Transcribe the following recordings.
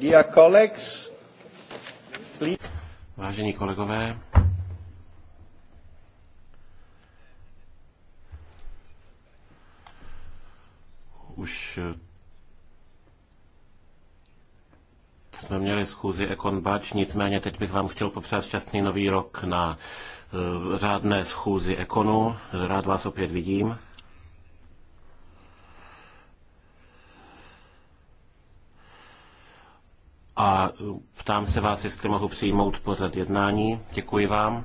Dear colleagues, please. Vážení kolegové, už eh, jsme měli schůzi Ekon nicméně teď bych vám chtěl popřát šťastný nový rok na eh, řádné schůzi Ekonu. Rád vás opět vidím. A ptám se vás, jestli mohu přijmout pořad jednání. Děkuji vám.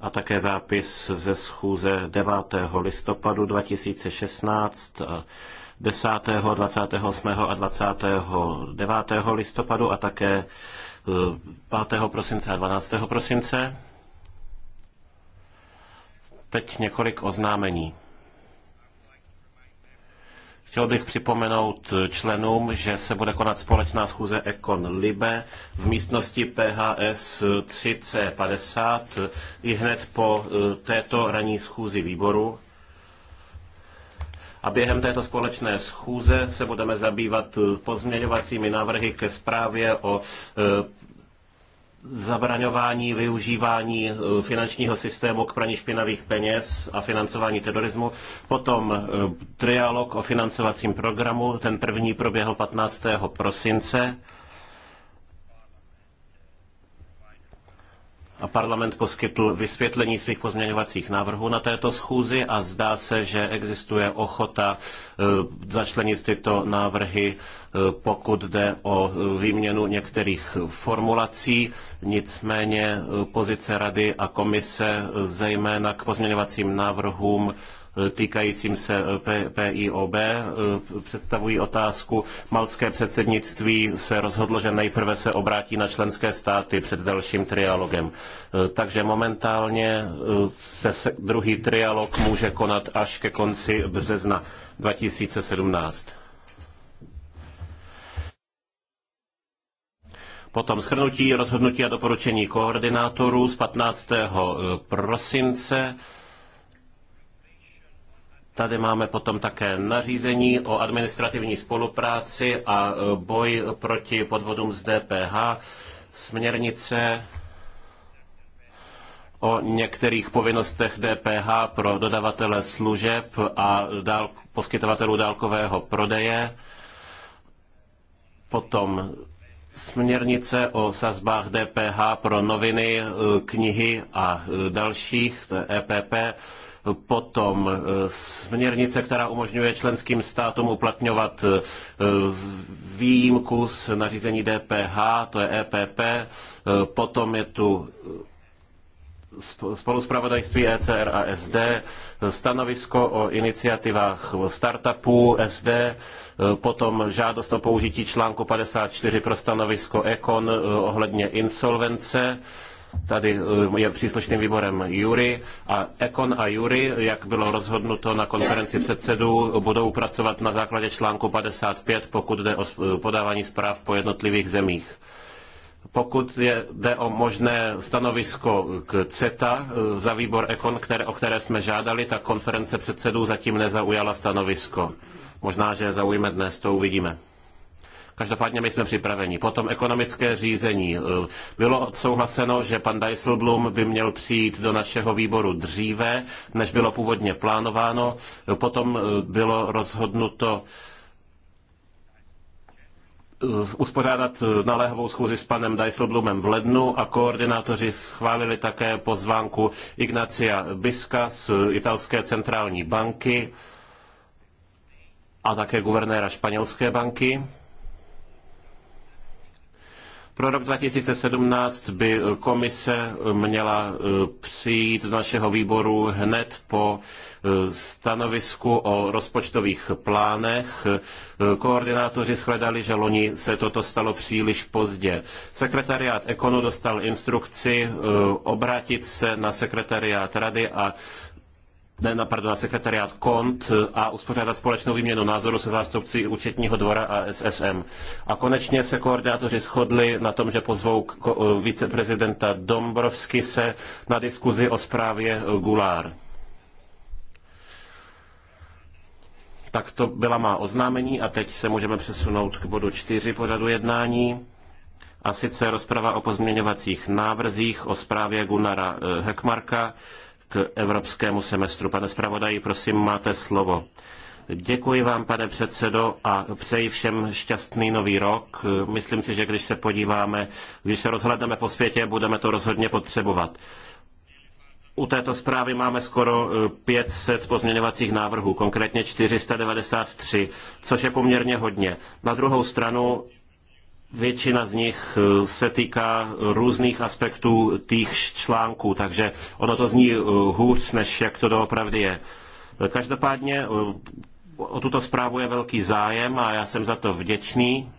A také zápis ze schůze 9. listopadu 2016, 10., 28. a 29. listopadu a také 5. Eh, prosince a 12. prosince. Teď několik oznámení. Chtěl bych připomenout členům, že se bude konat společná schůze Ekon Libe v místnosti PHS 3C50 i hned po e, této ranní schůzi výboru. A během této společné schůze se budeme zabývat pozměňovacími návrhy ke zprávě o e, zabraňování využívání eh, finančního systému k praní špinavých peněz a financování terorismu. Potom eh, trialog o financovacím programu, ten první proběhl 15. prosince. parlament poskytl vysvětlení svých pozměňovacích návrhů na této schůzi a zdá se, že existuje ochota e, začlenit tyto návrhy, e, pokud jde o e, výměnu některých formulací. Nicméně pozice Rady a komise zejména k pozměňovacím návrhům týkajícím se eh, PIOB. Eh, představují otázku. Malské předsednictví se rozhodlo, že nejprve se obrátí na členské státy před dalším trialogem. Eh, takže momentálně se druhý trialog může konat až ke konci března 2017. Potom shrnutí rozhodnutí a doporučení koordinátorů z 15. prosince Tady máme potom také nařízení o administrativní spolupráci a e, boj proti podvodům z DPH, směrnice o některých povinnostech DPH pro dodavatele služeb a dál, poskytovatelů dálkového prodeje, potom směrnice o sazbách DPH pro noviny, e, knihy a e, dalších, EPP, potom eh, směrnice, která umožňuje členským státům uplatňovat eh, výjimku z nařízení DPH, to je EPP, eh, potom je tu spoluzpravodajství ECR a SD, stanovisko o iniciativách startupů SD, potom žádost o použití článku 54 pro stanovisko Econ ohledně insolvence, Tady eh, je příslušným výborem Jury a Ekon a Jury, jak bylo rozhodnuto na konferenci předsedů, budou pracovat na základě článku 55, pokud jde o eh, podávání zpráv po jednotlivých zemích. Pokud je, jde o možné stanovisko k CETA eh, za výbor Ekon, které, o které jsme žádali, tak konference předsedů zatím nezaujala stanovisko. Možná, že zaujme dnes, to uvidíme. Každopádně my jsme připraveni. Potom ekonomické řízení. E, bylo souhlaseno, že pan Dijsselblum by měl přijít do našeho výboru dříve, než bylo původně plánováno. E, Potom e, bylo rozhodnuto, uspořádat naléhovou schůzi s panem Dijsselblumem v lednu a koordinátoři schválili také pozvánku Ignacia Biska z italské centrální banky a také guvernéra španělské banky. Pro rok 2017 by komise měla e, přijít do našeho výboru hned po e, stanovisku o rozpočtových plánech. E, koordinátoři shledali, že loni se toto stalo příliš pozdě. Sekretariát Ekonu dostal instrukci obrátit se na sekretariát rady a ne, na, pardon, na sekretariát KONT eh, a uspořádat společnou výměnu názoru se zástupci účetního dvora a SSM. A konečně se koordinátoři shodli na tom, že pozvou eh, viceprezidenta Dombrovsky se na diskuzi o zprávě eh, Gulár. Tak to byla má oznámení a teď se můžeme přesunout k bodu 4 pořadu jednání. A sice rozprava o pozměňovacích návrzích o zprávě Gunara Hekmarka k evropskému semestru. Pane zpravodaji, prosím, máte slovo. Děkuji vám, pane předsedo, a přeji všem šťastný nový rok. Myslím si, že když se podíváme, když se rozhledneme po světě, budeme to rozhodně potřebovat. U této zprávy máme skoro 500 e, pozměňovacích návrhů, konkrétně 493, což je poměrně hodně. Na druhou stranu Většina z nich eh, se týká různých aspektů těch článků, takže ono to zní eh, hůř, než jak to doopravdy je. Každopádně eh, o tuto zprávu je velký zájem a já jsem za to vděčný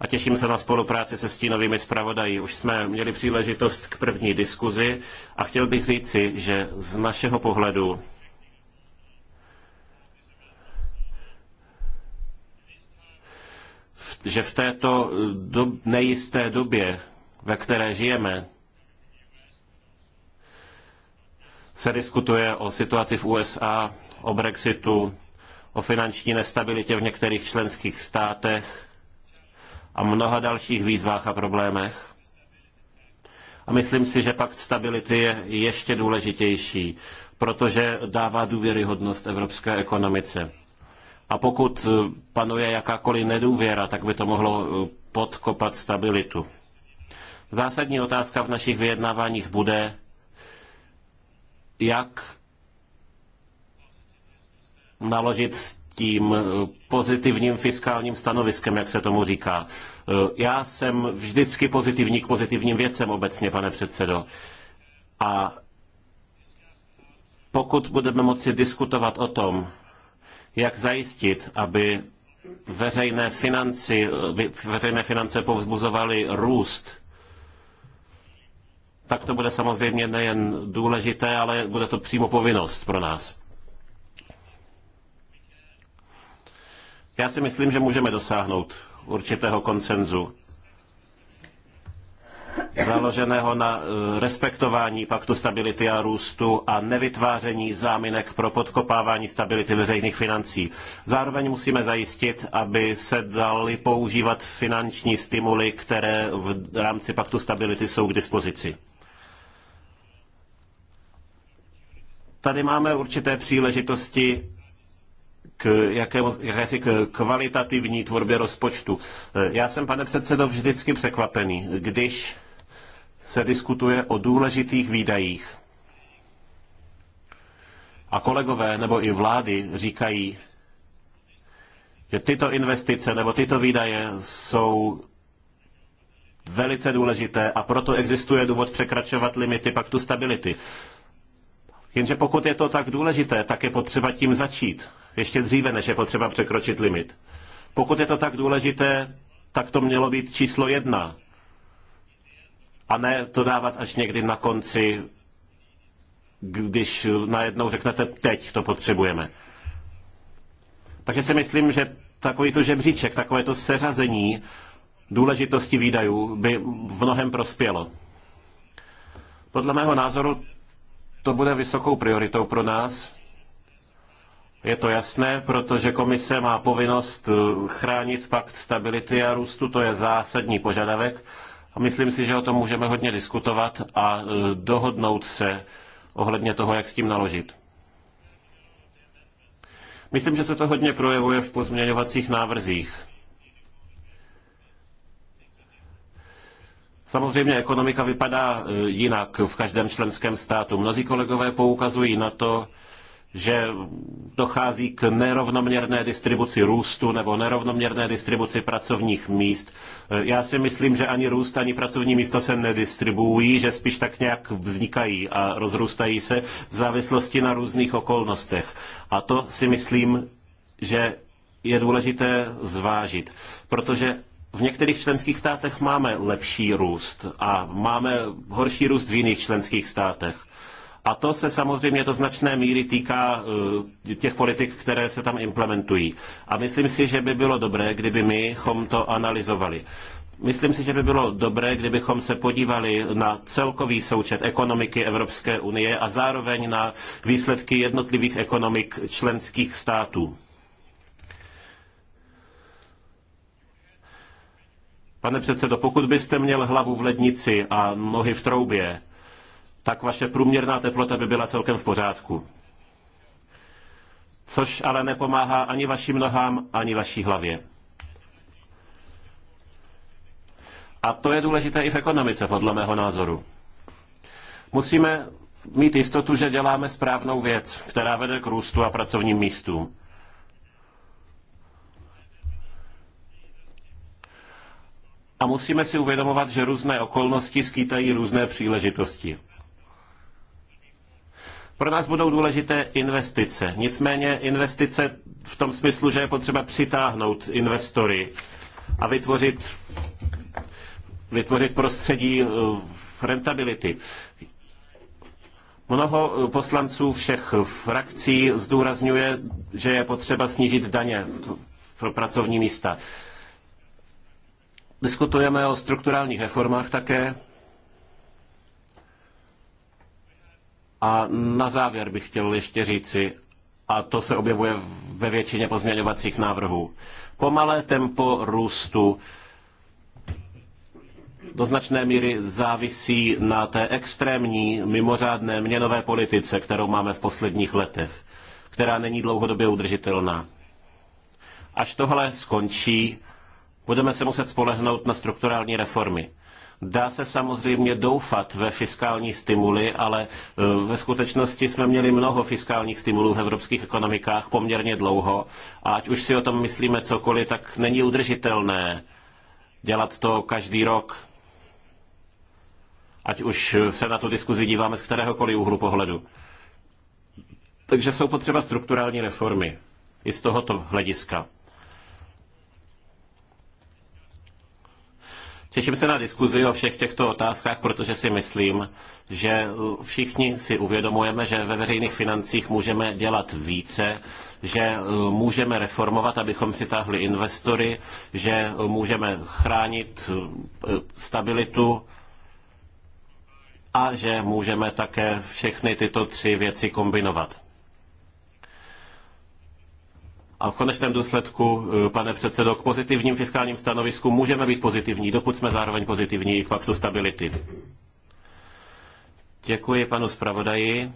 a těším se na spolupráci se stínovými zpravodají. Už jsme měli příležitost k první diskuzi a chtěl bych říci, že z našeho pohledu že v této eh, do, nejisté době, ve které žijeme, se diskutuje o situaci v USA, o Brexitu, o finanční nestabilitě v některých členských státech a mnoha dalších výzvách a problémech. A myslím si, že pakt stability je ještě důležitější, protože dává důvěryhodnost evropské ekonomice. A pokud e, panuje jakákoliv nedůvěra, tak by to mohlo e, podkopat stabilitu. Zásadní otázka v našich vyjednáváních bude, jak naložit s tím e, pozitivním fiskálním stanoviskem, jak se tomu říká. Já jsem vždycky pozitivní k pozitivním věcem obecně, pane předsedo. A pokud budeme moci diskutovat o tom, jak zajistit, aby veřejné, financi, veřejné finance povzbuzovaly růst, tak to bude samozřejmě nejen důležité, ale bude to přímo povinnost pro nás. Já si myslím, že můžeme dosáhnout určitého koncenzu založeného na eh, respektování paktu stability a růstu a nevytváření záminek pro podkopávání stability veřejných financí. Zároveň musíme zajistit, aby se daly používat finanční stimuly, které v rámci paktu stability jsou k dispozici. Tady máme určité příležitosti k jakému, jakési k kvalitativní tvorbě rozpočtu. Eh, já jsem, pane předsedo, vždycky překvapený, když se diskutuje o důležitých výdajích. A kolegové nebo i vlády říkají, že tyto investice nebo tyto výdaje jsou velice důležité a proto existuje důvod překračovat limity paktu stability. Jenže pokud je to tak důležité, tak je potřeba tím začít, ještě dříve, než je potřeba překročit limit. Pokud je to tak důležité, tak to mělo být číslo jedna a ne to dávat až někdy na konci, když najednou řeknete, teď to potřebujeme. Takže si myslím, že takový to žebříček, takové to seřazení důležitosti výdajů by v mnohem prospělo. Podle mého názoru to bude vysokou prioritou pro nás. Je to jasné, protože komise má povinnost chránit pakt stability a růstu, to je zásadní požadavek. Myslím si, že o tom můžeme hodně diskutovat a e, dohodnout se ohledně toho, jak s tím naložit. Myslím, že se to hodně projevuje v pozměňovacích návrzích. Samozřejmě ekonomika vypadá e, jinak v každém členském státu. Mnozí kolegové poukazují na to, že dochází k nerovnoměrné distribuci růstu nebo nerovnoměrné distribuci pracovních míst. Já si myslím, že ani růst, ani pracovní místa se nedistribuují, že spíš tak nějak vznikají a rozrůstají se v závislosti na různých okolnostech. A to si myslím, že je důležité zvážit, protože v některých členských státech máme lepší růst a máme horší růst v jiných členských státech. A to se samozřejmě do značné míry týká eh, těch politik, které se tam implementují. A myslím si, že by bylo dobré, kdyby my chom to analyzovali. Myslím si, že by bylo dobré, kdybychom se podívali na celkový součet ekonomiky Evropské unie a zároveň na výsledky jednotlivých ekonomik členských států. Pane předsedo, pokud byste měl hlavu v lednici a nohy v troubě, tak vaše průměrná teplota by byla celkem v pořádku. Což ale nepomáhá ani vašim nohám, ani vaší hlavě. A to je důležité i v ekonomice, podle mého názoru. Musíme mít jistotu, že děláme správnou věc, která vede k růstu a pracovním místům. A musíme si uvědomovat, že různé okolnosti skýtají různé příležitosti. Pro nás budou důležité investice. Nicméně investice v tom smyslu, že je potřeba přitáhnout investory a vytvořit, vytvořit prostředí eh, rentability. Mnoho eh, poslanců všech frakcí zdůrazňuje, že je potřeba snížit daně pro pracovní místa. Diskutujeme o strukturálních reformách také A na závěr bych chtěl ještě říci, a to se objevuje ve většině pozměňovacích návrhů, pomalé tempo růstu do značné míry závisí na té extrémní mimořádné měnové politice, kterou máme v posledních letech, která není dlouhodobě udržitelná. Až tohle skončí, budeme se muset spolehnout na strukturální reformy. Dá se samozřejmě doufat ve fiskální stimuly, ale e, ve skutečnosti jsme měli mnoho fiskálních stimulů v evropských ekonomikách poměrně dlouho. A ať už si o tom myslíme cokoliv, tak není udržitelné dělat to každý rok. Ať už se na tu diskuzi díváme z kteréhokoliv úhlu pohledu. Takže jsou potřeba strukturální reformy i z tohoto hlediska. Těším se na diskuzi o všech těchto otázkách, protože si myslím, že všichni si uvědomujeme, že ve veřejných financích můžeme dělat více, že e, můžeme reformovat, abychom si tahli investory, že e, můžeme chránit e, stabilitu a že můžeme také všechny tyto tři věci kombinovat. A v konečném důsledku, eh, pane předsedo, k pozitivním fiskálním stanoviskům můžeme být pozitivní, dokud jsme zároveň pozitivní i k faktu stability. Děkuji panu zpravodaji.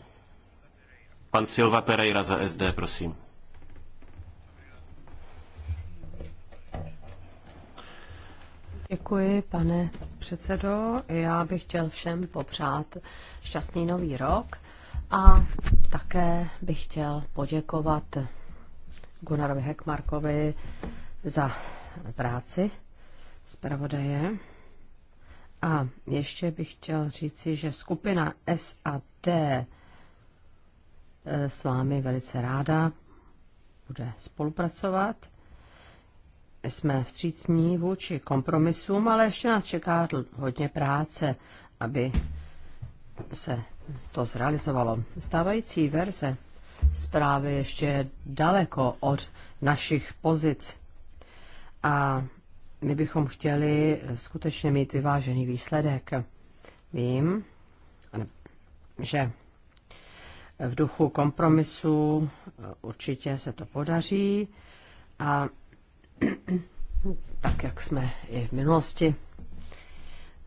Pan Silva Pereira za SD, prosím. Děkuji, pane předsedo. Já bych chtěl všem popřát šťastný nový rok a také bych chtěl poděkovat Gunnarovi Hekmarkovi za práci zpravodaje. A ještě bych chtěl říci, že skupina SAD eh, s vámi velice ráda bude spolupracovat. Jsme vstřícní vůči kompromisům, ale ještě nás čeká hodně práce, aby se to zrealizovalo. Stávající verze zprávy ještě daleko od našich pozic. A my bychom chtěli skutečně mít vyvážený výsledek. Vím, že v duchu kompromisu eh, určitě se to podaří a tak, jak jsme i v minulosti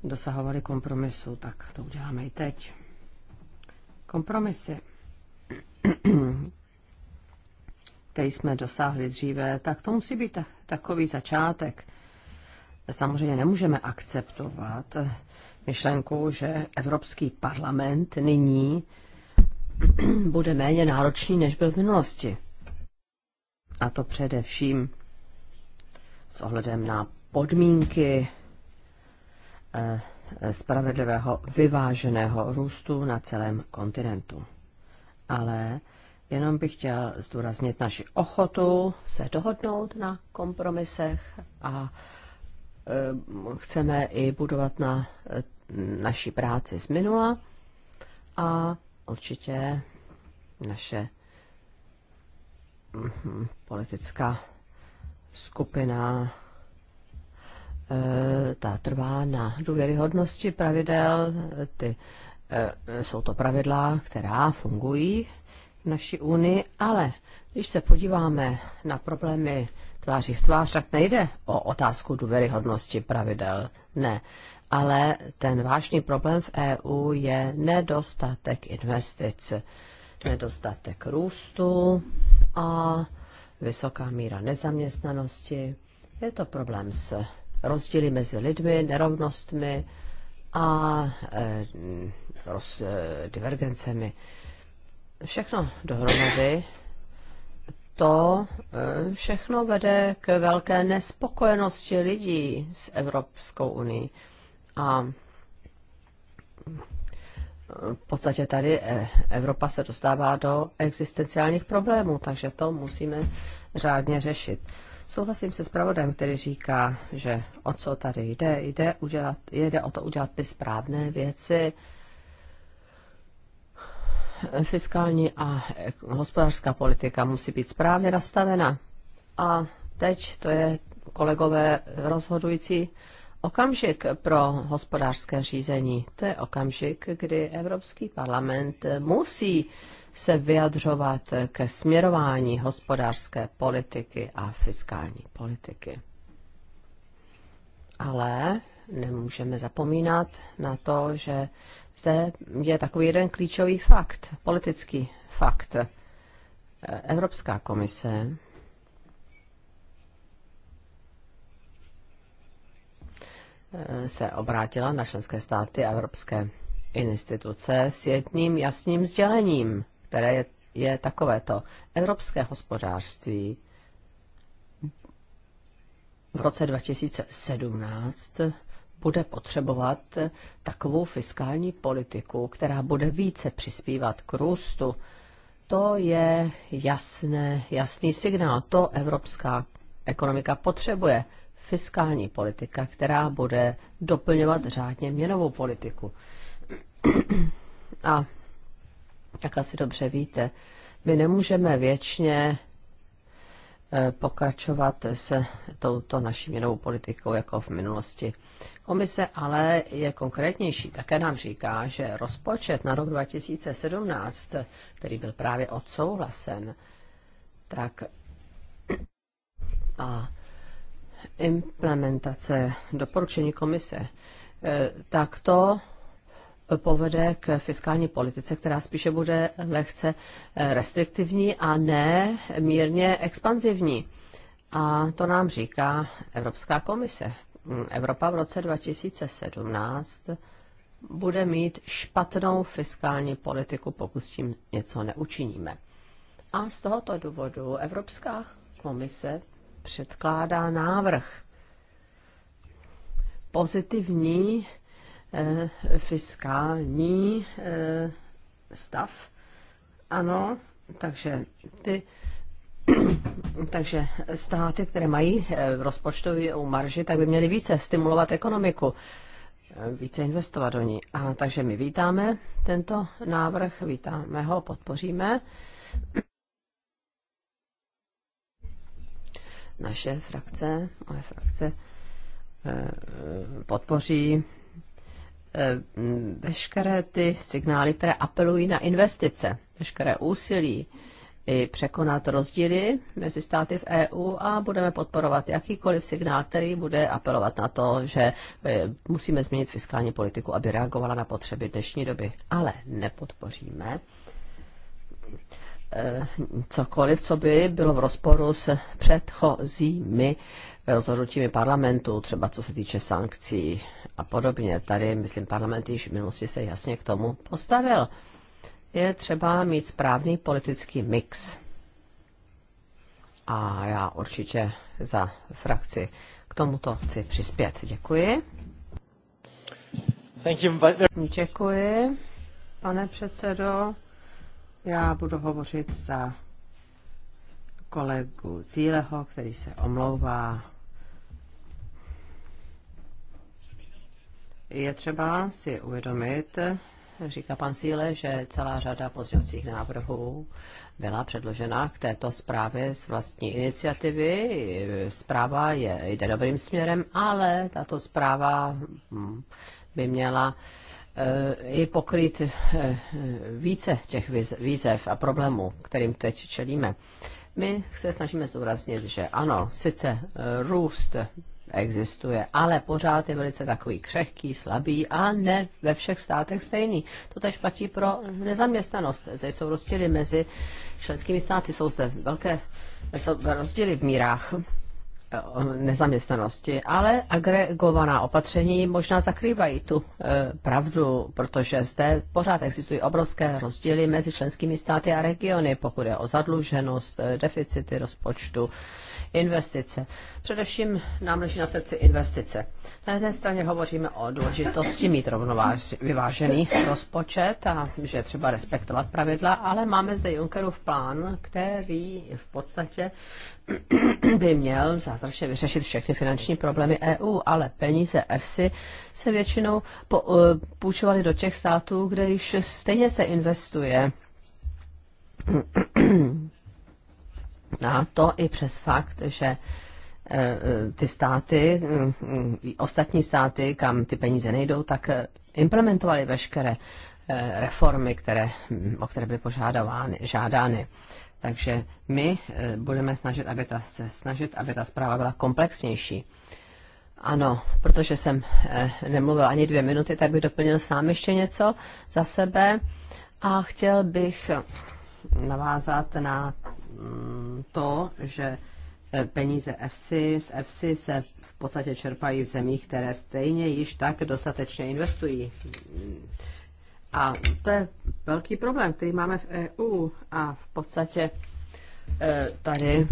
dosahovali kompromisu, tak to uděláme i teď. Kompromisy který jsme dosáhli dříve, tak to musí být takový začátek. Samozřejmě nemůžeme akceptovat myšlenku, že Evropský parlament nyní bude méně náročný, než byl v minulosti. A to především s ohledem na podmínky eh, spravedlivého vyváženého růstu na celém kontinentu ale jenom bych chtěl zdůraznit naši ochotu se dohodnout na kompromisech a e, chceme i budovat na e, naší práci z minula a určitě naše mhm, politická skupina e, ta trvá na důvěryhodnosti pravidel, ty E, jsou to pravidla, která fungují v naší unii, ale když se podíváme na problémy tváří v tvář, tak nejde o otázku důvěryhodnosti pravidel, ne. Ale ten vážný problém v EU je nedostatek investic, nedostatek růstu a vysoká míra nezaměstnanosti. Je to problém s rozdíly mezi lidmi, nerovnostmi, a e, roz, e, divergencemi. Všechno dohromady to e, všechno vede k velké nespokojenosti lidí s Evropskou unii. A v podstatě tady Evropa se dostává do existenciálních problémů, takže to musíme řádně řešit. Souhlasím se s pravodem, který říká, že o co tady jde, jde, udělat, jde o to udělat ty správné věci, fiskální a hospodářská politika musí být správně nastavena. A teď to je, kolegové, rozhodující okamžik pro hospodářské řízení. To je okamžik, kdy Evropský parlament musí se vyjadřovat ke směrování hospodářské politiky a fiskální politiky. Ale nemůžeme zapomínat na to, že zde je takový jeden klíčový fakt, politický fakt. Evropská komise se obrátila na členské státy a evropské instituce s jedním jasným sdělením které je, je takovéto. Evropské hospodářství v roce 2017 bude potřebovat takovou fiskální politiku, která bude více přispívat k růstu. To je jasné, jasný signál. To evropská ekonomika potřebuje. Fiskální politika, která bude doplňovat řádně měnovou politiku. A jak asi dobře víte, my nemůžeme věčně eh, pokračovat se touto naší měnovou politikou jako v minulosti. Komise ale je konkrétnější. Také nám říká, že rozpočet na rok 2017, který byl právě odsouhlasen, tak a implementace doporučení komise, eh, tak to povede k fiskální politice, která spíše bude lehce eh, restriktivní a ne mírně expanzivní. A to nám říká Evropská komise. Mm, Evropa v roce 2017 bude mít špatnou fiskální politiku, pokud s tím něco neučiníme. A z tohoto důvodu Evropská komise předkládá návrh pozitivní Eh, fiskální eh, stav. Ano, takže ty takže státy, které mají eh, rozpočtovou marži, tak by měly více stimulovat ekonomiku, více investovat do ní. A takže my vítáme tento návrh, vítáme ho, podpoříme. Naše frakce, moje frakce podpoří Eh, veškeré ty signály, které apelují na investice, veškeré úsilí i překonat rozdíly mezi státy v EU a budeme podporovat jakýkoliv signál, který bude apelovat na to, že eh, musíme změnit fiskální politiku, aby reagovala na potřeby dnešní doby. Ale nepodpoříme Eh, cokoliv, co by bylo v rozporu s předchozími rozhodnutími parlamentu, třeba co se týče sankcí a podobně. Tady, myslím, parlament již v minulosti se jasně k tomu postavil. Je třeba mít správný politický mix. A já určitě za frakci k tomuto chci přispět. Děkuji. Thank you. Děkuji, pane předsedo. Já budu hovořit za kolegu Cíleho, který se omlouvá. Je třeba si uvědomit, říká pan Síle, že celá řada pozdějovacích návrhů byla předložena k této zprávě z vlastní iniciativy. Zpráva je, jde dobrým směrem, ale tato zpráva hm, by měla i eh, pokryt eh, více těch výzev a problémů, kterým teď čelíme. My se snažíme zdůraznit, že ano, sice eh, růst existuje, ale pořád je velice takový křehký, slabý a ne ve všech státech stejný. To tež platí pro nezaměstnanost. Zde jsou rozdíly mezi členskými státy, jsou zde velké jsou rozdíly v mírách. Eh, nezaměstnanosti, ale agregovaná opatření možná zakrývají tu eh, pravdu, protože zde pořád existují obrovské rozdíly mezi členskými státy a regiony, pokud je o zadluženost, eh, deficity rozpočtu, investice. Především nám leží na srdci investice. Na jedné straně hovoříme o důležitosti mít rovnovážený vyvážený rozpočet a že třeba respektovat pravidla, ale máme zde Junckerův plán, který v podstatě by měl zázračně vyřešit všechny finanční problémy EU, ale peníze EFSI se většinou po, eh, půjčovaly do těch států, kde již stejně se investuje A to i přes fakt, že e, e, ty státy, e, ostatní státy, kam ty peníze nejdou, tak implementovali veškeré reformy, které, o které byly požádány, žádány. Takže my budeme snažit, aby ta, se snažit, aby ta zpráva byla komplexnější. Ano, protože jsem nemluvil ani dvě minuty, tak bych doplnil sám ještě něco za sebe a chtěl bych navázat na Mm, to, že e, peníze EFSI z EFSI se v podstatě čerpají v zemích, které stejně již tak dostatečně investují. A to je velký problém, který máme v EU a v podstatě e, tady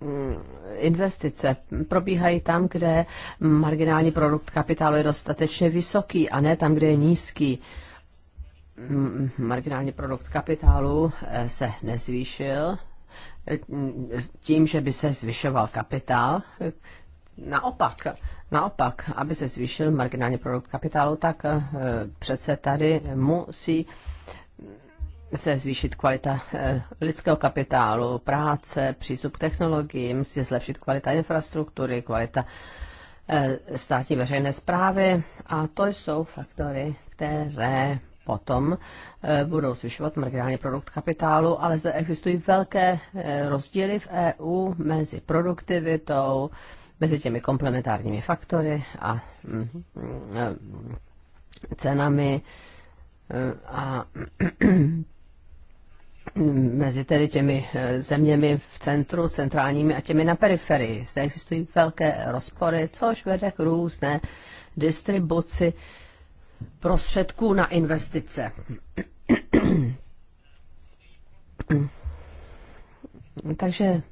mm, investice probíhají tam, kde marginální produkt kapitálu je dostatečně vysoký a ne tam, kde je nízký. Mm, marginální produkt kapitálu e, se nezvýšil tím, že by se zvyšoval kapitál. Naopak, naopak, aby se zvýšil marginální produkt kapitálu, tak eh, přece tady musí se zvýšit kvalita eh, lidského kapitálu, práce, přístup k technologiím, musí se zlepšit kvalita infrastruktury, kvalita eh, státní veřejné zprávy a to jsou faktory, které potom eh, budou zvyšovat marginální produkt kapitálu, ale zde existují velké eh, rozdíly v EU mezi produktivitou, mezi těmi komplementárními faktory a mm, mm, cenami eh, a mezi tedy těmi zeměmi v centru, centrálními a těmi na periferii. Zde existují velké rozpory, což vede k různé distribuci prostředků na investice. Takže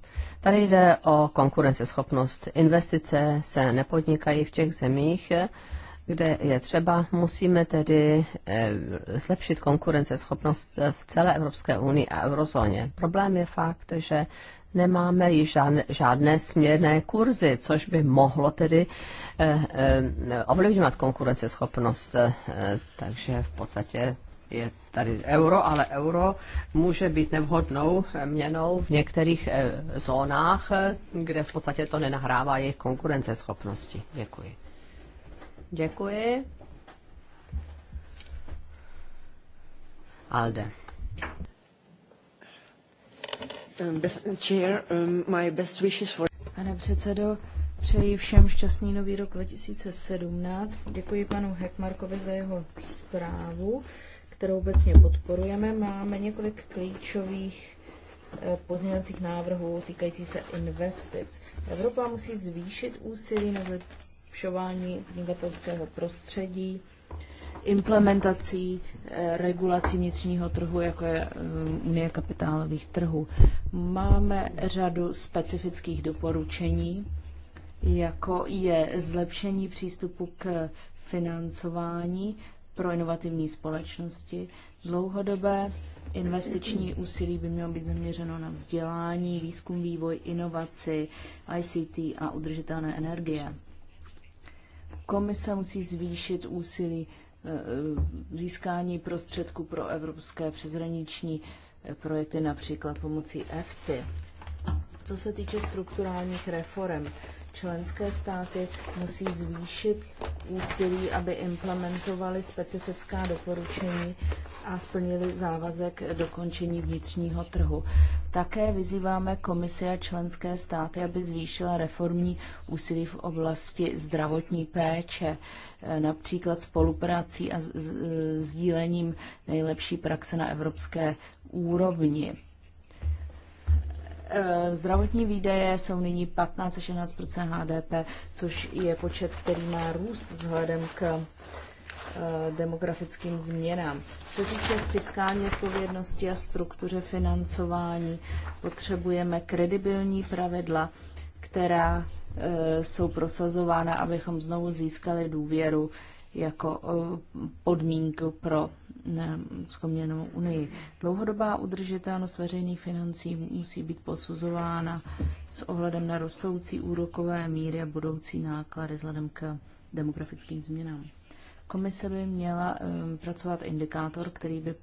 tady jde o konkurenceschopnost. Investice se nepodnikají v těch zemích, kde je třeba, musíme tedy eh, zlepšit konkurenceschopnost v celé Evropské unii a eurozóně. Problém je fakt, že nemáme již žádné, žádné směrné kurzy, což by mohlo tedy eh, eh, ovlivňovat konkurenceschopnost. Eh, takže v podstatě je tady euro, ale euro může být nevhodnou měnou v některých eh, zónách, eh, kde v podstatě to nenahrává jejich konkurenceschopnosti. Děkuji. Děkuji. Alde. Um, uh, um, Pane předsedo, přeji všem šťastný nový rok 2017. Děkuji panu Hekmarkovi za jeho zprávu, kterou obecně podporujeme. Máme několik klíčových eh, pozměňovacích návrhů týkající se investic. Evropa musí zvýšit úsilí na zlepšování podnikatelského prostředí, implementací eh, regulací vnitřního trhu, jako je eh, Unie kapitálových trhů. Máme řadu specifických doporučení, jako je zlepšení přístupu k financování pro inovativní společnosti. Dlouhodobé investiční úsilí by mělo být zaměřeno na vzdělání, výzkum, vývoj, inovaci, ICT a udržitelné energie. Komise musí zvýšit úsilí získání prostředků pro evropské přeshraniční projekty, například pomocí EFSI. Co se týče strukturálních reform, Členské státy musí zvýšit úsilí, aby implementovali specifická doporučení a splnili závazek dokončení vnitřního trhu. Také vyzýváme komisi a členské státy, aby zvýšila reformní úsilí v oblasti zdravotní péče, e, například spoluprací a e, sdílením nejlepší praxe na evropské úrovni Eh, zdravotní výdaje jsou nyní 15 až 16 HDP, což je počet, který má růst vzhledem k eh, demografickým změnám. Co týče fiskální odpovědnosti a struktuře financování, potřebujeme kredibilní pravidla, která eh, jsou prosazována, abychom znovu získali důvěru jako podmínku pro zkoměnou unii. Dlouhodobá udržitelnost veřejných financí musí být posuzována s ohledem na rostoucí úrokové míry a budoucí náklady vzhledem k demografickým změnám. Komise by měla um, pracovat indikátor, který by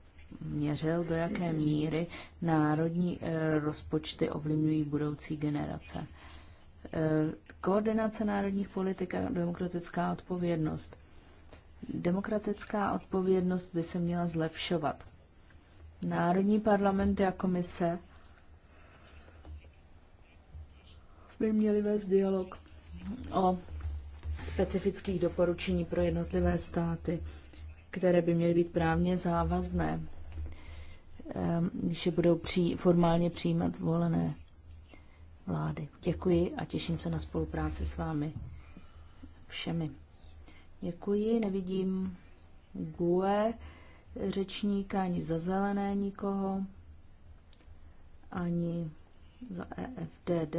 měřil, do jaké míry národní eh, rozpočty ovlivňují budoucí generace. Eh, koordinace národních politik a demokratická odpovědnost – Demokratická odpovědnost by se měla zlepšovat. Národní parlamenty a komise by měly vést dialog o specifických doporučení pro jednotlivé státy, které by měly být právně závazné, ehm, když je budou při, formálně přijímat volené vlády. Děkuji a těším se na spolupráci s vámi všemi. Děkuji, nevidím GUE řečníka, ani za zelené nikoho, ani za EFDD,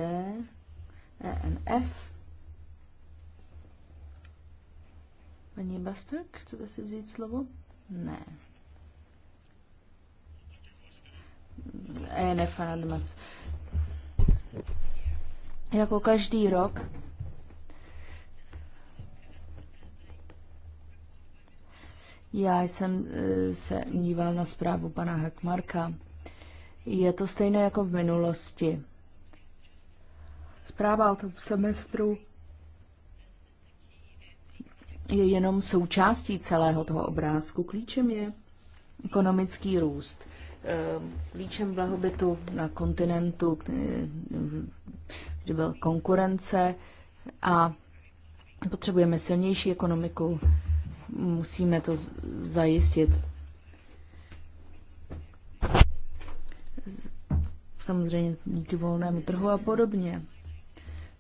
ENF. Paní Bastrk, chcete si vzít slovo? Ne. ENF Jako každý rok Já jsem e, se díval na zprávu pana Hekmarka. Je to stejné jako v minulosti. Zpráva o tom semestru je jenom součástí celého toho obrázku. Klíčem je ekonomický růst. E, klíčem blahobytu na kontinentu, e, kde byla konkurence a potřebujeme silnější ekonomiku, musíme to zajistit. Samozřejmě díky volnému trhu a podobně.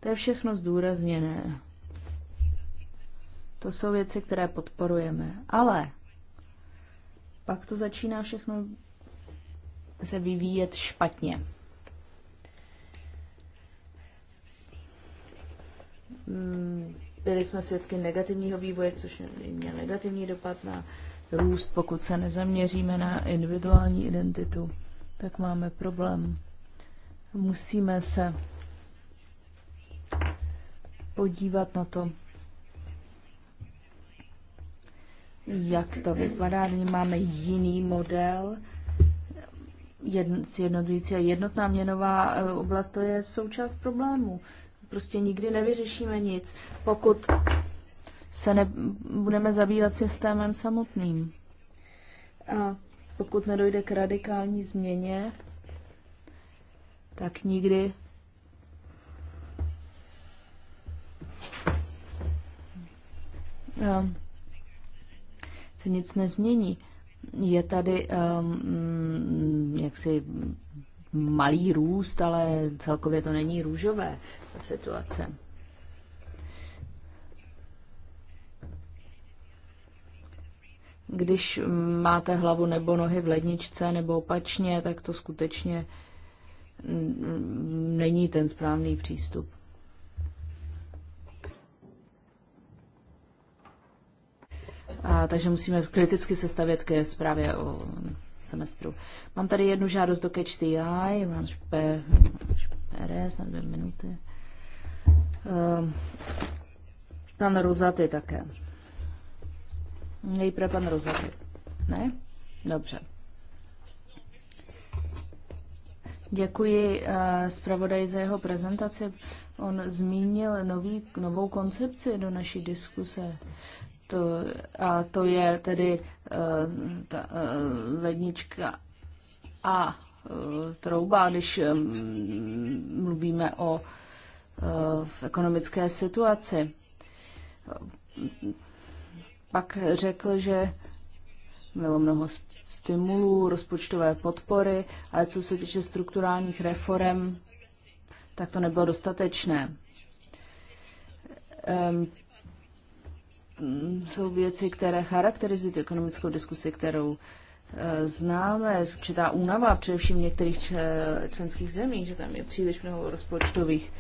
To je všechno zdůrazněné. To jsou věci, které podporujeme. Ale pak to začíná všechno se vyvíjet špatně. Hmm byli jsme svědky negativního vývoje, což měl negativní dopad na růst. Pokud se nezaměříme na individuální identitu, tak máme problém. Musíme se podívat na to, jak to vypadá. Nyní máme jiný model, jedn, jednotující a jednotná měnová eh, oblast, to je součást problému prostě nikdy nevyřešíme nic, pokud se nebudeme zabývat systémem samotným. A pokud nedojde k radikální změně, tak nikdy ehm, se nic nezmění. Je tady um, jaksi malý růst, ale celkově to není růžové, ta situace. Když máte hlavu nebo nohy v ledničce nebo opačně, tak to skutečně není ten správný přístup. A, takže musíme kriticky se stavět ke zprávě o semestru. Mám tady jednu žádost do Catch the Eye, mám špe, šperes dvě minuty. Um, pan Rozaty také. Nejprve pan Rozaty. Ne? Dobře. Děkuji eh, zpravodaj za jeho prezentaci. On zmínil nový, novou koncepci do naší diskuse. To, a to je tedy uh, ta uh, lednička a uh, trouba, když um, mluvíme o uh, v ekonomické situaci. Pak řekl, že bylo mnoho stimulů, rozpočtové podpory, ale co se týče strukturálních reform, tak to nebylo dostatečné. Um, Mm, jsou věci, které charakterizují tu ekonomickou diskusi, kterou eh, známe, určitá únava, především v některých členských zemích, že tam je příliš mnoho rozpočtových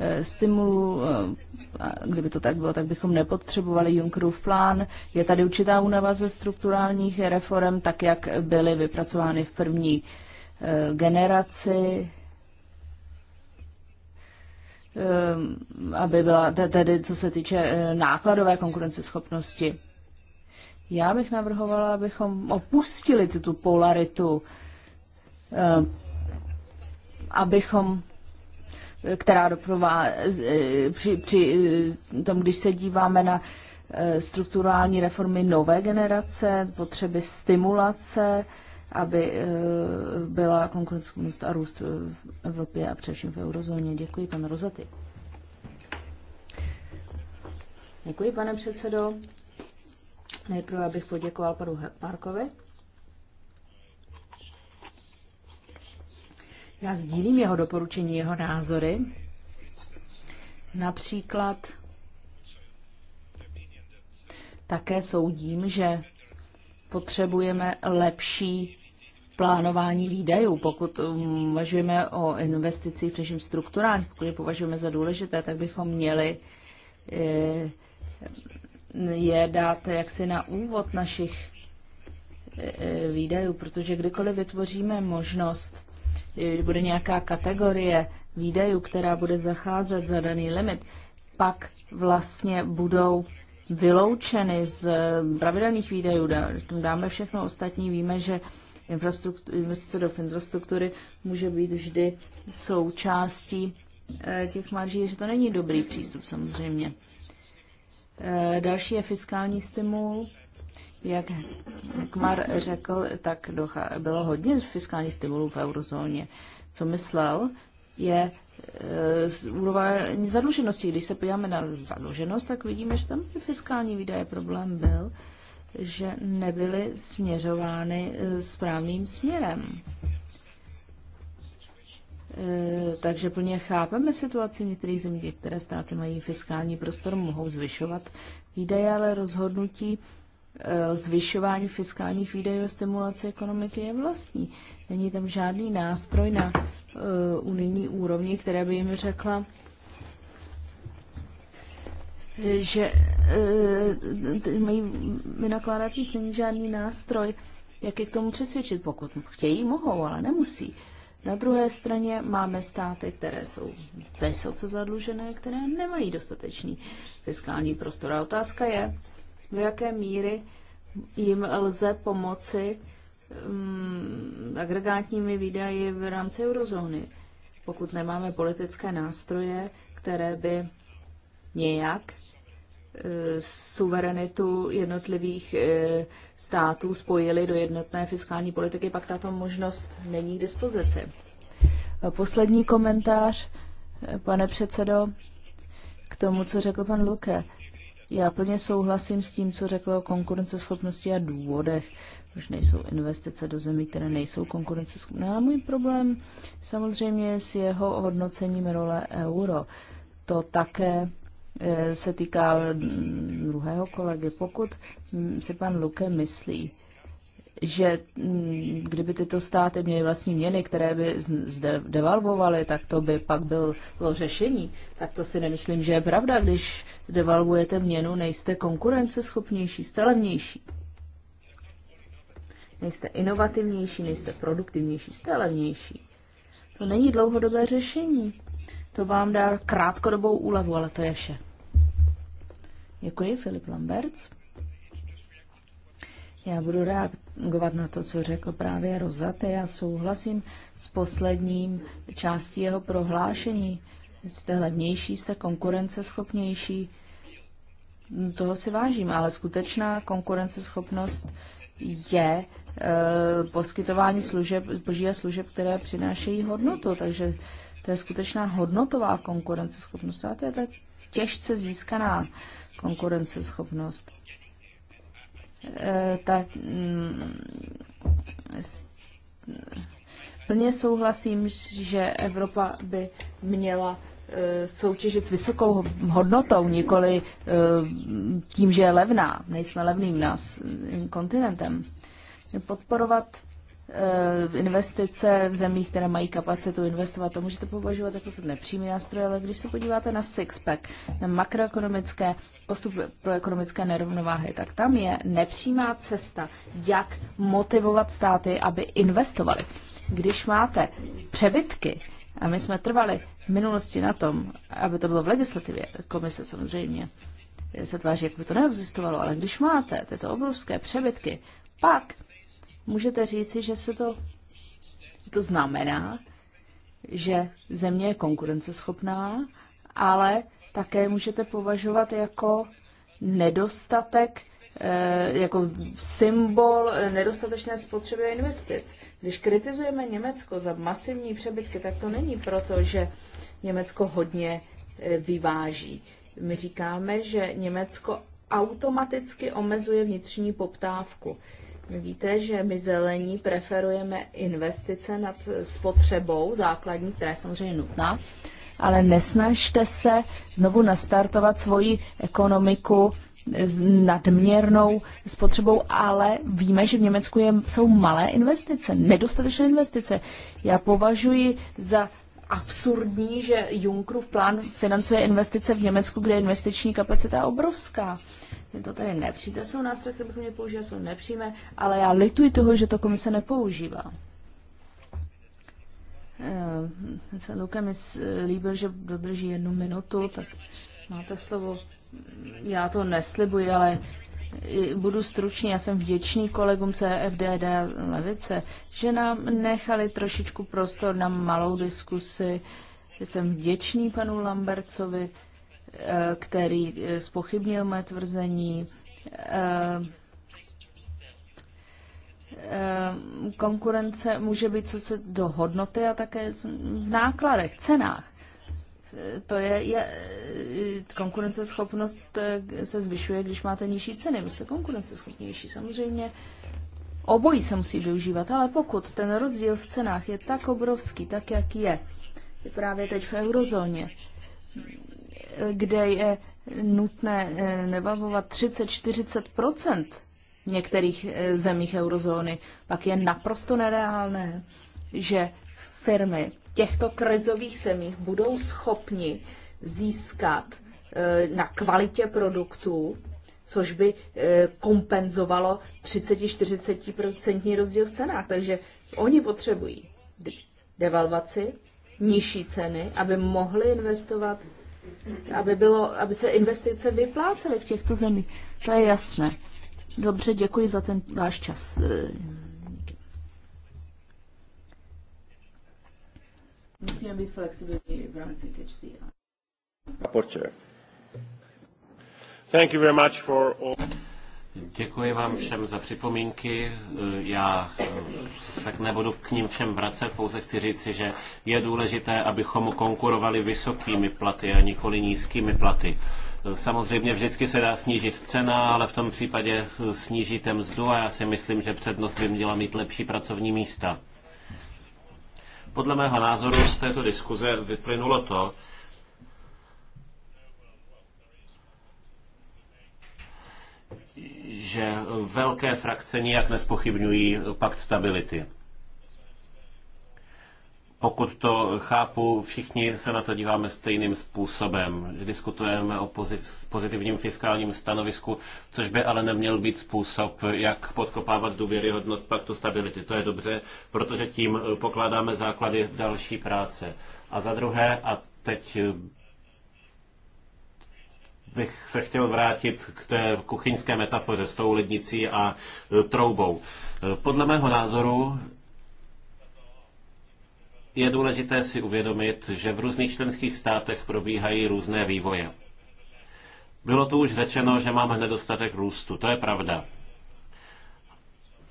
eh, stimulů. Eh, a kdyby to tak bylo, tak bychom nepotřebovali Junckerův plán. Je tady určitá únava ze strukturálních reform, tak jak byly vypracovány v první generaci Ehm, aby byla tedy, co se týče eh, nákladové konkurenceschopnosti. Já bych navrhovala, abychom opustili tu polaritu, ehm, abychom eh, která doprová, eh, při, při tom, když se díváme na strukturální reformy nové generace, potřeby stimulace, aby eh, byla konkurenceschopnost a růst v Evropě a především v eurozóně. Děkuji, pan Rozaty. Děkuji, pane předsedo. Nejprve bych poděkoval panu Parkovi. Já sdílím jeho doporučení, jeho názory. Například také soudím, že potřebujeme lepší plánování výdajů. Pokud um, uvažujeme o investicích, především strukturálních, pokud je považujeme za důležité, tak bychom měli eh, je dát jaksi na úvod našich eh, výdajů, protože kdykoliv vytvoříme možnost, eh, bude nějaká kategorie výdajů, která bude zacházet za daný limit, pak vlastně budou vyloučeny z pravidelných výdajů. Dáme všechno ostatní. Víme, že investice do infrastruktury může být vždy součástí eh, těch marží, že to není dobrý přístup samozřejmě. Eh, další je fiskální stimul. Jak Kmar řekl, tak bylo hodně fiskálních stimulů v eurozóně. Co myslel, je eh, úroveň zadluženosti. Když se podíváme na zadluženost, tak vidíme, že tam fiskální výdaje problém byl že nebyly směřovány eh, správným směrem. Eh, takže plně chápeme situaci v některých zemích, které státy mají fiskální prostor, mohou zvyšovat výdaje, ale rozhodnutí eh, zvyšování fiskálních výdajů a stimulace ekonomiky je vlastní. Není tam žádný nástroj na unijní úrovni, které by jim řekla, že e, mají vynakládat víc, není žádný nástroj, jak je k tomu přesvědčit, pokud chtějí, mohou, ale nemusí. Na druhé straně máme státy, které jsou vysoce zadlužené, které nemají dostatečný fiskální prostor. A otázka je, v jaké míry jim lze pomoci um, agregátními výdaji v rámci eurozóny, pokud nemáme politické nástroje, které by nějak eh, suverenitu jednotlivých eh, států spojili do jednotné fiskální politiky, pak tato možnost není k dispozici. Poslední komentář, eh, pane předsedo, k tomu, co řekl pan Luke. Já plně souhlasím s tím, co řekl o konkurenceschopnosti a důvodech, už nejsou investice do zemí, které nejsou konkurenceschopné. Ale můj problém samozřejmě je s jeho hodnocením role euro. To také Eh, se týká druhého kolegy. Pokud mm, si pan Luke myslí, že mm, kdyby tyto státy měly vlastní měny, které by devalvovaly, tak to by pak bylo řešení. Tak to si nemyslím, že je pravda. Když devalvujete měnu, nejste konkurenceschopnější, jste levnější. Nejste inovativnější, nejste produktivnější, jste levnější. To není dlouhodobé řešení to vám dá krátkodobou úlevu, ale to je vše. Děkuji, Filip Lamberts. Já budu reagovat na to, co řekl právě Rozate. Já souhlasím s posledním částí jeho prohlášení. Jste hlednější, jste konkurenceschopnější. Toho si vážím, ale skutečná konkurenceschopnost je e, poskytování služeb, zboží služeb, které přinášejí hodnotu. Takže to je skutečná hodnotová konkurenceschopnost. A to je tak těžce získaná konkurenceschopnost. E, ta, mm, plně souhlasím, že Evropa by měla e, soutěžit s vysokou hodnotou, nikoli e, tím, že je levná. Nejsme levným nás kontinentem. Podporovat Eh, investice v zemích, které mají kapacitu investovat, to můžete považovat jako se nepřímý nástroj, ale když se podíváte na sixpack, na makroekonomické postupy pro ekonomické nerovnováhy, tak tam je nepřímá cesta, jak motivovat státy, aby investovali. Když máte přebytky, a my jsme trvali v minulosti na tom, aby to bylo v legislativě, komise samozřejmě, se tváří, jak by to neexistovalo, ale když máte tyto obrovské přebytky, pak můžete říci, že se to, to znamená, že země je konkurenceschopná, ale také můžete považovat jako nedostatek, eh, jako symbol nedostatečné spotřeby investic. Když kritizujeme Německo za masivní přebytky, tak to není proto, že Německo hodně eh, vyváží. My říkáme, že Německo automaticky omezuje vnitřní poptávku. Víte, že my zelení preferujeme investice nad spotřebou základní, která je samozřejmě nutná, ale nesnažte se znovu nastartovat svoji ekonomiku s nadměrnou spotřebou, ale víme, že v Německu je, jsou malé investice, nedostatečné investice. Já považuji za absurdní, že Junckerův plán financuje investice v Německu, kde je investiční kapacita obrovská to tady nepřijde. To jsou nástroje, které bychom měli používat, jsou nepřímé, ale já lituji toho, že to komise nepoužívá. Eh, Se Luka mi líbil, že dodrží jednu minutu, tak máte slovo. Já to neslibuji, ale budu stručný, já jsem vděčný kolegům CFDD Levice, že nám nechali trošičku prostor na malou diskusi. Jsem vděčný panu Lambercovi, Eh, který spochybnil eh, mé tvrzení. Eh, konkurence může být co se do hodnoty a také v nákladech, cenách. To je, je konkurenceschopnost se zvyšuje, když máte nižší ceny. Vy jste konkurenceschopnější. Samozřejmě obojí se musí využívat, ale pokud ten rozdíl v cenách je tak obrovský, tak jak je, je právě teď v eurozóně, kde je nutné nevazovat 30-40 v některých eh, zemích eurozóny, pak je naprosto nereálné, že firmy v těchto krizových zemích budou schopni získat eh, na kvalitě produktů, což by eh, kompenzovalo 30-40% rozdíl v cenách. Takže oni potřebují devalvaci, nižší ceny, aby mohli investovat aby, bylo, aby se investice vyplácely v těchto zemích. To je jasné. Dobře, děkuji za ten váš čas. Musíme být flexibilní v rámci Thank you very much for all. Děkuji vám všem za připomínky. Já se nebudu k ním všem vracet, pouze chci říci, že je důležité, abychom konkurovali vysokými platy a nikoli nízkými platy. Samozřejmě vždycky se dá snížit cena, ale v tom případě snížíte mzdu a já si myslím, že přednost by měla mít lepší pracovní místa. Podle mého názoru z této diskuze vyplynulo to, že velké frakce nijak nespochybňují pakt stability. Pokud to chápu, všichni se na to díváme stejným způsobem. Diskutujeme o pozitivním fiskálním stanovisku, což by ale neměl být způsob, jak podkopávat důvěryhodnost paktu stability. To je dobře, protože tím pokládáme základy další práce. A za druhé, a teď bych se chtěl vrátit k té kuchyňské metafoře s tou lednicí a e, troubou. E, podle mého názoru je důležité si uvědomit, že v různých členských státech probíhají různé vývoje. Bylo tu už řečeno, že máme nedostatek růstu. To je pravda.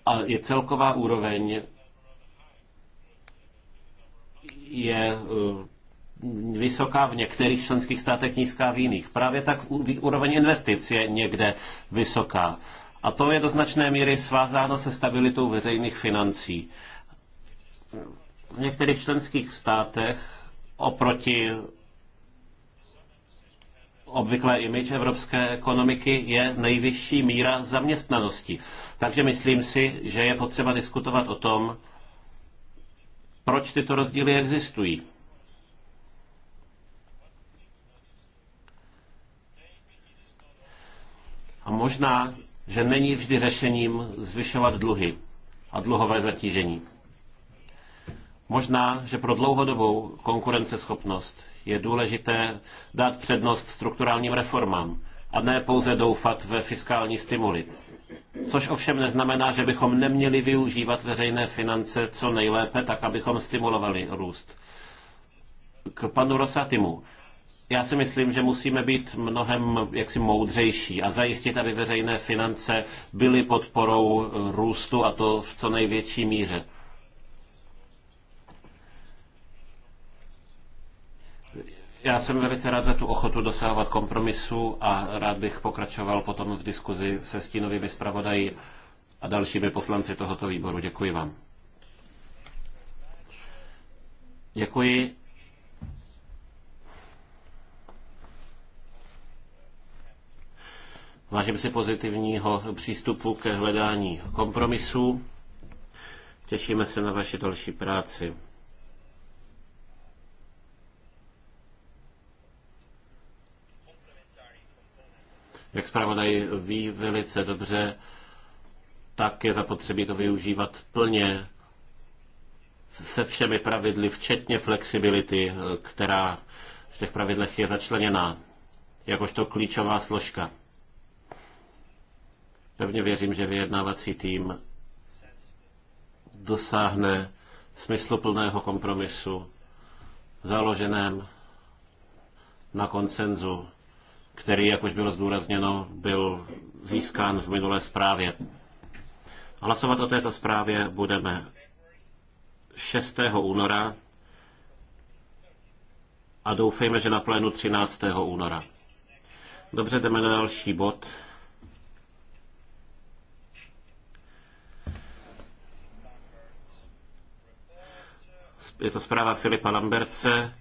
A je celková úroveň je e, vysoká v některých členských státech, nízká v jiných. Právě tak úroveň investic je někde vysoká. A to je do značné míry svázáno se stabilitou veřejných financí. V některých členských státech oproti obvyklé imič evropské ekonomiky je nejvyšší míra zaměstnanosti. Takže myslím si, že je potřeba diskutovat o tom, proč tyto rozdíly existují. A možná, že není vždy řešením zvyšovat dluhy a dluhové zatížení. Možná, že pro dlouhodobou konkurenceschopnost je důležité dát přednost strukturálním reformám a ne pouze doufat ve fiskální stimuly. Což ovšem neznamená, že bychom neměli využívat veřejné finance co nejlépe, tak abychom stimulovali růst. K panu Rosatimu. Já si myslím, že musíme být mnohem jaksi moudřejší a zajistit, aby veřejné finance byly podporou růstu a to v co největší míře. Já jsem velice rád za tu ochotu dosahovat kompromisu a rád bych pokračoval potom v diskuzi se stínovými zpravodají a dalšími poslanci tohoto výboru. Děkuji vám. Děkuji. Vážím si pozitivního přístupu ke hledání kompromisů. Těšíme se na vaši další práci. Jak zpravodaj ví velice dobře, tak je zapotřebí to využívat plně se všemi pravidly, včetně flexibility, která v těch pravidlech je začleněná jakožto klíčová složka. Pevně věřím, že vyjednávací tým dosáhne smysluplného kompromisu založeném na konsenzu, který, jak už bylo zdůrazněno, byl získán v minulé zprávě. Hlasovat o této zprávě budeme 6. února a doufejme, že na plénu 13. února. Dobře, jdeme na další bod. je to zpráva Filipa Lamberce,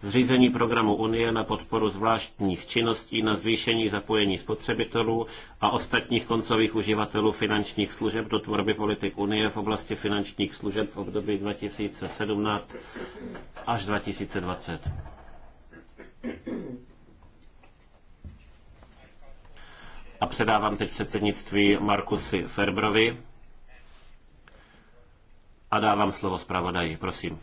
zřízení programu Unie na podporu zvláštních činností na zvýšení zapojení spotřebitelů a ostatních koncových uživatelů finančních služeb do tvorby politik Unie v oblasti finančních služeb v období 2017 až 2020. A předávám teď předsednictví Markusy Ferbrovi a dávám slovo zpravodaji, prosím.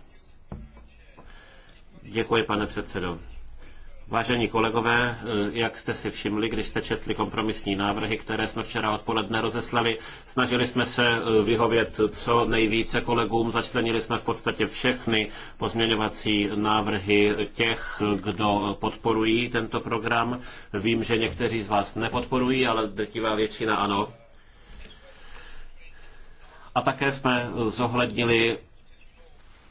Děkuji, pane předsedo. Vážení kolegové, jak jste si všimli, když jste četli kompromisní návrhy, které jsme včera odpoledne rozeslali, snažili jsme se eh, vyhovět co nejvíce kolegům, začlenili jsme v podstatě všechny pozměňovací návrhy těch, kdo podporují tento program. Vím, že někteří z vás nepodporují, ale drtivá většina ano. A také jsme zohlednili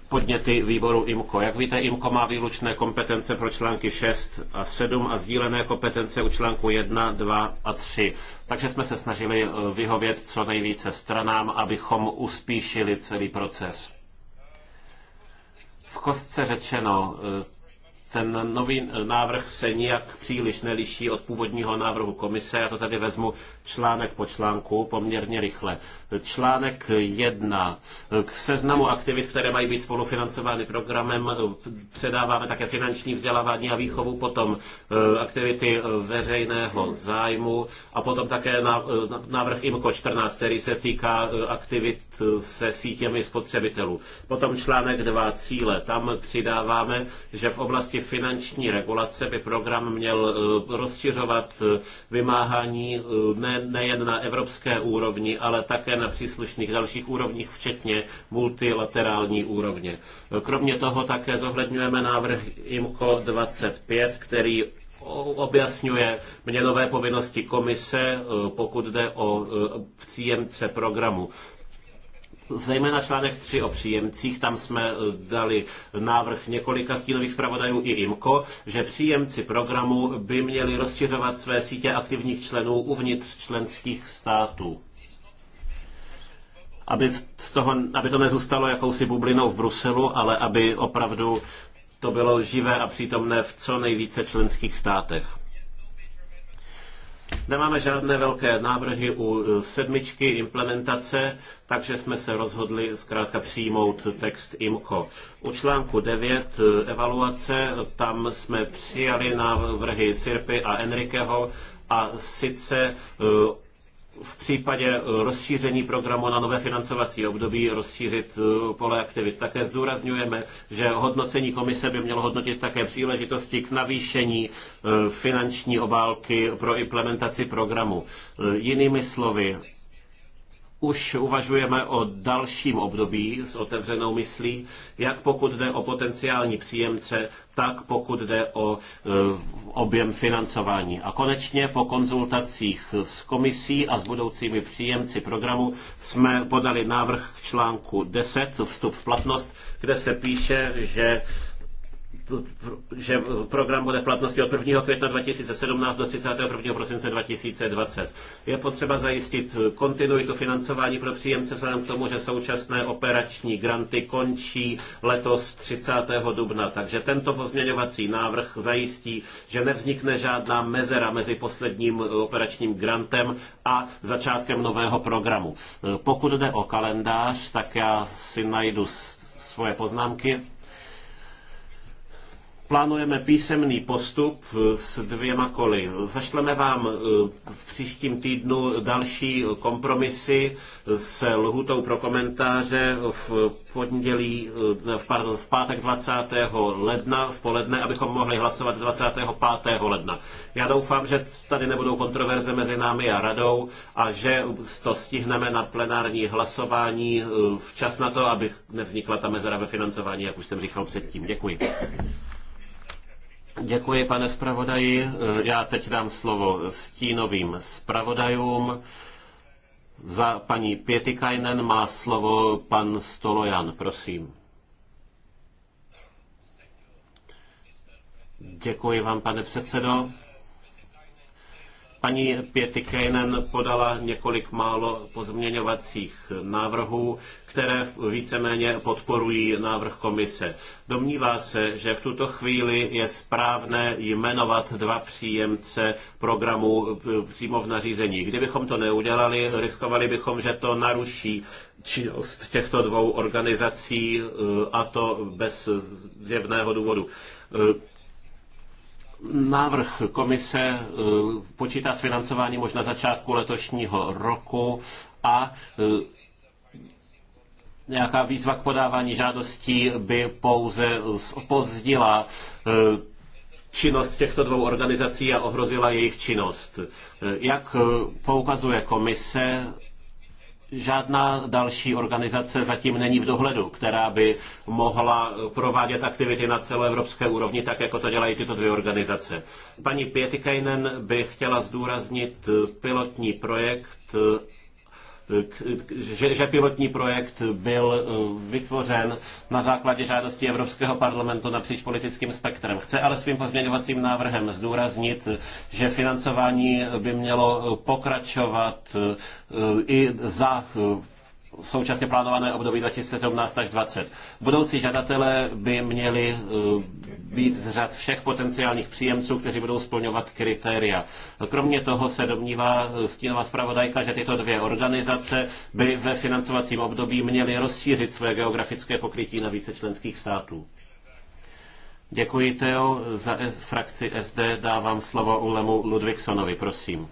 podněty výboru IMCO. Jak víte, IMCO má výlučné kompetence pro články 6 a 7 a sdílené kompetence u článku 1, 2 a 3. Takže jsme se snažili eh, vyhovět co nejvíce stranám, abychom uspíšili celý proces. V kostce řečeno, eh, ten nový návrh se nijak příliš neliší od původního návrhu komise. Já to tady vezmu článek po článku poměrně rychle. Článek 1. K seznamu aktivit, které mají být spolufinancovány programem, předáváme také finanční vzdělávání a výchovu, potom eh, aktivity veřejného zájmu a potom také eh, návrh IMCO 14, který se týká eh, aktivit se sítěmi spotřebitelů. Potom článek 2. Cíle. Tam přidáváme, že v oblasti finanční regulace by program měl eh, rozšiřovat eh, vymáhání eh, ne, nejen na evropské úrovni, ale také na příslušných dalších úrovních, včetně multilaterální úrovně. Kromě toho také zohledňujeme návrh IMCO 25, který objasňuje měnové povinnosti komise, pokud jde o příjemce programu zejména článek 3 o příjemcích, tam jsme eh, dali návrh několika stínových zpravodajů i IMKO, že příjemci programu by měli rozšiřovat své sítě aktivních členů uvnitř členských států. Aby, z toho, aby to nezůstalo jakousi bublinou v Bruselu, ale aby opravdu to bylo živé a přítomné v co nejvíce členských státech. Nemáme žádné velké návrhy u eh, sedmičky implementace, takže jsme se rozhodli zkrátka přijmout text IMCO. U článku 9 eh, evaluace, tam jsme přijali návrhy Sirpy a Enriqueho a sice eh, v případě eh, rozšíření programu na nové financovací období rozšířit eh, pole aktivit. Také zdůrazňujeme, že hodnocení komise by mělo hodnotit také příležitosti k navýšení eh, finanční obálky pro implementaci programu. Jinými slovy, už uvažujeme o dalším období s otevřenou myslí, jak pokud jde o potenciální příjemce, tak pokud jde o e, objem financování. A konečně po konzultacích s komisí a s budoucími příjemci programu jsme podali návrh k článku 10, vstup v platnost, kde se píše, že že program bude v platnosti od 1. května 2017 do 31. prosince 2020. Je potřeba zajistit kontinuitu financování pro příjemce vzhledem k tomu, že současné operační granty končí letos 30. dubna. Takže tento pozměňovací návrh zajistí, že nevznikne žádná mezera mezi posledním eh, operačním grantem a začátkem nového programu. Eh, pokud jde o kalendář, tak já si najdu svoje poznámky plánujeme písemný postup eh, s dvěma koly. Zašleme vám eh, v příštím týdnu další kompromisy s lhutou pro komentáře v pondělí, eh, v, pardon, v pátek 20. ledna v poledne, abychom mohli hlasovat 25. ledna. Já doufám, že tady nebudou kontroverze mezi námi a radou a že to stihneme na plenární hlasování včas na to, aby nevznikla ta mezera ve financování, jak už jsem říkal předtím. Děkuji. Děkuji, pane zpravodaji. Já teď dám slovo stínovým zpravodajům. Za paní Pietikainen má slovo pan Stolojan, prosím. Děkuji vám, pane předsedo. Paní Pěty podala několik málo pozměňovacích návrhů, které víceméně podporují návrh komise. Domnívá se, že v tuto chvíli je správné jmenovat dva příjemce programu eh, přímo v nařízení. Kdybychom to neudělali, riskovali bychom, že to naruší činnost těchto dvou organizací eh, a to bez zjevného důvodu. Eh, Návrh komise e, počítá s financováním možná začátku letošního roku a e, nějaká výzva k podávání žádostí by pouze zpozdila e, činnost těchto dvou organizací a ohrozila jejich činnost. Jak poukazuje komise, žádná další organizace zatím není v dohledu, která by mohla provádět aktivity na celoevropské úrovni, tak jako to dělají tyto dvě organizace. Paní Pietikainen by chtěla zdůraznit pilotní projekt že, že pilotní projekt byl eh, vytvořen na základě žádosti Evropského parlamentu napříč politickým spektrem. Chce ale svým pozměňovacím návrhem zdůraznit, že financování by mělo pokračovat eh, i za eh, současně plánované období 2017 až 2020. Budoucí žadatelé by měli eh, být z řad všech potenciálních příjemců, kteří budou splňovat kritéria. Kromě toho se domnívá eh, stínová zpravodajka, že tyto dvě organizace by ve financovacím období měly rozšířit své geografické pokrytí na více členských států. Děkuji, Teo. Za e- frakci SD dávám slovo Ulemu Ludvigsonovi, prosím.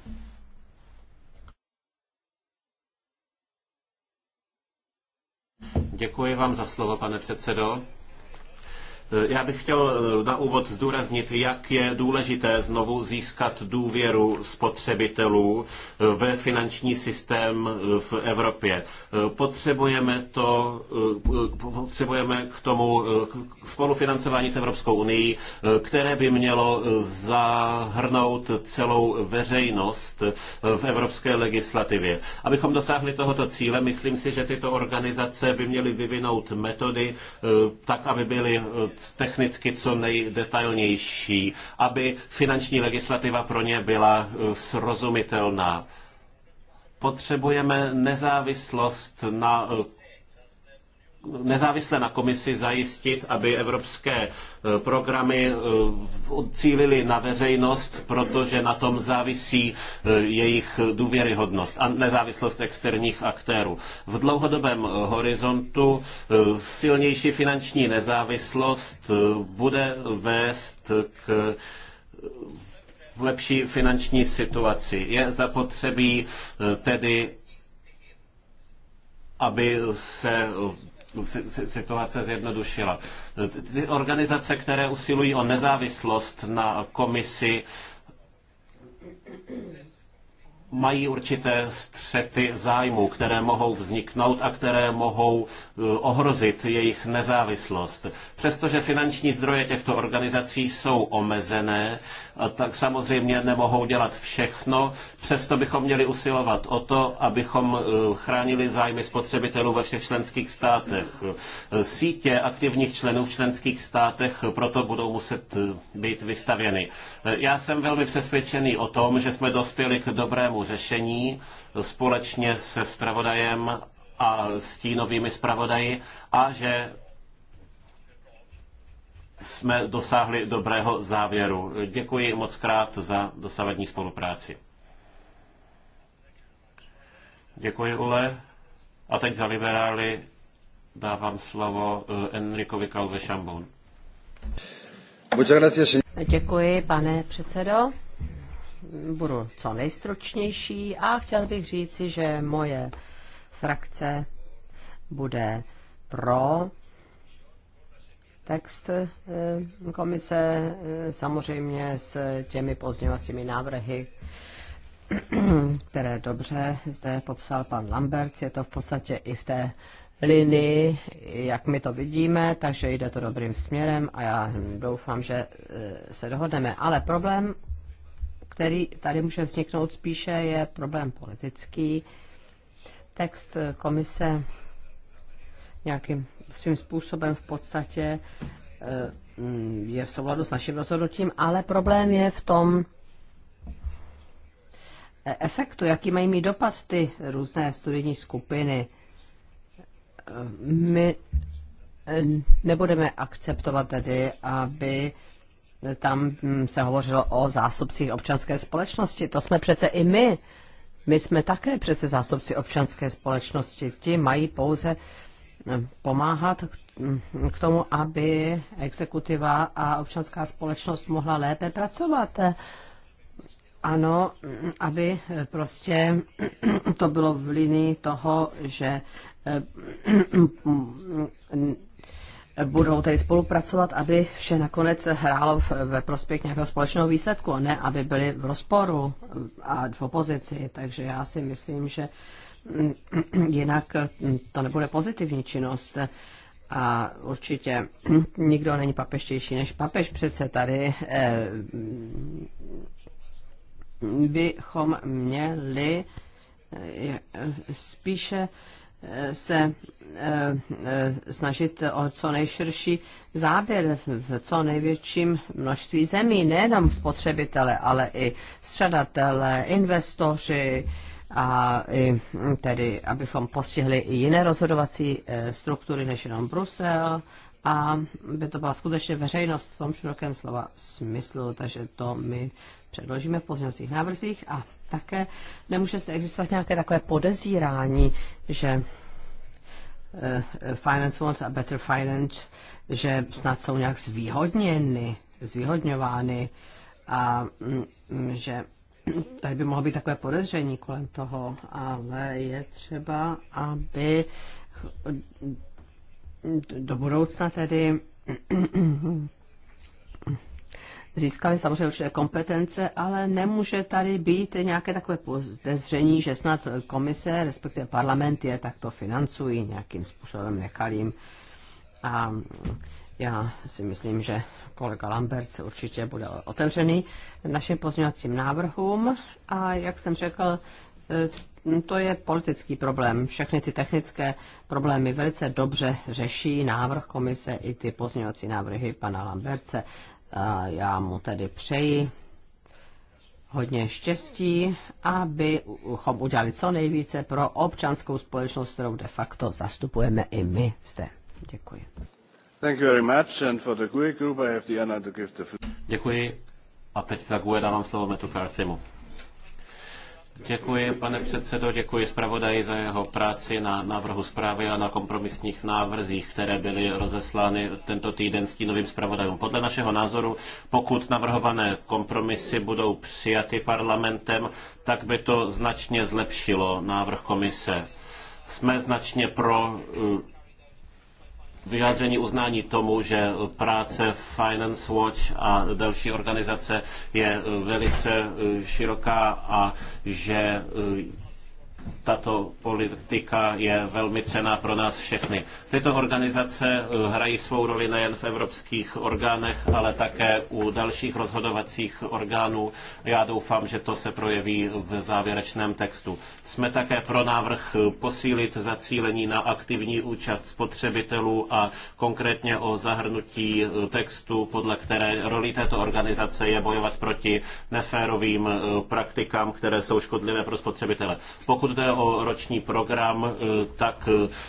Děkuji vám za slovo, pane předsedo. Eh, já bych chtěl eh, na úvod zdůraznit, jak je důležité znovu získat důvěru spotřebitelů eh, ve finanční systém v Evropě. Potřebujeme, to, potřebujeme k tomu spolufinancování s Evropskou unii, které by mělo zahrnout celou veřejnost v evropské legislativě. Abychom dosáhli tohoto cíle, myslím si, že tyto organizace by měly vyvinout metody tak, aby byly technicky co nejdetailnější, aby finanční legislativa pro ně byla eh, srozumitelná potřebujeme nezávislost na eh, nezávisle na komisi zajistit, aby evropské e, programy e, cílily na veřejnost, protože na tom závisí e, jejich důvěryhodnost a nezávislost externích aktérů. V dlouhodobém horizontu silnější finanční nezávislost bude vést k lepší finanční situaci. Je zapotřebí tedy aby se situace zjednodušila. Ty organizace, které usilují o nezávislost na komisi, mají určité střety zájmů, které mohou vzniknout a které mohou e, ohrozit jejich nezávislost. Přestože finanční zdroje těchto organizací jsou omezené, e, tak samozřejmě nemohou dělat všechno. Přesto bychom měli usilovat o to, abychom e, chránili zájmy spotřebitelů ve všech členských státech. Sítě aktivních členů v členských státech proto budou muset být vystavěny. Já jsem velmi přesvědčený o tom, že jsme dospěli k dobrému návrhu řešení společně se zpravodajem a stínovými zpravodaji a že jsme dosáhli dobrého závěru. Děkuji moc krát za dosavadní spolupráci. Děkuji, Ule. A teď za liberály dávám slovo eh, Enrikovi Kalve Šambon. Děkuji, pane předsedo budu co nejstručnější a chtěl bych říci, že moje frakce bude pro text eh, komise, eh, samozřejmě s těmi pozměňovacími návrhy, které dobře zde popsal pan Lambert, je to v podstatě i v té linii, jak my to vidíme, takže jde to dobrým směrem a já doufám, že eh, se dohodneme. Ale problém, který tady může vzniknout spíše, je problém politický. Text komise nějakým svým způsobem v podstatě eh, je v souladu s naším rozhodnutím, ale problém je v tom eh, efektu, jaký mají mít dopad ty různé studijní skupiny. Eh, my nebudeme akceptovat tedy, aby tam mm, se hovořilo o zástupcích občanské společnosti. To jsme přece i my. My jsme také přece zástupci občanské společnosti. Ti mají pouze mm, pomáhat mm, k tomu, aby exekutiva a občanská společnost mohla lépe pracovat. Ano, aby eh, prostě to bylo v linii toho, že eh, budou tedy spolupracovat, aby vše nakonec hrálo ve prospěch nějakého společného výsledku, a ne aby byli v rozporu a v opozici. Takže já si myslím, že mm, jinak to nebude pozitivní činnost. A určitě nikdo není papeštější než papež přece tady. Eh, bychom měli eh, eh, spíše se eh, eh, snažit o co nejširší záběr v co největším množství zemí, nejenom spotřebitele, ale i střadatele, investoři, a i hm, tedy, abychom postihli i jiné rozhodovací eh, struktury než jenom Brusel a by to byla skutečně veřejnost v tom širokém slova smyslu, takže to my předložíme v pozměňovacích návrzích a také nemůže zde existovat nějaké takové podezírání, že eh, Finance Wants a Better Finance, že snad jsou nějak zvýhodněny, zvýhodňovány a mm, mm, že tady by mohlo být takové podezření kolem toho, ale je třeba, aby do budoucna tedy získali samozřejmě určité kompetence, ale nemůže tady být nějaké takové podezření, že snad komise, respektive parlament je takto financují, nějakým způsobem nechalým. A já si myslím, že kolega Lambert se určitě bude otevřený našim pozměňovacím návrhům a jak jsem řekl, eh, to je politický problém. Všechny ty technické problémy velice dobře řeší návrh komise i ty pozměňovací návrhy pana Lamberce. A já mu tedy přeji hodně štěstí, abychom udělali co nejvíce pro občanskou společnost, kterou de facto zastupujeme i my zde. Děkuji. Thank you very much and for the GUE group I have the honor to give the Děkuji. A teď za GUE dávám slovo Metu Karsimu. Děkuji, pane předsedo, děkuji zpravodaji za jeho práci na návrhu zprávy a na kompromisních návrzích, které byly rozeslány tento týden s novým zpravodajům. Podle našeho názoru, pokud navrhované kompromisy budou přijaty parlamentem, tak by to značně zlepšilo návrh komise. Jsme značně pro eh, vyjádření uznání tomu, že práce Finance Watch a další organizace je velice široká a že tato politika je velmi cená pro nás všechny. Tyto organizace eh, hrají svou roli nejen v evropských orgánech, ale také u dalších rozhodovacích orgánů. Já doufám, že to se projeví v závěrečném textu. Jsme také pro návrh eh, posílit zacílení na aktivní účast spotřebitelů a konkrétně o zahrnutí eh, textu, podle které roli této organizace je bojovat proti neférovým praktikám, které jsou škodlivé pro spotřebitele. Pokud jde o roční program, eh, tak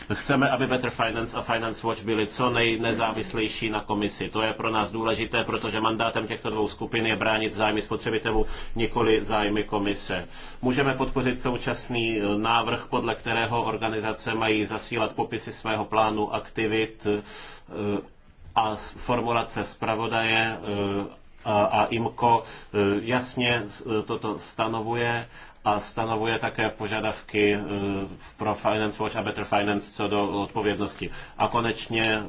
eh, chceme, aby Better Finance a Finance Watch byly co nejnezávislejší na komisi. To je pro nás důležité, protože mandátem těchto dvou skupin je bránit zájmy spotřebitelů, nikoli zájmy komise. Můžeme podpořit současný eh, návrh, podle kterého organizace mají zasílat popisy svého plánu aktivit a formulace zpravodaje a IMCO jasně toto stanovuje a stanovuje také požadavky eh, pro Finance Watch a Better Finance co do odpovědnosti. A konečně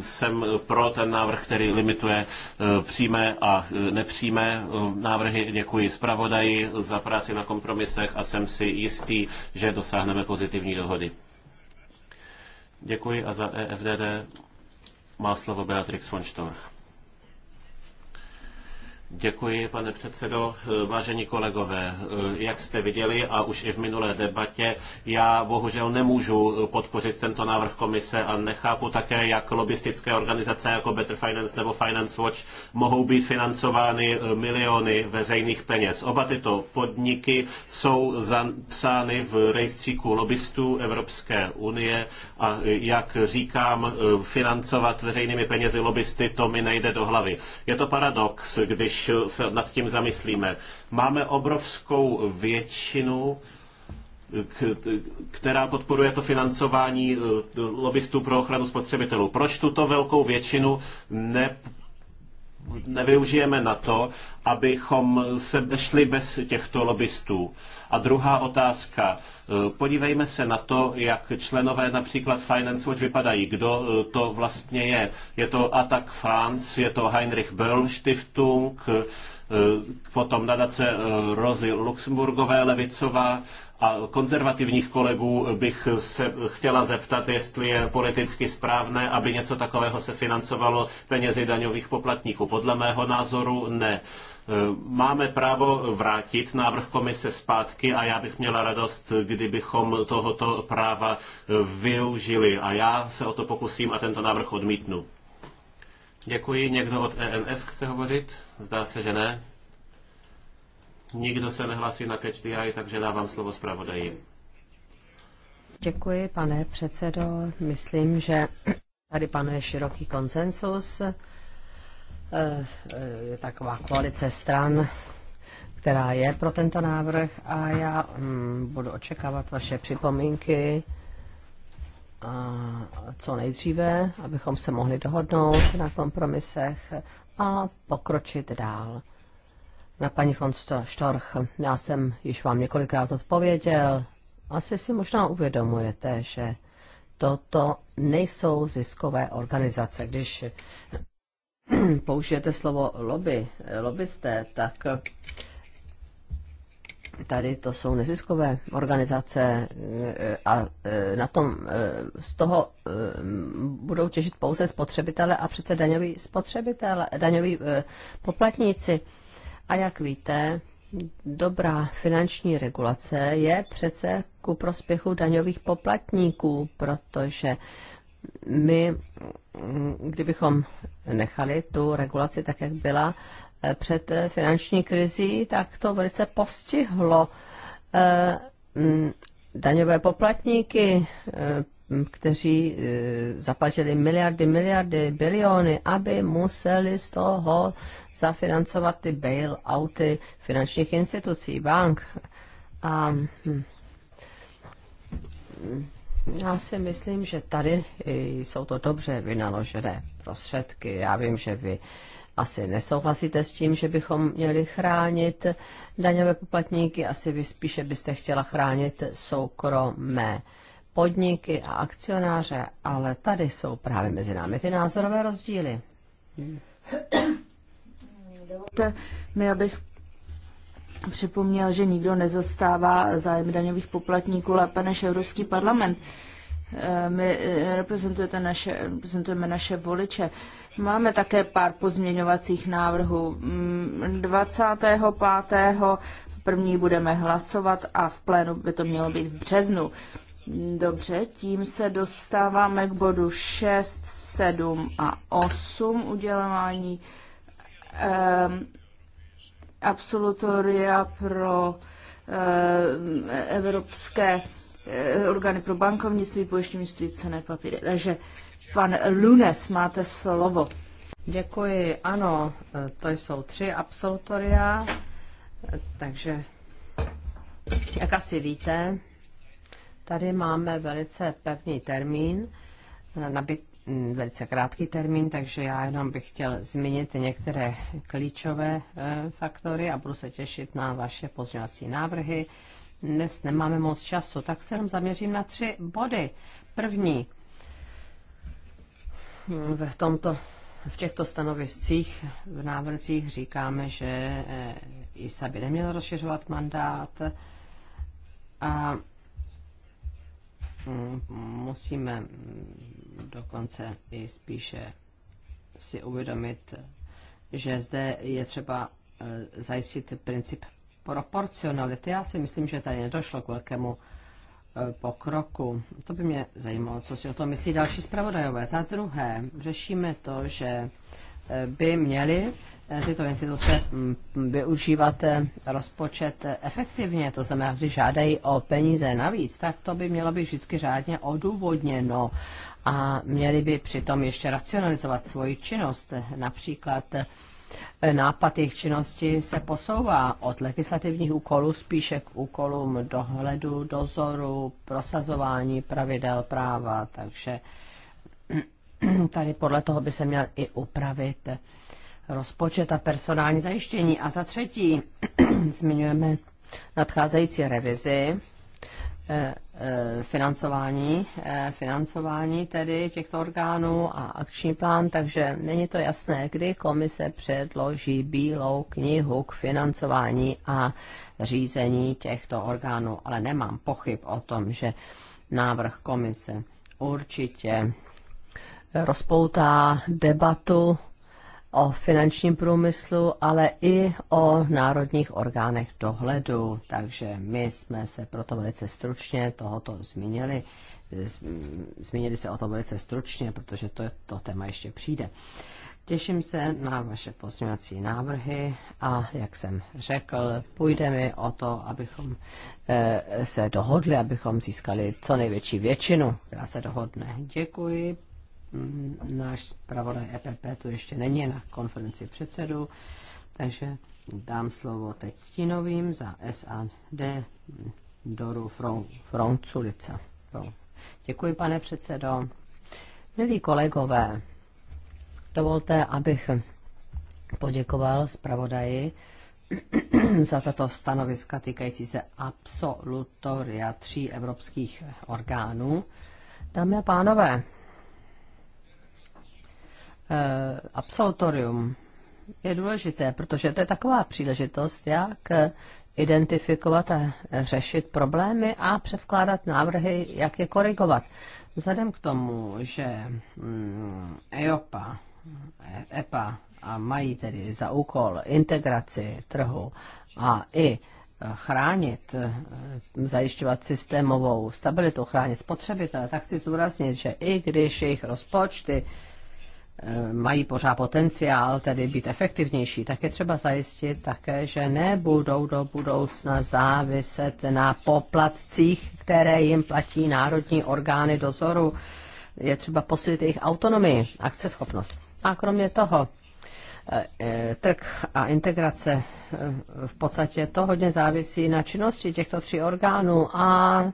jsem pro ten návrh, který limituje eh, přímé a eh, nepřímé návrhy. Děkuji zpravodaji za práci na kompromisech a jsem si jistý, že dosáhneme pozitivní dohody. Děkuji a za EFDD má slovo Beatrix von Storch. Děkuji, pane předsedo. Vážení kolegové, jak jste viděli a už i v minulé debatě, já bohužel nemůžu podpořit tento návrh komise a nechápu také, jak lobbystické organizace jako Better Finance nebo Finance Watch mohou být financovány miliony veřejných peněz. Oba tyto podniky jsou zapsány v rejstříku lobbystů Evropské unie a jak říkám, financovat veřejnými penězi lobbysty, to mi nejde do hlavy. Je to paradox, když se nad tím zamyslíme. Máme obrovskou většinu která podporuje to financování eh, lobbystů pro ochranu spotřebitelů. Proč tuto velkou většinu ne, nevyužijeme na to, abychom se šli bez těchto lobbystů. A druhá otázka. E, podívejme se na to, jak členové například Finance Watch vypadají. Kdo e, to vlastně je? Je to Atak France, je to Heinrich Böll Stiftung, Eh, potom nadace eh, Rozy Luxemburgové levicová a konzervativních kolegů bych se chtěla zeptat, jestli je politicky správné, aby něco takového se financovalo penězi daňových poplatníků. Podle mého názoru ne. Eh, máme právo vrátit návrh komise zpátky a já bych měla radost, kdybychom tohoto práva využili. A já se o to pokusím a tento návrh odmítnu. Děkuji. Někdo od ENF chce hovořit? Zdá se, že ne. Nikdo se nehlásí na Catch the Eye, takže dávám slovo zpravodaji. Děkuji, pane předsedo. Myslím, že tady panuje široký konsensus. Eh, eh, je taková koalice stran, která je pro tento návrh a já mm, budu očekávat vaše připomínky co nejdříve, abychom se mohli dohodnout na kompromisech a pokročit dál. Na paní von Storch, já jsem již vám několikrát odpověděl. Asi si možná uvědomujete, že toto nejsou ziskové organizace. Když použijete slovo lobby, lobbyste, tak Tady to jsou neziskové organizace e, e, a e, na tom z toho budou těžit pouze spotřebitele a přece daňový spotřebitel, daňový poplatníci. A jak víte, dobrá finanční regulace je přece ku prospěchu daňových poplatníků, protože my, kdybychom nechali tu regulaci tak, jak byla, Eh, před eh, finanční krizí, tak to velice postihlo eh, mm, daňové poplatníky, kteří zaplatili miliardy, miliardy, biliony, aby museli z toho zafinancovat ty bailouty finančních institucí, bank. A hm, hm, já si myslím, že tady jsou to dobře vynaložené prostředky. Já vím, že vy asi nesouhlasíte s tím, že bychom měli chránit daňové poplatníky, asi vy spíše byste chtěla chránit soukromé podniky a akcionáře, ale tady jsou právě mezi námi ty názorové rozdíly. Dovolte mi, abych připomněl, že nikdo nezastává zájem daňových poplatníků lépe než Evropský parlament. Eh, my eh, reprezentujete naše, reprezentujeme naše voliče. Máme také pár pozměňovacích návrhů. 25. Mm, první budeme hlasovat a v plénu by to mělo být v březnu. Dobře, tím se dostáváme k bodu 6, 7 a 8 udělování um, ehm, absolutoria pro um, evropské eh, orgány pro bankovnictví, pojišťovnictví, cené papíry. Takže Pan Lunes, máte slovo. Děkuji. Ano, to jsou tři absolutoria, takže jak asi víte, tady máme velice pevný termín, nabit, velice krátký termín, takže já jenom bych chtěl zmínit některé klíčové eh, faktory a budu se těšit na vaše pozměňovací návrhy. Dnes nemáme moc času, tak se jenom zaměřím na tři body. První, v tomto v těchto stanoviscích, v návrzích říkáme, že eh, ISA by neměl rozšiřovat mandát a mm, musíme dokonce i spíše si uvědomit, že zde je třeba eh, zajistit princip proporcionality. Já si myslím, že tady nedošlo k velkému Eh, pokroku. To by mě zajímalo, co si o tom myslí další zpravodajové. Za druhé, řešíme to, že eh, by měly eh, tyto instituce mm, využívat rozpočet efektivně, to znamená, když žádají o peníze navíc, tak to by mělo být vždycky řádně odůvodněno a měli by přitom ještě racionalizovat svoji činnost. Například nápad jejich činnosti se posouvá od legislativních úkolů spíše k úkolům dohledu, dozoru, prosazování pravidel práva, takže tady podle toho by se měl i upravit rozpočet a personální zajištění. A za třetí zmiňujeme nadcházející revizi Eh, eh, financování, eh, financování tedy těchto orgánů a akční plán, takže není to jasné, kdy komise předloží bílou knihu k financování a řízení těchto orgánů, ale nemám pochyb o tom, že návrh komise určitě rozpoutá debatu o finančním průmyslu, ale i o národních orgánech dohledu. Takže my jsme se proto velice stručně tohoto zmínili. Zmínili se o tom velice stručně, protože to, to téma ještě přijde. Těším se na vaše pozměňovací návrhy a, jak jsem řekl, půjde mi o to, abychom eh, se dohodli, abychom získali co největší většinu, která se dohodne. Děkuji, Mm, náš zpravodaj EPP tu ještě není na konferenci předsedů, takže dám slovo teď Stínovým za SAD Doru Fronculica. Děkuji, pane předsedo. Milí kolegové, dovolte, abych poděkoval zpravodaji za tato stanoviska týkající se absolutoria tří evropských orgánů. Dámy a pánové, Eh, absolutorium je důležité, protože to je taková příležitost, jak eh, identifikovat a řešit problémy a předkládat návrhy, jak je korigovat. Vzhledem k tomu, že mm, EOPA, EPA a mají tedy za úkol integraci trhu a i eh, chránit, zajišťovat systémovou stabilitu, chránit spotřebitele, tak chci zdůraznit, že i když jejich rozpočty mají pořád potenciál tedy být efektivnější, tak je třeba zajistit také, že nebudou do budoucna záviset na poplatcích, které jim platí národní orgány dozoru. Je třeba posílit jejich autonomii, akceschopnost. A kromě toho, eh, eh, trh a integrace eh, v podstatě to hodně závisí na činnosti těchto tří orgánů a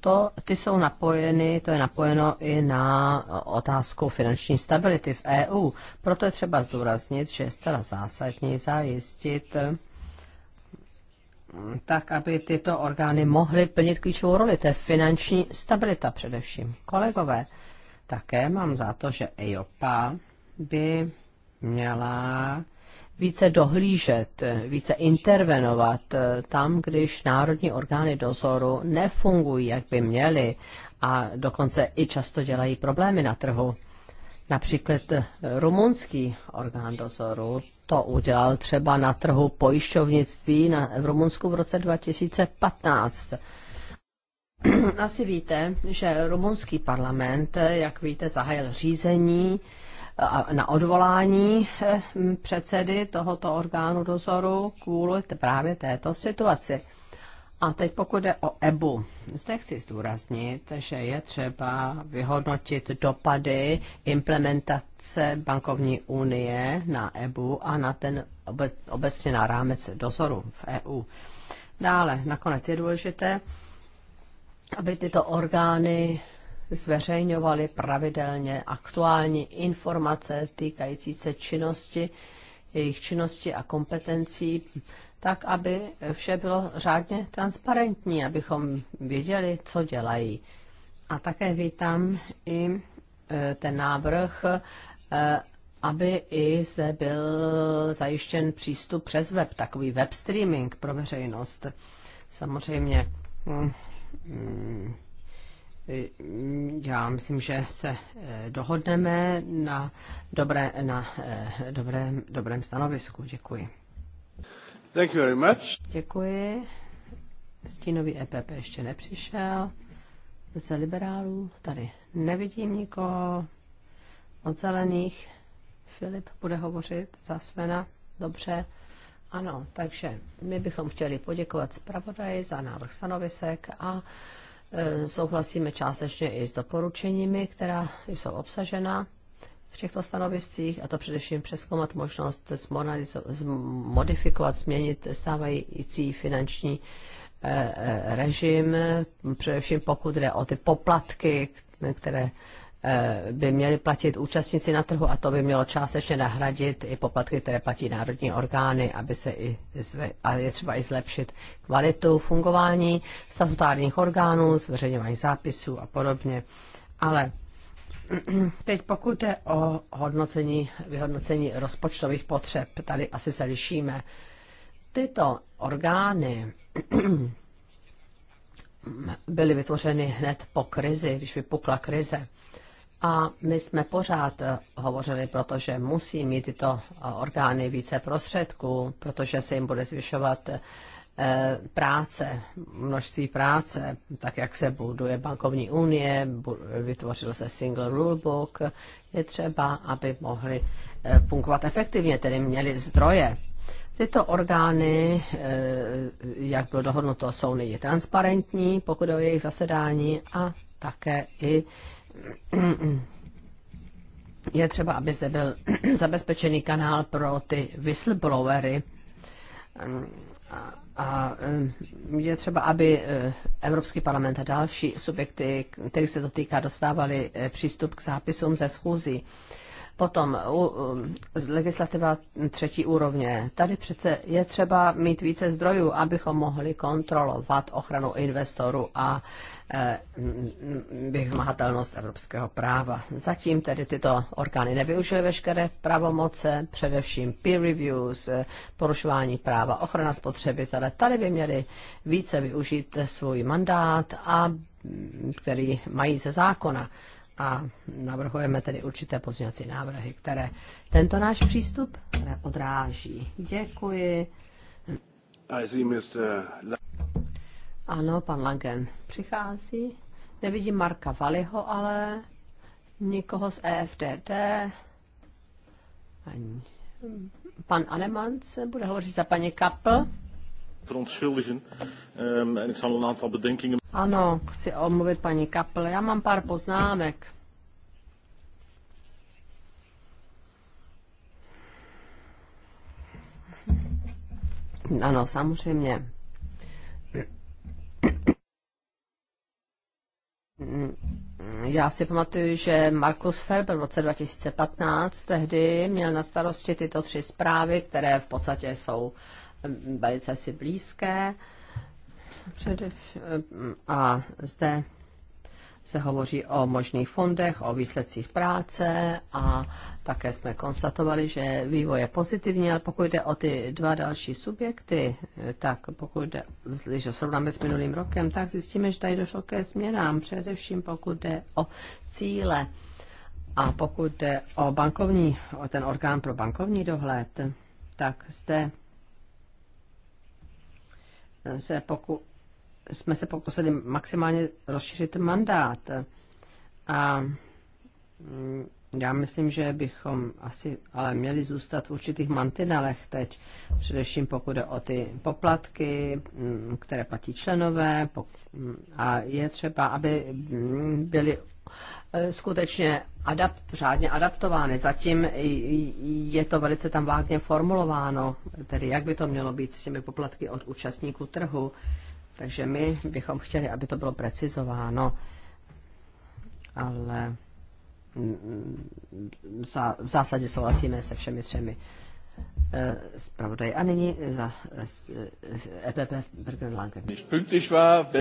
to, ty jsou napojeny, to je napojeno i na otázku finanční stability v EU. Proto je třeba zdůraznit, že je zcela zásadní zajistit mm, tak, aby tyto orgány mohly plnit klíčovou roli. To je finanční stabilita především. Kolegové, také mám za to, že EIOPA by měla více dohlížet, více intervenovat tam, když národní orgány dozoru nefungují, jak by měly a dokonce i často dělají problémy na trhu. Například rumunský orgán dozoru to udělal třeba na trhu pojišťovnictví na, v Rumunsku v roce 2015. Asi víte, že rumunský parlament, jak víte, zahájil řízení na odvolání eh, předsedy tohoto orgánu dozoru kvůli právě této situaci. A teď pokud jde o EBU, zde chci zdůraznit, že je třeba vyhodnotit dopady implementace bankovní unie na EBU a na ten obecně na rámec dozoru v EU. Dále, nakonec je důležité, aby tyto orgány zveřejňovali pravidelně aktuální informace týkající se činnosti, jejich činnosti a kompetencí, tak aby vše bylo řádně transparentní, abychom věděli, co dělají. A také vítám i e, ten návrh, e, aby i zde byl zajištěn přístup přes web, takový web streaming pro veřejnost. Samozřejmě mm, mm, já myslím, že se eh, dohodneme na, dobré, na eh, dobrém, dobrém stanovisku. Děkuji. Thank you very much. Děkuji. Stínový EPP ještě nepřišel. Ze liberálů tady nevidím nikoho. Od zelených Filip bude hovořit za Svena. Dobře. Ano, takže my bychom chtěli poděkovat zpravodaji za návrh stanovisek a Eh, souhlasíme částečně i s doporučeními, která jsou obsažena v těchto stanoviscích, a to především přeskoumat možnost modifikovat, změnit stávající finanční eh, eh, režim, především pokud jde o ty poplatky, které Eh, by měli platit účastníci na trhu a to by mělo částečně nahradit i poplatky, které platí národní orgány, aby se i zve, a je třeba i zlepšit kvalitu fungování statutárních orgánů, zveřejňování zápisů a podobně. Ale teď pokud jde o hodnocení, vyhodnocení rozpočtových potřeb, tady asi se lišíme. Tyto orgány byly vytvořeny hned po krizi, když vypukla krize. A my jsme pořád eh, hovořili, protože musí mít tyto eh, orgány více prostředků, protože se jim bude zvyšovat eh, práce, množství práce, tak jak se buduje bankovní unie, vytvořil se single rulebook, je třeba, aby mohli fungovat efektivně, tedy měli zdroje. Tyto orgány, jak bylo dohodnuto, jsou nyní transparentní, pokud je o jejich zasedání a také i je třeba, aby zde byl zabezpečený kanál pro ty whistleblowery a eh, je třeba, aby eh, Evropský parlament a další subjekty, kterých se dotýká, dostávali eh, přístup k zápisům ze schůzí. Potom legislativa třetí úrovně. Tady přece je třeba mít více zdrojů, abychom mohli kontrolovat ochranu investorů a e, vymahatelnost evropského práva. Zatím tedy tyto orgány nevyužily veškeré pravomoce, především peer reviews, e, porušování práva, ochrana spotřebitele. Tady by měli více využít svůj mandát, a, který mají ze zákona a navrhujeme tedy určité pozměňovací návrhy, které tento náš přístup odráží. Děkuji. Ano, pan Langen přichází. Nevidím Marka Valiho, ale nikoho z EFDD. Ani. Pan Anemans bude hovořit za paní Kapl. Ehm, ano, chci omluvit paní Kaple. Já mám pár poznámek. Ano, samozřejmě. Já si pamatuju, že Markus Ferber v roce 2015 tehdy měl na starosti tyto tři zprávy, které v podstatě jsou uh, velice si blízké. a zde se hovoří o možných fondech, o výsledcích práce a také jsme konstatovali, že vývoj je pozitivní, ale pokud jde o ty dva další subjekty, tak pokud jde, když to srovnáme s minulým rokem, tak zjistíme, že tady došlo ke změnám, především pokud jde o cíle a pokud jde o bankovní, o ten orgán pro bankovní dohled, tak zde se poku, jsme se pokusili maximálně rozšířit mandát. A mm, já myslím, že bychom asi ale měli zůstat v určitých mantinelech teď, především pokud jde o ty poplatky, mm, které platí členové, mm, a je třeba, aby byly E, skutečně adapt, řádně adaptovány. Zatím je to velice tam vágně formulováno, tedy jak by to mělo být s těmi poplatky od účastníků trhu. Takže my bychom chtěli, aby to bylo precizováno, ale mm, v zásadě souhlasíme se všemi třemi e, zpravodaj. A nyní za EPP Bergen Langen.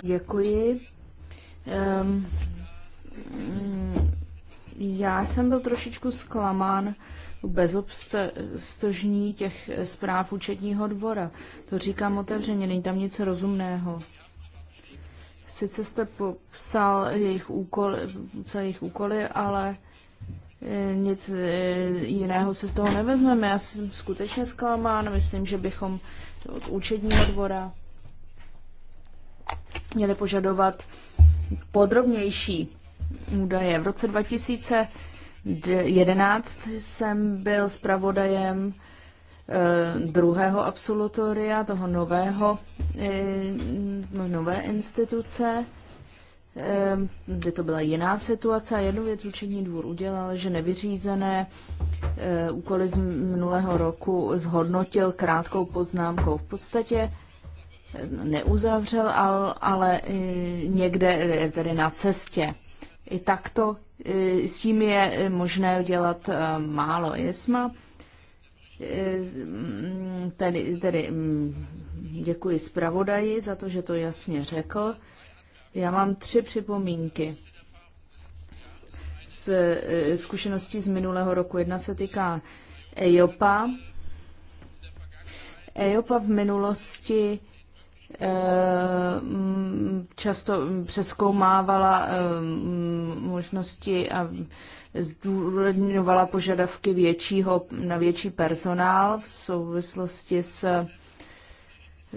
Děkuji. Um, já jsem byl trošičku zklamán bezobstožní těch zpráv účetního dvora. To říkám otevřeně, není tam nic rozumného. Sice jste popsal jejich úkoly, popsal jejich úkoly ale eh, nic eh, jiného se z toho nevezmeme. Já jsem skutečně zklamán, myslím, že bychom od účetního dvora měli požadovat podrobnější údaje. V roce 2011 jsem byl zpravodajem eh, druhého absolutoria, toho nového, eh, nové instituce, eh, kde to byla jiná situace a jednou věc učení dvůr udělal, že nevyřízené úkoly z minulého roku zhodnotil krátkou poznámkou. V podstatě neuzavřel, ale někde tedy na cestě. I takto e, s tím je e, možné dělat e, málo. jesma. tedy, tedy děkuji zpravodaji za to, že to jasně řekl. Já mám tři připomínky z zkušeností z minulého roku. Jedna se týká EIOPA. EIOPA v minulosti Eh, často přeskoumávala eh, možnosti a zdůrodňovala požadavky většího, na větší personál v souvislosti s,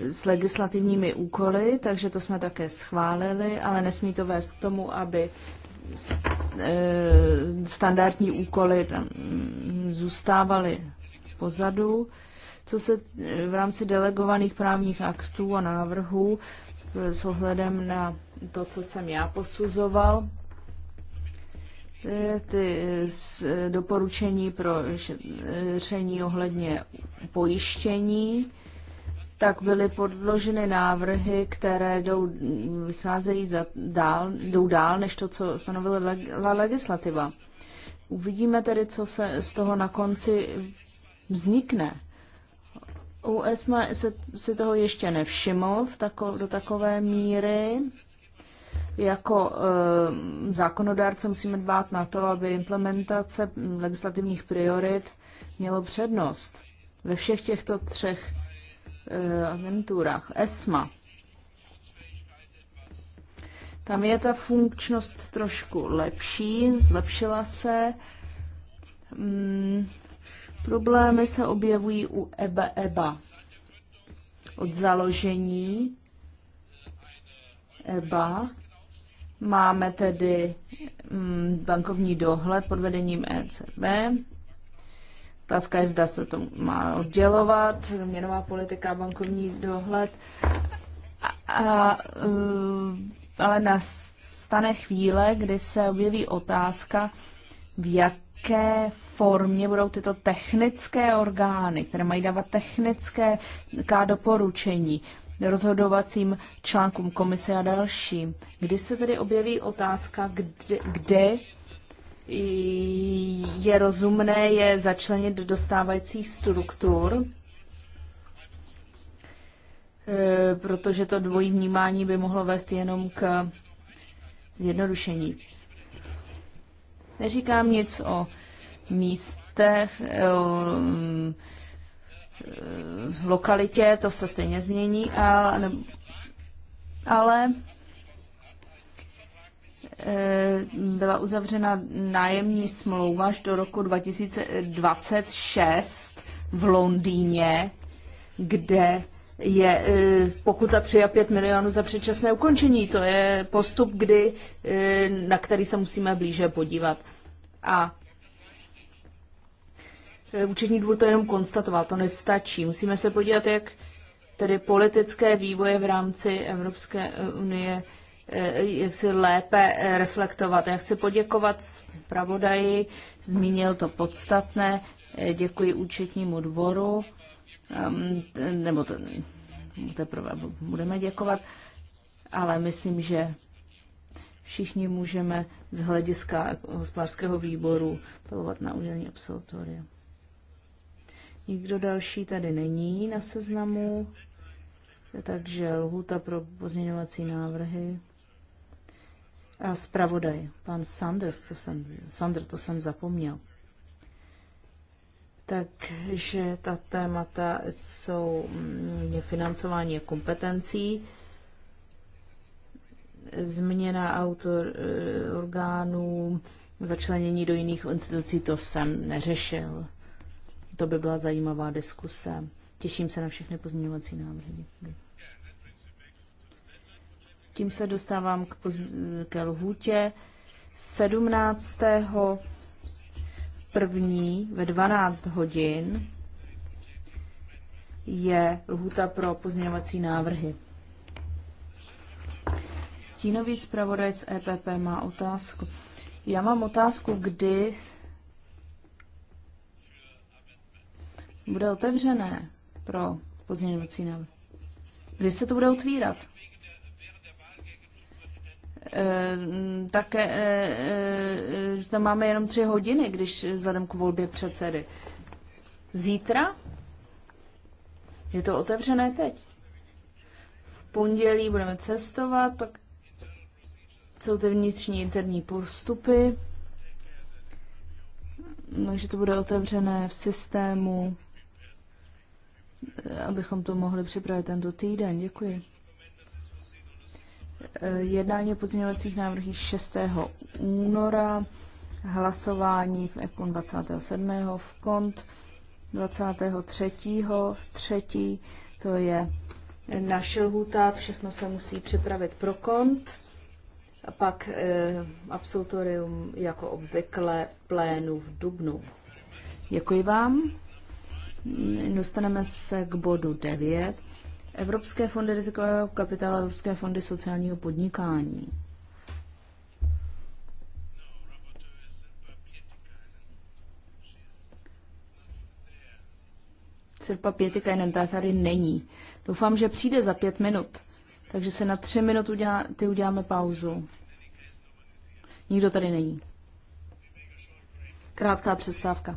s legislativními úkoly, takže to jsme také schválili, ale nesmí to vést k tomu, aby eh, standardní úkoly tam mm, zůstávaly pozadu. Co se eh, v rámci delegovaných právních aktů a návrhů eh, s ohledem na to, co jsem já posuzoval, eh, ty doporučení pro řešení ohledně pojištění, tak byly podloženy návrhy, které jdou, vycházejí za, dál, jdou dál než to, co stanovila le, legislativa. Uvidíme tedy, co se z toho na konci vznikne. U ESMA se, si toho ještě nevšiml v tako, do takové míry. Jako e, zákonodárce musíme dbát na to, aby implementace legislativních priorit mělo přednost ve všech těchto třech eh, e, agenturách. ESMA. Tam je ta funkčnost trošku lepší, zlepšila se. Mm, Problémy se objevují u EBA, EBA. Od založení EBA máme tedy mm, bankovní dohled pod vedením ECB. Otázka je, zda se to má oddělovat, měnová politika, bankovní dohled. A, a, eh, ale nastane chvíle, kdy se objeví otázka, v jaké formě budou tyto technické orgány, které mají dávat technické doporučení rozhodovacím článkům komise a dalším. Kdy se tedy objeví otázka, kde, kde je rozumné je začlenit do dostávajících struktur, e, protože to dvojí vnímání by mohlo vést jenom k zjednodušení. Neříkám nic o místech, eh, v lokalitě, to se stejně změní, ale, ale eh, byla uzavřena nájemní smlouva až do roku 2026 v Londýně, kde je eh, pokuta 3 a 5 milionů za předčasné ukončení. To je postup, kdy, na který se musíme blíže podívat. A Eh, účetní dvůr to jenom konstatoval, to nestačí. Musíme se podívat, jak tedy politické vývoje v rámci Evropské eh, unie eh, jak si lépe reflektovat. Já chci poděkovat zpravodaji, zmínil to podstatné, děkuji účetnímu dvoru, ehm, nebo to, teprve budeme děkovat, ale myslím, že všichni můžeme z hlediska hospodářského výboru pilovat na udělení absolutoria. Nikdo další tady není na seznamu, takže lhůta pro pozměňovací návrhy. A zpravodaj, pan Sanders, to jsem, Sander, to jsem zapomněl. Takže ta témata jsou mm, financování a kompetencí, změna autor eh, orgánů, začlenění do jiných institucí, to jsem neřešil to by byla zajímavá diskuse. Těším se na všechny pozměňovací návrhy. Tím se dostávám k, poz- k lhůtě 17. první ve 12 hodin je lhůta pro pozměňovací návrhy. Stínový zpravodaj z EPP má otázku. Já mám otázku, kdy bude otevřené pro pozměňovací návrh? Kdy se to bude otvírat? E, také e, tam máme jenom tři hodiny, když vzhledem k volbě předsedy. Zítra? Je to otevřené teď. V pondělí budeme cestovat, pak jsou ty vnitřní interní postupy, takže to bude otevřené v systému abychom to mohli připravit tento týden. Děkuji. E, jednání o pozměňovacích návrhů 6. února, hlasování v EKON 27. v KONT 23. třetí, to je naše lhůta, všechno se musí připravit pro KONT. A pak e, absolutorium jako obvykle plénu v Dubnu. Děkuji vám. Dostaneme se k bodu 9. Evropské fondy rizikového kapitálu, a Evropské fondy sociálního podnikání. CIRPA Pětikajnen, ta tady není. Doufám, že přijde za pět minut. Takže se na tři minuty udělá, ty uděláme pauzu. Nikdo tady není. Krátká přestávka.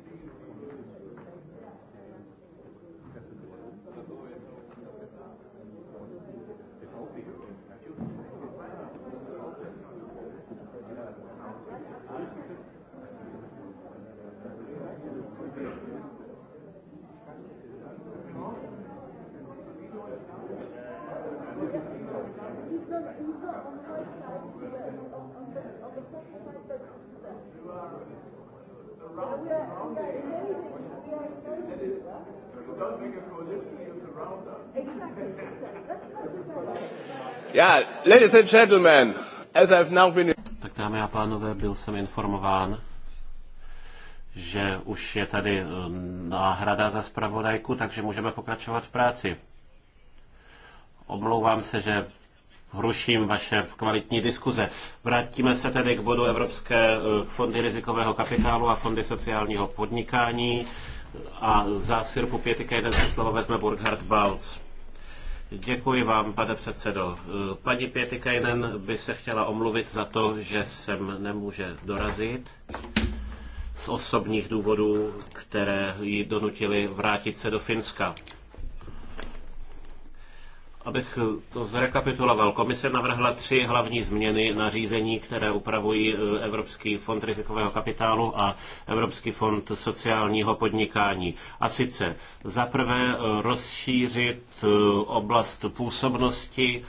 Tak dámy a pánové, byl jsem informován, že už je tady eh, náhrada za zpravodajku, takže můžeme pokračovat v práci. Omlouvám se, že ruším vaše kvalitní diskuze. Vrátíme se tedy k bodu Evropské eh, fondy rizikového kapitálu a fondy sociálního podnikání a za Sirku Pětikejden se slovo vezme Burkhard Balc. Děkuji vám, pane předsedo. Eh, paní Pětikajnen by se chtěla omluvit za to, že sem nemůže dorazit z osobních důvodů, které ji donutili vrátit se do Finska. Abych to zrekapituloval, komise navrhla tři hlavní změny nařízení, které upravují e, Evropský fond rizikového kapitálu a Evropský fond sociálního podnikání. A sice za prvé e, rozšířit e, oblast působnosti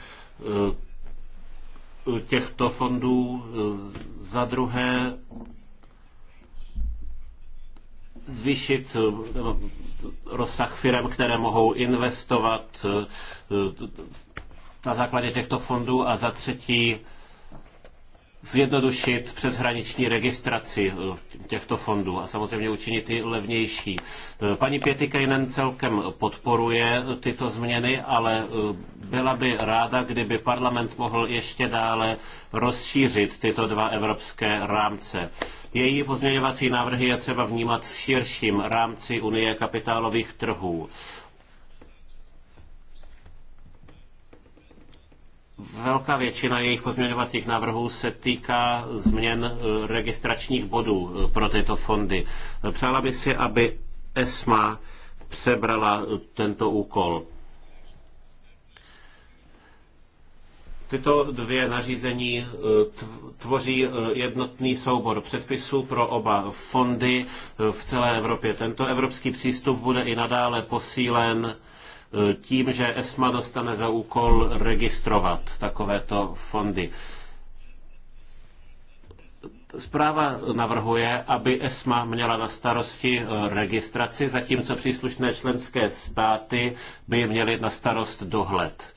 těchto fondů, za druhé zvýšit eh, rozsah firm, které mohou investovat eh, eh, na základě těchto fondů a za třetí zjednodušit přeshraniční registraci eh, těchto fondů a samozřejmě učinit ty levnější. Eh, paní Pětikejnen celkem podporuje tyto změny, ale eh, byla by ráda, kdyby parlament mohl ještě dále rozšířit tyto dva evropské rámce. Její pozměňovací návrhy je třeba vnímat v širším rámci Unie kapitálových trhů. Velká většina jejich pozměňovacích návrhů se týká změn e, registračních bodů e, pro tyto fondy. E, přála bych si, aby ESMA přebrala tento úkol. Tyto dvě nařízení tvoří jednotný soubor předpisů pro oba fondy v celé Evropě. Tento evropský přístup bude i nadále posílen tím, že ESMA dostane za úkol registrovat takovéto fondy. Zpráva navrhuje, aby ESMA měla na starosti registraci, zatímco příslušné členské státy by měly na starost dohled.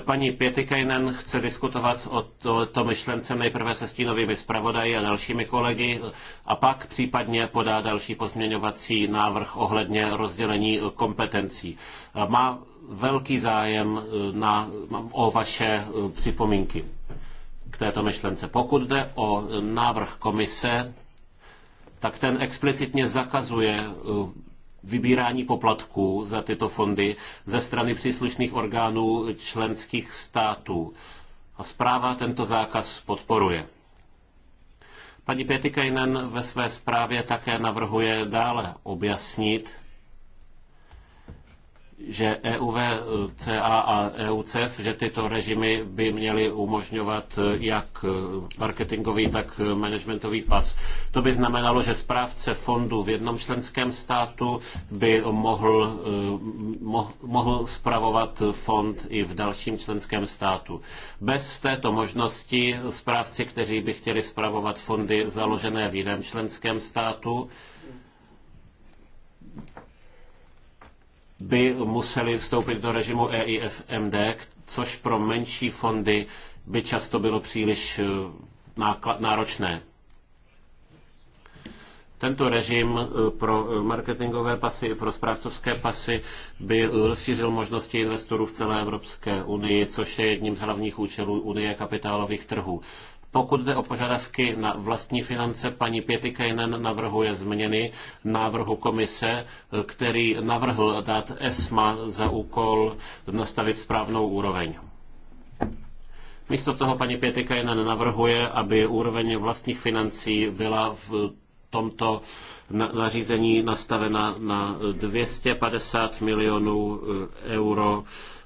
Paní Pětikajnen chce diskutovat o to, to myšlence nejprve se stínovými zpravodaji a dalšími kolegy a pak případně podá další pozměňovací návrh ohledně rozdělení kompetencí. Má velký zájem eh, na, o vaše eh, připomínky k této myšlence. Pokud jde o eh, návrh komise, tak ten explicitně zakazuje vybírání poplatků za tyto fondy ze strany příslušných orgánů členských států. A zpráva tento zákaz podporuje. Paní Pětikajnen ve své zprávě také navrhuje dále objasnit, že EUVCA a EUCEF, že tyto režimy by měly umožňovat jak marketingový, tak managementový pas. To by znamenalo, že správce fondu v jednom členském státu by mohl, eh, mohl, mohl spravovat fond i v dalším členském státu. Bez této možnosti správci, kteří by chtěli spravovat fondy založené v jiném členském státu, by museli vstoupit do režimu EIFMD, což pro menší fondy by často bylo příliš eh, náročné. Tento režim eh, pro marketingové pasy, pro správcovské pasy by rozšířil možnosti investorů v celé Evropské unii, což je jedním z hlavních účelů Unie kapitálových trhů. Pokud jde o požadavky na vlastní finance, paní Pětikajnen navrhuje změny návrhu komise, který navrhl dát ESMA za úkol nastavit správnou úroveň. Místo toho paní Pětikajnen navrhuje, aby úroveň vlastních financí byla v tomto nařízení nastavena na 250 milionů e, euro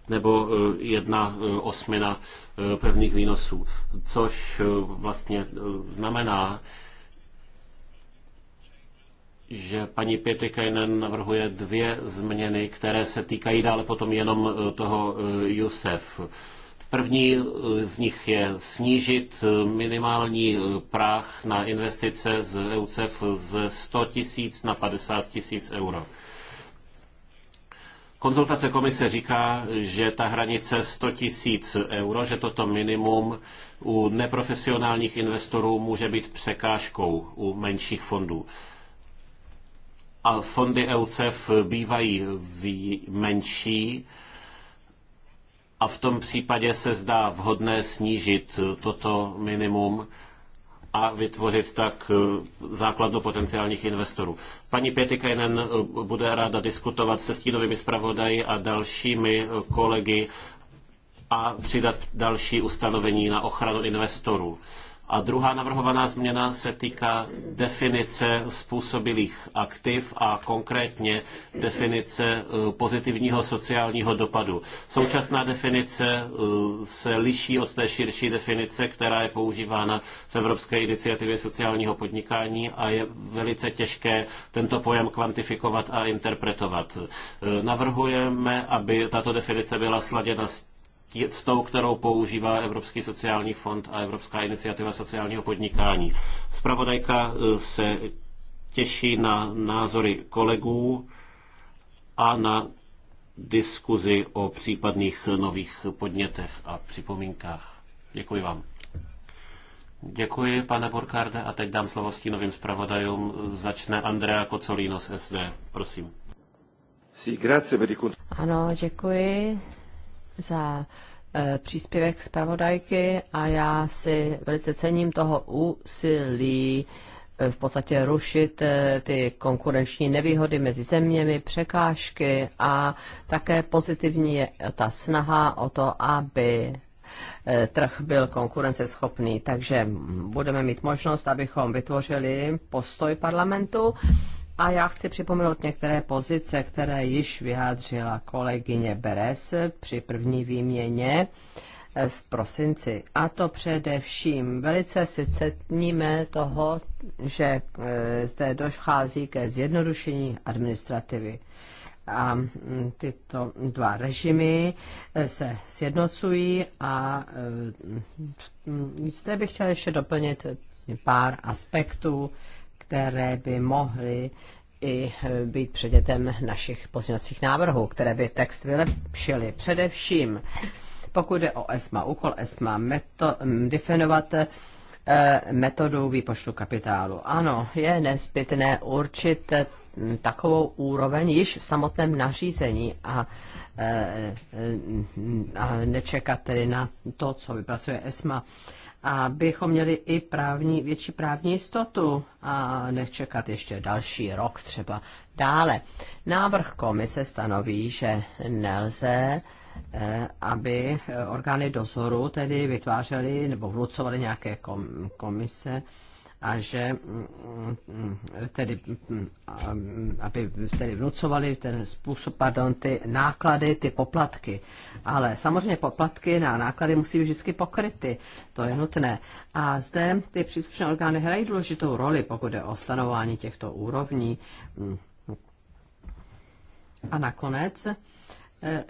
nebo eh, jedna eh, osmina eh, pevných výnosů, což vlastně znamená, že paní Pětikajnen navrhuje dvě změny, které se týkají dále potom jenom toho Jusef. První z nich je snížit minimální práh na investice z EUCEF ze 100 tisíc na 50 tisíc euro. Konzultace komise říká, že ta hranice 100 tisíc euro, že toto minimum u neprofesionálních investorů může být překážkou u menších fondů. A fondy EUCEF bývají menší a v tom případě se zdá vhodné snížit toto minimum a vytvořit tak eh, základnu potenciálních investorů. Paní Pětikajnen eh, bude ráda diskutovat se stínovými zpravodaji a dalšími eh, kolegy a přidat další ustanovení na ochranu investorů. A druhá navrhovaná změna se týká definice způsobilých aktiv a konkrétně definice e, pozitivního sociálního dopadu. Současná definice e, se liší od té širší definice, která je používána v Evropské iniciativě sociálního podnikání a je velice těžké tento pojem kvantifikovat a interpretovat. E, navrhujeme, aby tato definice byla sladěna s s tou, kterou používá Evropský sociální fond a Evropská iniciativa sociálního podnikání. Spravodajka eh, se těší na názory kolegů a na diskuzi o případných nových podnětech a připomínkách. Děkuji vám. Děkuji, pane Burkarde, a teď dám slovo novým zpravodajům. Začne Andrea Kocolino z SD. Prosím. Ano, děkuji za e, příspěvek zpravodajky a já si velice cením toho úsilí e, v podstatě rušit e, ty konkurenční nevýhody mezi zeměmi, překážky a také pozitivní je ta snaha o to, aby trh byl konkurenceschopný. Takže budeme mít možnost, abychom vytvořili postoj parlamentu a já chci připomenout některé pozice, které již vyjádřila kolegyně Beres při první výměně eh, v prosinci. A to především velice si cetníme toho, že eh, zde dochází ke zjednodušení administrativy. A mm, tyto dva režimy eh, se sjednocují a mm, zde bych chtěla ještě doplnit pár aspektů, které by mohly i být předmětem našich pozměňovacích návrhů, které by text vylepšily. Především, pokud jde o ESMA, úkol ESMA, meto, definovat eh, metodu výpočtu kapitálu. Ano, je nezbytné určit eh, takovou úroveň již v samotném nařízení a, eh, a nečekat tedy na to, co vypracuje ESMA abychom měli i právní, větší právní jistotu a nečekat ještě další rok třeba dále. Návrh komise stanoví, že nelze eh, aby eh, orgány dozoru tedy vytvářely nebo vnucovaly nějaké komise, a že mm, mm, tedy, mm, aby tedy vnucovali ten způsob, pardon, ty náklady, ty poplatky. Ale samozřejmě poplatky na náklady musí být vždycky pokryty, to je nutné. A zde ty příslušné orgány hrají důležitou roli, pokud je o stanování těchto úrovní. A nakonec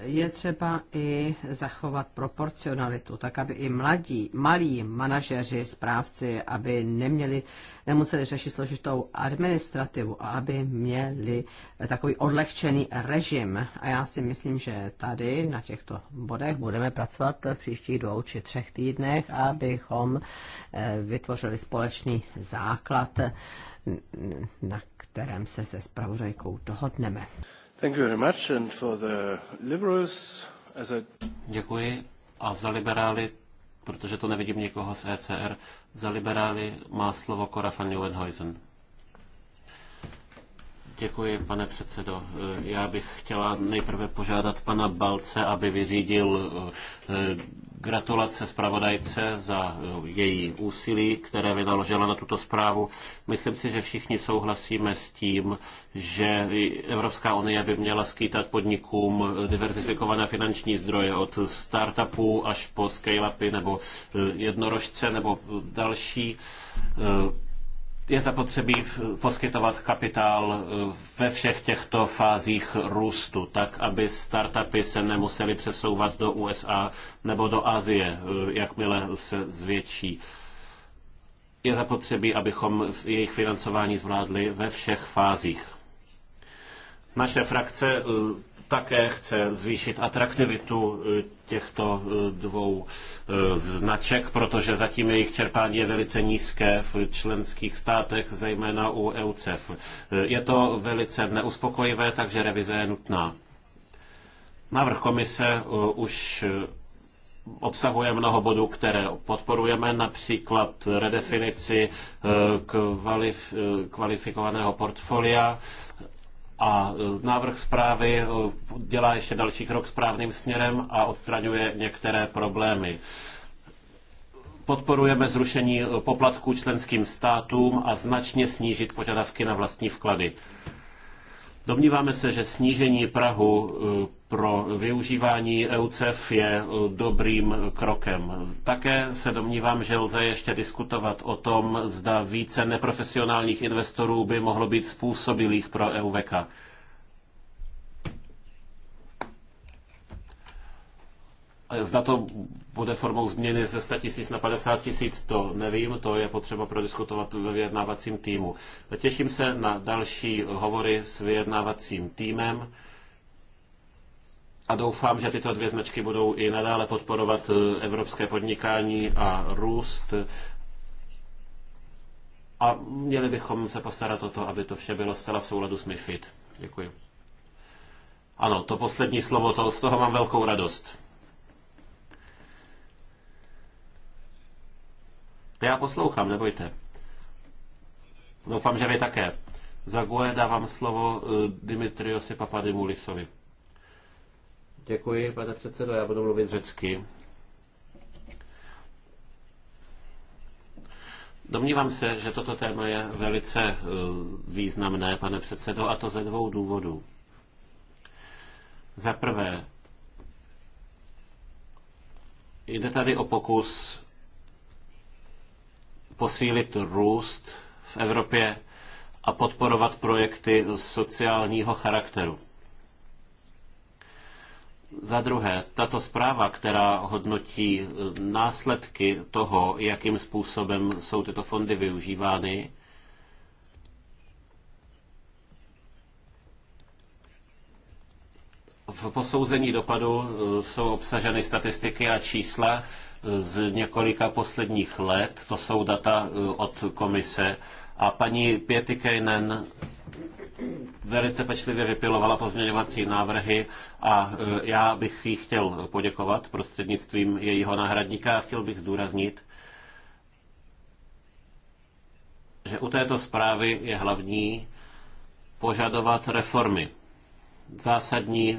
je třeba i zachovat proporcionalitu, tak aby i mladí, malí manažeři, správci, aby neměli, nemuseli řešit složitou administrativu a aby měli takový odlehčený režim. A já si myslím, že tady na těchto bodech budeme pracovat v příštích dvou či třech týdnech, abychom eh, vytvořili společný základ, na kterém se se spravodajkou dohodneme. Děkuji. A za liberály, protože to nevidím nikoho z ECR, za liberály má slovo Cora van Děkuji, pane předsedo. Já bych chtěla nejprve požádat pana Balce, aby vyřídil eh, Gratulace zpravodajce za eh, její úsilí, které vynaložila na tuto zprávu. Myslím si, že všichni souhlasíme s tím, že Evropská unie by měla skýtat podnikům diverzifikované finanční zdroje od startupů až po scale-upy nebo eh, jednorožce nebo další eh, je zapotřebí poskytovat kapitál e, ve všech těchto fázích růstu, tak aby startupy se nemusely přesouvat do USA nebo do Asie, e, jakmile se zvětší. Je zapotřebí, abychom jejich financování zvládli ve všech fázích. Naše frakce e, také chce zvýšit atraktivitu těchto eh, dvou eh, značek, protože zatím jejich čerpání je velice nízké v členských státech, zejména u EUCEF. Eh, je to velice neuspokojivé, takže revize je nutná. Návrh komise už obsahuje mnoho bodů, které podporujeme, například redefinici kvalif- kvalifikovaného portfolia a e, návrh zprávy e, dělá ještě další krok správným směrem a odstraňuje některé problémy. Podporujeme zrušení e, poplatků členským státům a značně snížit požadavky na vlastní vklady. Domníváme se, že snížení Prahu pro využívání EUCEF je eh, dobrým krokem. Také se domnívám, že lze ještě diskutovat o tom, zda více neprofesionálních investorů by mohlo být způsobilých pro EUVK. Eh, zda to bude formou změny ze 100 tisíc na 50 tisíc, to nevím, to je potřeba prodiskutovat ve vyjednávacím týmu. Těším se na další hovory s vyjednávacím týmem a doufám, že tyto dvě značky budou i nadále podporovat eh, evropské podnikání a růst. A měli bychom se postarat o to, aby to vše bylo zcela v souladu s MIFID. Děkuji. Ano, to poslední slovo, to, z toho mám velkou radost. Já poslouchám, nebojte. Doufám, že vy také. Za GUE dávám slovo eh, Dimitriosi Papadimulisovi. Děkuji, pane předsedo, já budu mluvit řecky. Domnívám se, že toto téma je velice eh, významné, pane předsedo, a to ze dvou důvodů. Za prvé, jde tady o pokus posílit růst v Evropě a podporovat projekty sociálního charakteru. Za druhé, tato zpráva, která hodnotí e, následky toho, jakým způsobem jsou tyto fondy využívány, v posouzení dopadu e, jsou obsaženy statistiky a čísla e, z několika posledních let. To jsou data od komise. A paní Pietikainen velice pečlivě vypilovala pozměňovací návrhy a e, já bych jí chtěl poděkovat prostřednictvím jejího náhradníka a chtěl bych zdůraznit, že u této zprávy je hlavní požadovat reformy, zásadní e,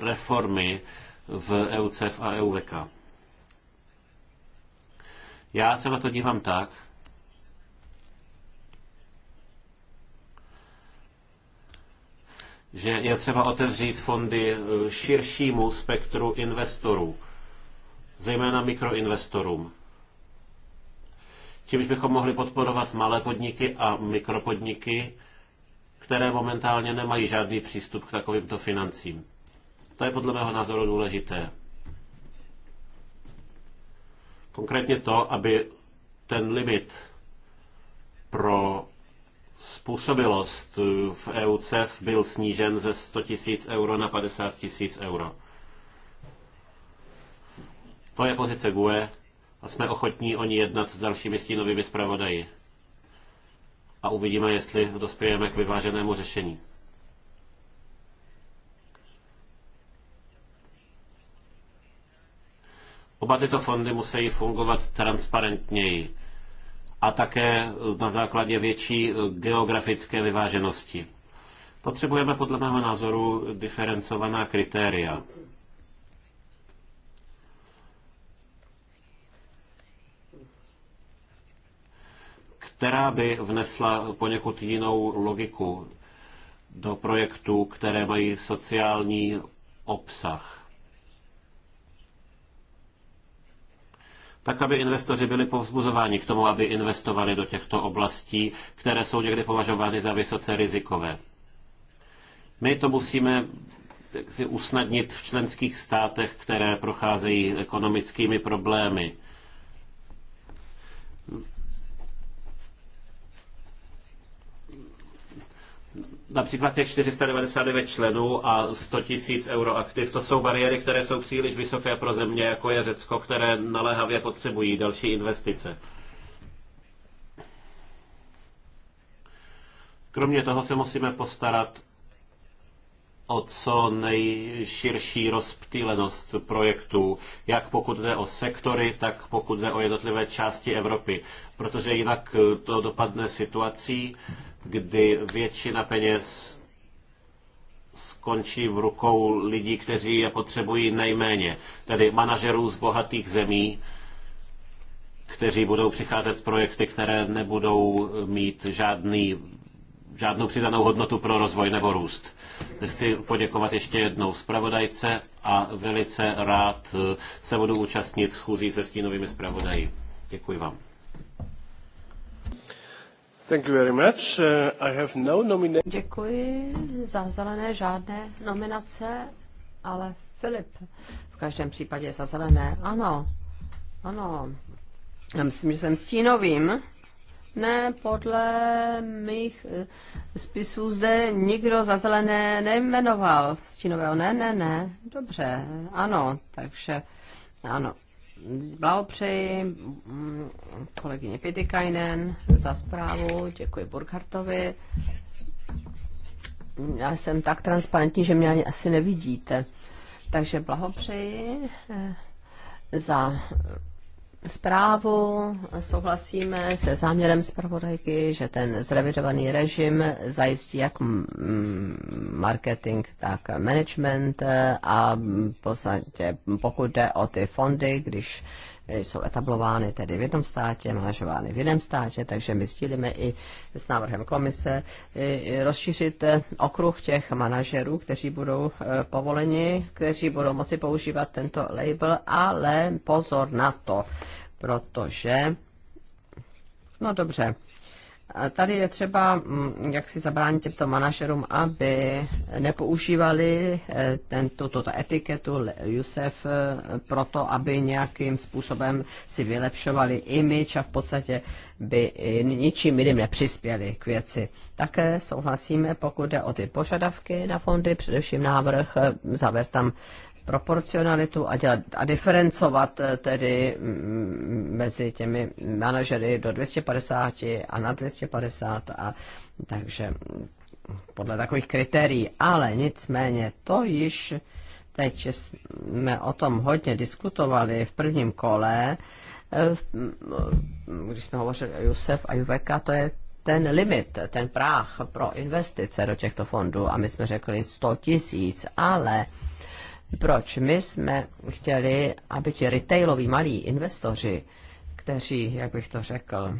reformy v EUCEF a EUVK. Já se na to dívám tak, že je třeba otevřít fondy eh, širšímu spektru investorů, zejména mikroinvestorům. Tím bychom mohli podporovat malé podniky a mikropodniky, které momentálně nemají žádný přístup k takovýmto financím. To je podle mého názoru důležité. Konkrétně to, aby ten limit pro Způsobilost v EUCEF byl snížen ze 100 000 euro na 50 000 euro. To je pozice GUE a jsme ochotní o ní jednat s dalšími stínovými zpravodaji. A uvidíme, jestli dospějeme k vyváženému řešení. Oba tyto fondy musí fungovat transparentněji a také na základě větší geografické vyváženosti. Potřebujeme podle mého názoru diferencovaná kritéria. která by vnesla poněkud jinou logiku do projektů, které mají sociální obsah. tak aby investoři byli povzbuzováni k tomu, aby investovali do těchto oblastí, které jsou někdy považovány za vysoce rizikové. My to musíme si usnadnit v členských státech, které procházejí ekonomickými problémy. například těch 499 členů a 100 tisíc euro aktiv, to jsou bariéry, které jsou příliš vysoké pro země, jako je Řecko, které naléhavě potřebují další investice. Kromě toho se musíme postarat o co nejširší rozptýlenost projektů, jak pokud jde o sektory, tak pokud jde o jednotlivé části Evropy, protože jinak to dopadne situací, kdy většina peněz skončí v rukou lidí, kteří je potřebují nejméně, tedy manažerů z bohatých zemí, kteří budou přicházet s projekty, které nebudou mít žádný, žádnou přidanou hodnotu pro rozvoj nebo růst. Chci poděkovat ještě jednou zpravodajce a velice rád se budu účastnit schůzí se stínovými zpravodaji. Děkuji vám. Thank you very much. Uh, I have no nomina- Děkuji za zelené žádné nominace, ale Filip v každém případě za zelené. Ano, ano. Já myslím, že jsem stínovým. Ne, podle mých eh, spisů zde nikdo za zelené nejmenoval stínového. Ne, ne, ne. Dobře, ano, takže ano blahopřeji kolegyně Pitikainen za zprávu, děkuji Burkhartovi. Já jsem tak transparentní, že mě ani asi nevidíte. Takže blahopřeji eh, za zprávu. Souhlasíme se záměrem zpravodajky, že ten zrevidovaný režim zajistí jak marketing, tak management a v podstatě pokud jde o ty fondy, když Eh, jsou etablovány tedy v jednom státě, manažovány v jiném státě, takže my sdílíme i s návrhem komise eh, rozšířit eh, okruh těch manažerů, kteří budou povoleni, kteří budou moci používat tento label, ale pozor na to, protože, no dobře, tady je třeba, mm, jak si zabránit těmto manažerům, aby nepoužívali eh, tento, tuto etiketu Jusef eh, proto, aby nějakým způsobem si vylepšovali image a v podstatě by ničím jiným nepřispěli k věci. Také souhlasíme, pokud jde o ty požadavky na fondy, především návrh eh, zavést tam proporcionalitu a, dělat, a diferencovat eh, tedy mm, mezi těmi manažery do 250 a na 250 a takže mm, podle takových kritérií, ale nicméně to již teď jsme o tom hodně diskutovali v prvním kole, eh, mm, když jsme hovořili o Jusef a Juveka, to je ten limit, ten práh pro investice do těchto fondů a my jsme řekli 100 tisíc, ale proč? My jsme chtěli, aby ti retailoví malí investoři, kteří, jak bych to řekl,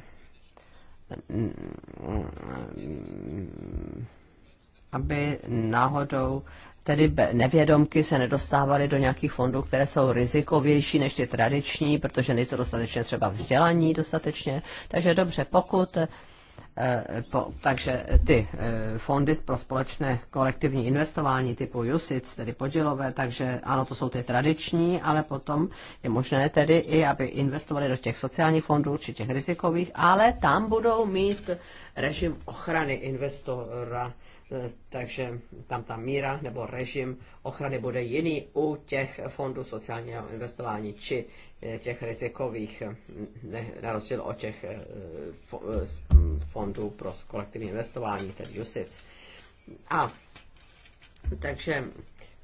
aby náhodou tedy nevědomky se nedostávaly do nějakých fondů, které jsou rizikovější než ty tradiční, protože nejsou dostatečně třeba vzdělaní dostatečně. Takže dobře, pokud Eh, po, takže ty eh, fondy pro společné kolektivní investování typu USIC, tedy podílové, takže ano, to jsou ty tradiční, ale potom je možné tedy i, aby investovali do těch sociálních fondů či těch rizikových, ale tam budou mít režim ochrany investora, eh, takže tam ta míra nebo režim ochrany bude jiný u těch fondů sociálního investování či těch rizikových, ne, na rozdíl od těch fondu pro kolektivní investování, tedy USIC. A takže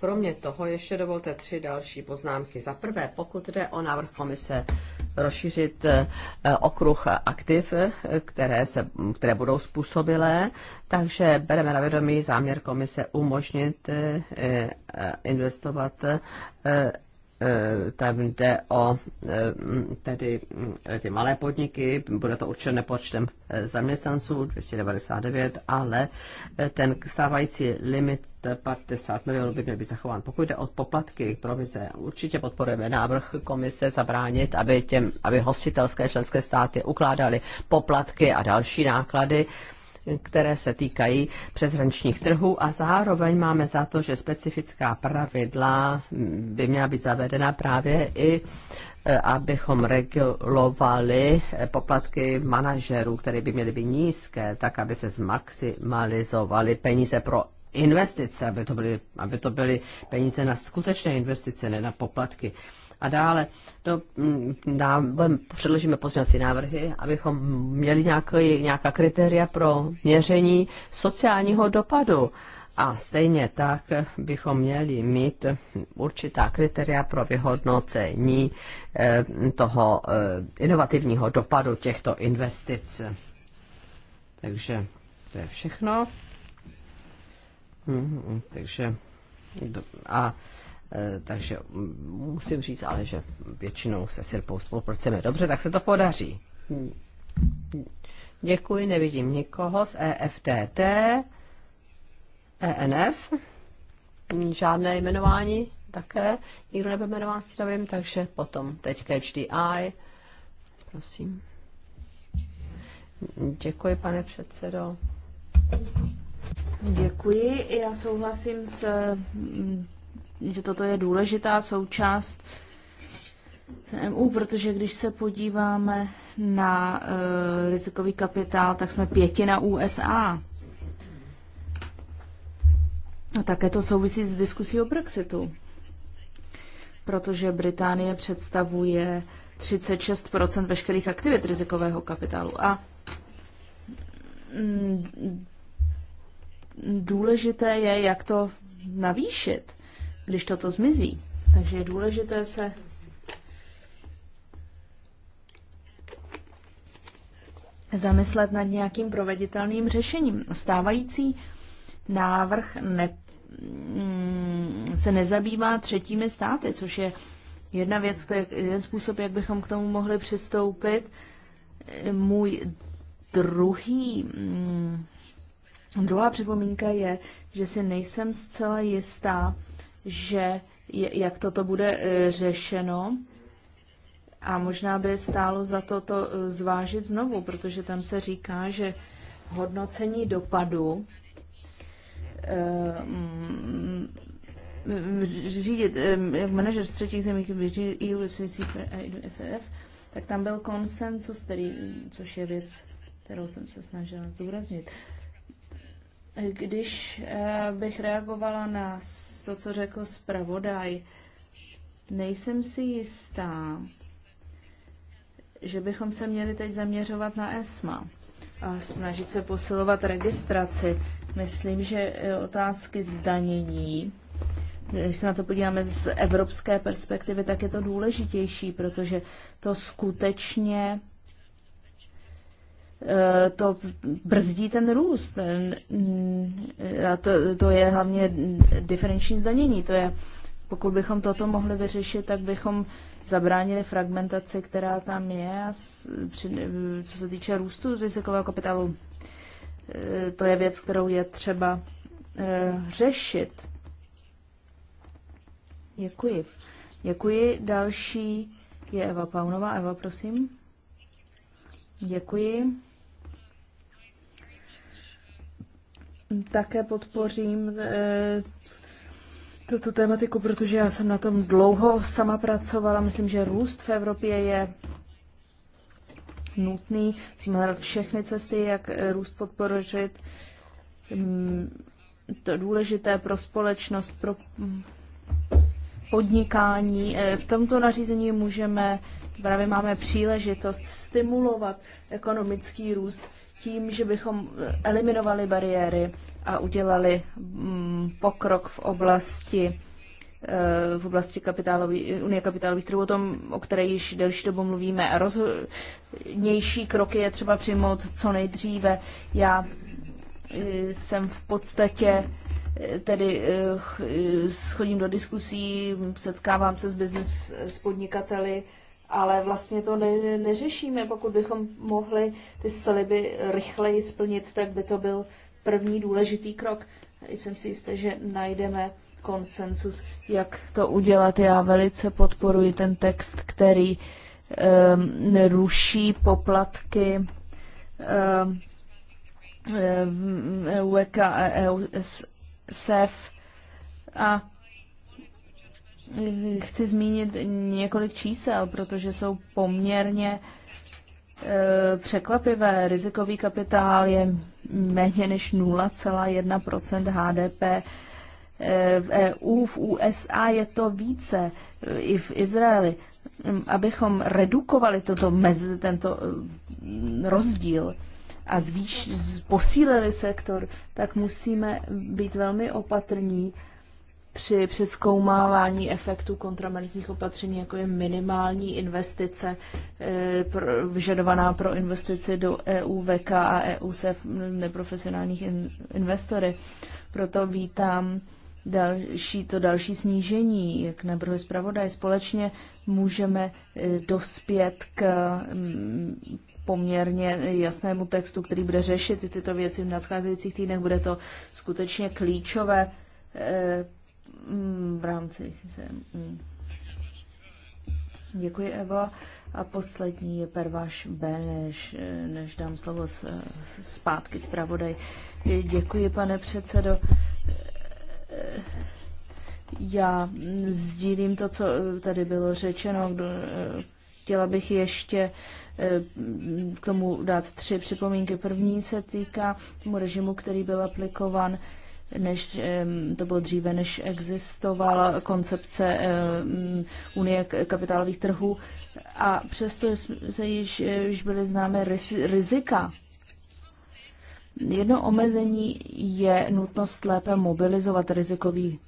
kromě toho ještě dovolte tři další poznámky. Za prvé, pokud jde o návrh komise rozšířit eh, okruh aktiv, které, se, které budou způsobilé, takže bereme na vědomí záměr komise umožnit eh, eh, investovat Eh, tam jde o eh, tedy eh, ty malé podniky, bude to určené počtem zaměstnanců 299, ale ten stávající limit 50 milionů by měl být zachován. Pokud jde o poplatky, provize, určitě podporujeme návrh komise zabránit, aby, těm, aby hostitelské členské státy ukládaly poplatky a další náklady které se týkají přeshraničních trhů a zároveň máme za to, že specifická pravidla mm, by měla být zavedena právě i e, abychom regulovali e, poplatky manažerů, které by měly být nízké, tak aby se zmaximalizovaly peníze pro investice, aby to byly, aby to byly peníze na skutečné investice, ne na poplatky a dále. no, dá, budem, předložíme pozměňovací návrhy, abychom měli nějaký, nějaká kritéria pro měření sociálního dopadu. A stejně tak bychom měli mít určitá kritéria pro vyhodnocení eh, toho eh, inovativního dopadu těchto investic. Takže to je všechno. Mhm, takže a Eh, takže mm, musím říct ale, že většinou se Sirpou spolupracujeme dobře, tak se to podaří. Děkuji, nevidím nikoho z EFTT, ENF, žádné jmenování také, nikdo nebyl jmenován s tím, takže potom teď HDI, prosím. Děkuji, pane předsedo. Děkuji, já souhlasím s mm, že toto je důležitá součást MU, protože když se podíváme na uh, rizikový kapitál, tak jsme pětina USA. A také to souvisí s diskusí o Brexitu, protože Británie představuje 36 veškerých aktivit rizikového kapitálu. A mm, důležité je, jak to navýšit když toto zmizí. Takže je důležité se zamyslet nad nějakým proveditelným řešením. Stávající návrh ne, mm, se nezabývá třetími státy, což je jedna věc, jeden způsob, jak bychom k tomu mohli přistoupit. Můj druhý, mm, druhá připomínka je, že si nejsem zcela jistá, že jak toto bude eh, řešeno. A možná by stálo za to to eh, zvážit znovu, protože tam se říká, že hodnocení dopadu eh, mm, mm, řídit, jak manažer z třetích zemí, EU, e e tak tam byl konsensus, který, což je věc, kterou jsem se snažila zdůraznit. Když eh, bych reagovala na to, co řekl zpravodaj, nejsem si jistá, že bychom se měli teď zaměřovat na ESMA a snažit se posilovat registraci. Myslím, že eh, otázky zdanění, když se na to podíváme z evropské perspektivy, tak je to důležitější, protože to skutečně Eh, to brzdí ten růst. Eh, a to, to je hlavně diferenční zdanění. To je, pokud bychom toto mohli vyřešit, tak bychom zabránili fragmentaci, která tam je. co se týče růstu rizikového kapitálu, eh, to je věc, kterou je třeba řešit. Děkuji. Děkuji. Další je Eva Paunová. Eva, prosím. Děkuji. také podpořím eh, tuto tématiku, protože já jsem na tom dlouho sama pracovala. Myslím, že růst v Evropě je nutný. Musíme hledat všechny cesty, jak eh, růst podpořit. Mm, to je důležité pro společnost, pro podnikání. Eh, v tomto nařízení můžeme, právě máme příležitost stimulovat ekonomický růst tím, že bychom eh, eliminovali bariéry a udělali mm, pokrok v oblasti eh, v oblasti kapitálový, unie kapitálových trhů, o tom, o které již delší dobu mluvíme. A rozhodnější kroky je třeba přijmout co nejdříve. Já eh, jsem v podstatě tedy schodím do diskusí, setkávám se s, business, s podnikateli, ale vlastně to ne, neřešíme. Pokud bychom mohli ty sliby rychleji splnit, tak by to byl první důležitý krok. Jsem si jistý, že najdeme konsensus, jak to udělat. Já velice podporuji ten text, který um, ruší poplatky um, ehm, ehm, UK e e e a EUSF a Chci zmínit několik čísel, protože jsou poměrně e, překvapivé. Rizikový kapitál je méně než 0,1 HDP e, v EU, v USA je to více, i v Izraeli. Abychom redukovali toto mezi, tento e, rozdíl a zvýš, posílili sektor, tak musíme být velmi opatrní při přeskoumávání efektu kontramerzních opatření, jako je minimální investice eh, vyžadovaná pro investici do EU, VK a EU se neprofesionálních investory. Proto vítám další, to další snížení, jak navrhuje zpravodaj. Společně můžeme eh, dospět k mm, poměrně jasnému textu, který bude řešit tyto věci v nadcházejících týdnech. Bude to skutečně klíčové eh, Mm, v rámci mm. Děkuji, Eva. A poslední je Pervaš B, než, než dám slovo z, zpátky zpravodaj. Děkuji, pane předsedo. Já sdílím to, co tady bylo řečeno. Chtěla bych ještě eh, k tomu dát tři připomínky. První se týká tomu režimu, který byl aplikovan než to bylo dříve, než existovala koncepce Unie kapitálových trhů. A přesto se již, již byly známé rizika. Jedno omezení je nutnost lépe mobilizovat rizikový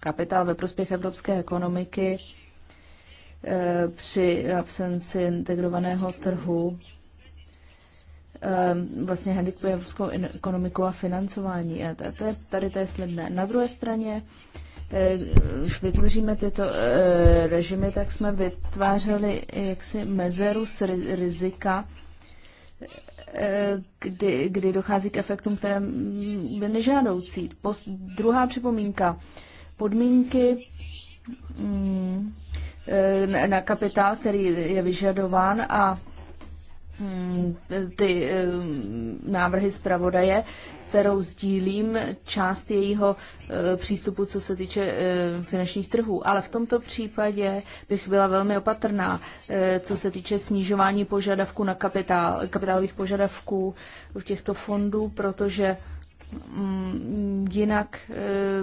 kapitál ve prospěch evropské ekonomiky eh, při absenci integrovaného trhu Ehm, vlastně handikuje evropskou ekonomiku a financování. A to je, tady to je slibné. Na druhé straně, když eh, vytvoříme tyto eh, režimy, tak jsme vytvářeli jaksi mezeru s rizika, eh, kdy, kdy dochází k efektům, které by nežádoucí. Post, druhá připomínka. Podmínky mm, na kapitál, který je vyžadován a ty eh, návrhy zpravodaje, kterou sdílím část jejího eh, přístupu, co se týče eh, finančních trhů. Ale v tomto případě bych byla velmi opatrná, co se týče snižování požadavků na kapitál, kapitálových požadavků u těchto fondů, protože Mm, jinak eh,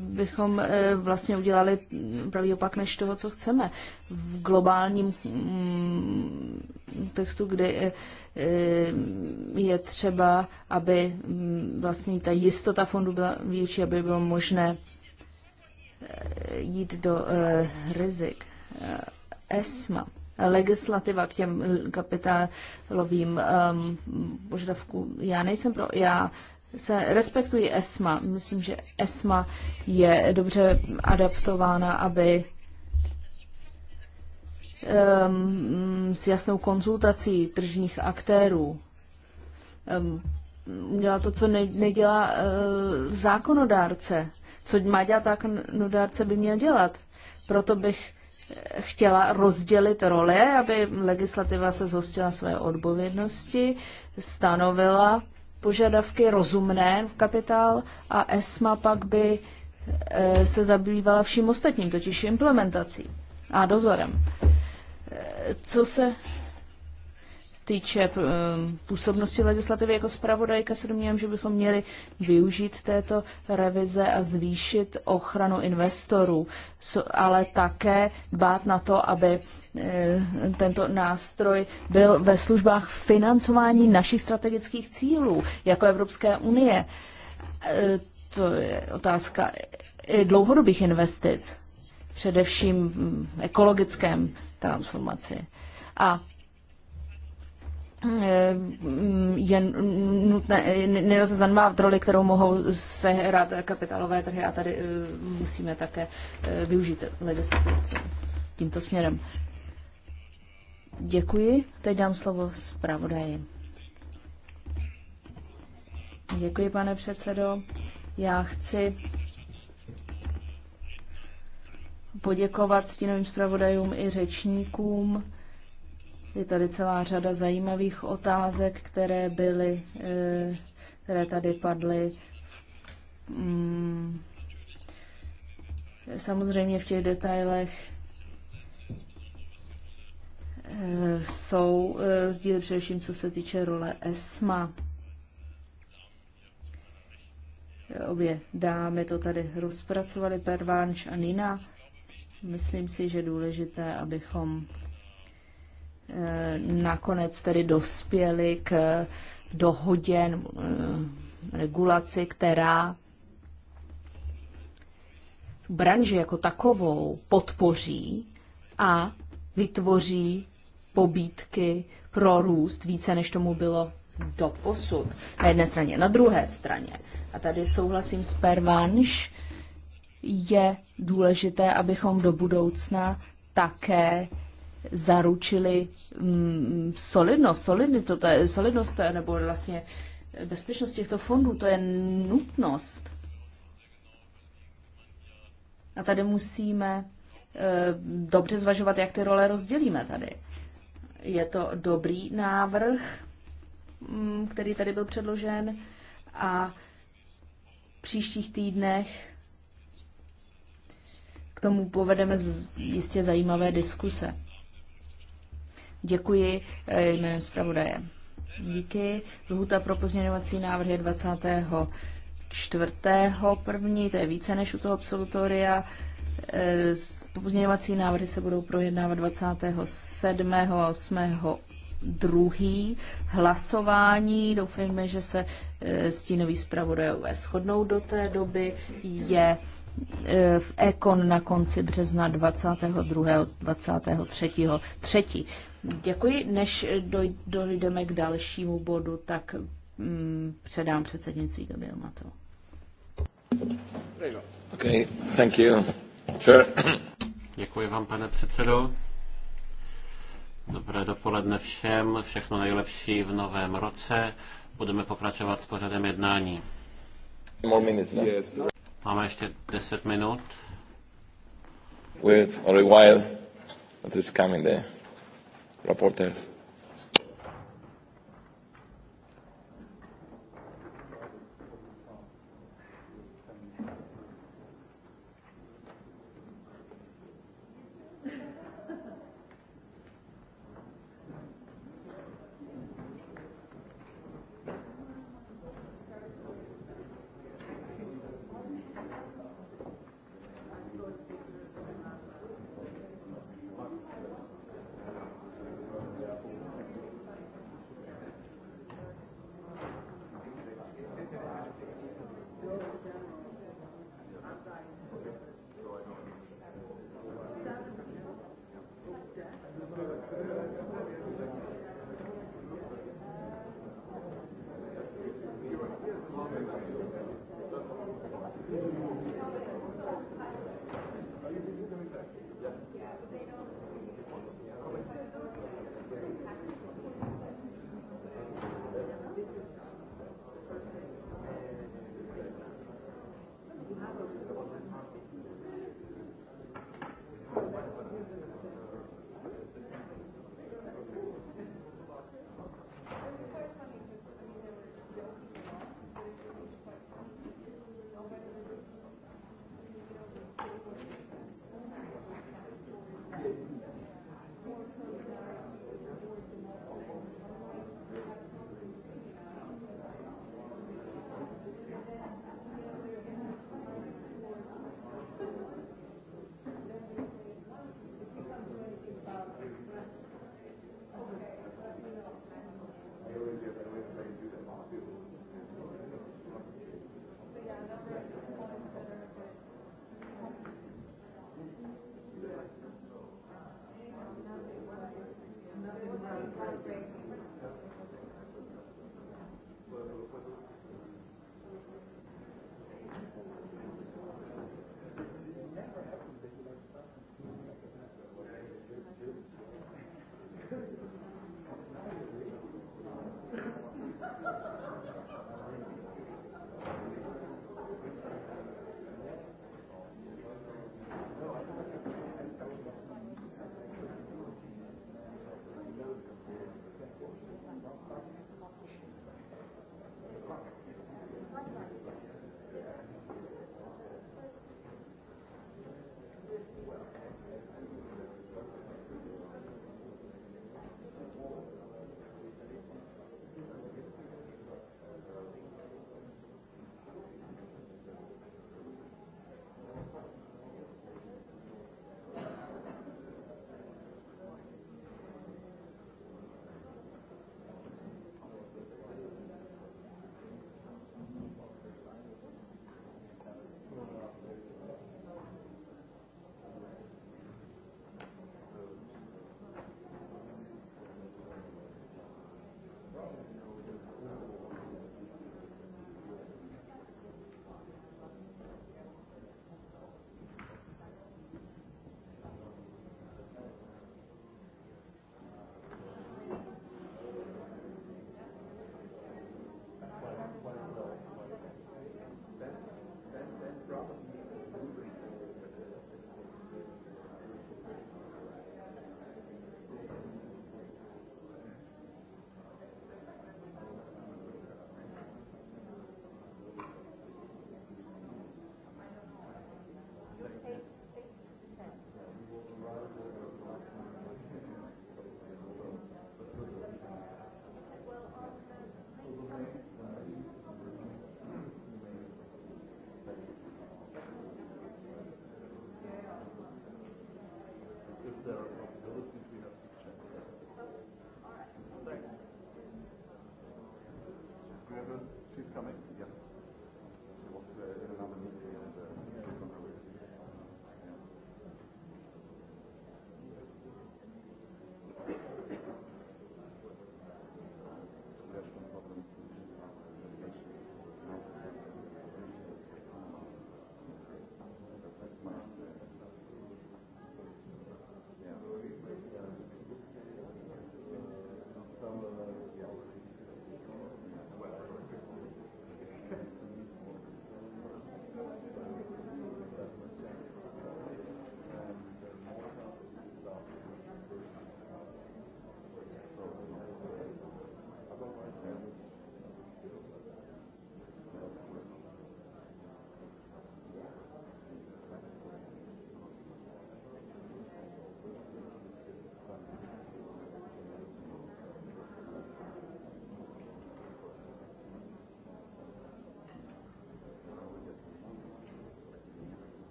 bychom eh, vlastně udělali pravý opak než toho, co chceme. V globálním mm, textu, kdy eh, je třeba, aby mm, vlastně ta jistota fondu byla větší, aby bylo možné jít do rizik. ESMA, legislativa k těm kapitálovým um, požadavkům. Já nejsem pro, já se respektují ESMA. Myslím, že ESMA je dobře adaptována, aby um, s jasnou konzultací tržních aktérů um, dělá to, co ne, nedělá uh, zákonodárce. Co má dělat zákonodárce, by měl dělat. Proto bych chtěla rozdělit role, aby legislativa se zhostila své odpovědnosti, stanovila požadavky rozumné v kapitál a ESMA pak by e, se zabývala vším ostatním, totiž implementací a dozorem. E, co se týče eh, působnosti legislativy jako zpravodajka, se domnívám, že bychom měli využít této revize a zvýšit ochranu investorů, ale také dbát na to, aby eh, tento nástroj byl ve službách financování našich strategických cílů jako Evropské unie. Eh, to je otázka dlouhodobých investic, především ekologickém transformaci. A je nutné, nelze zanmávat roli, kterou mohou sehrát kapitálové trhy a tady eh, musíme také eh, využít legislativu tímto směrem. Děkuji. Teď dám slovo zpravodaji. Děkuji, pane předsedo. Já chci poděkovat stínovým zpravodajům i řečníkům je tady celá řada zajímavých otázek, které byly, eh, které tady padly. Hmm. Samozřejmě v těch detailech eh, jsou eh, rozdíly především, co se týče role ESMA. Obě dámy to tady rozpracovali, Pervánš a Nina. Myslím si, že důležité, abychom Eh, nakonec tedy dospěli k dohodě eh, regulaci, která branži jako takovou podpoří a vytvoří pobídky pro růst více, než tomu bylo do posud. Na jedné straně, na druhé straně. A tady souhlasím s Pervanš, je důležité, abychom do budoucna také zaručili mm, solidnost, je solidnost nebo vlastně bezpečnost těchto fondů. To je nutnost. A tady musíme eh, dobře zvažovat, jak ty role rozdělíme tady. Je to dobrý návrh, mm, který tady byl předložen a v příštích týdnech k tomu povedeme jistě zajímavé diskuse. Děkuji eh, jménem zpravodaje. Díky. Lhuta pro pozměňovací návrhy je 24. první, to je více než u toho absolutoria. Eh, pozměňovací návrhy se budou projednávat 27. a 8. druhý hlasování. Doufejme, že se eh, stínový zpravodajové shodnou do té doby. Je Eh, v Ekon na konci března 22. 23. 3. Děkuji. Než dojdeme k dalšímu bodu, tak mm, předám předsednictví do Mato. Okay, thank you. Sure. Děkuji vám, pane předsedo. Dobré dopoledne všem, všechno nejlepší v novém roce. Budeme pokračovat s pořadem jednání. More minutes, no? yes. Máme ještě 10 minut. Wait or a while. That is coming there. Reporters.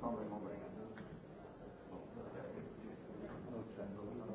can't remember. No,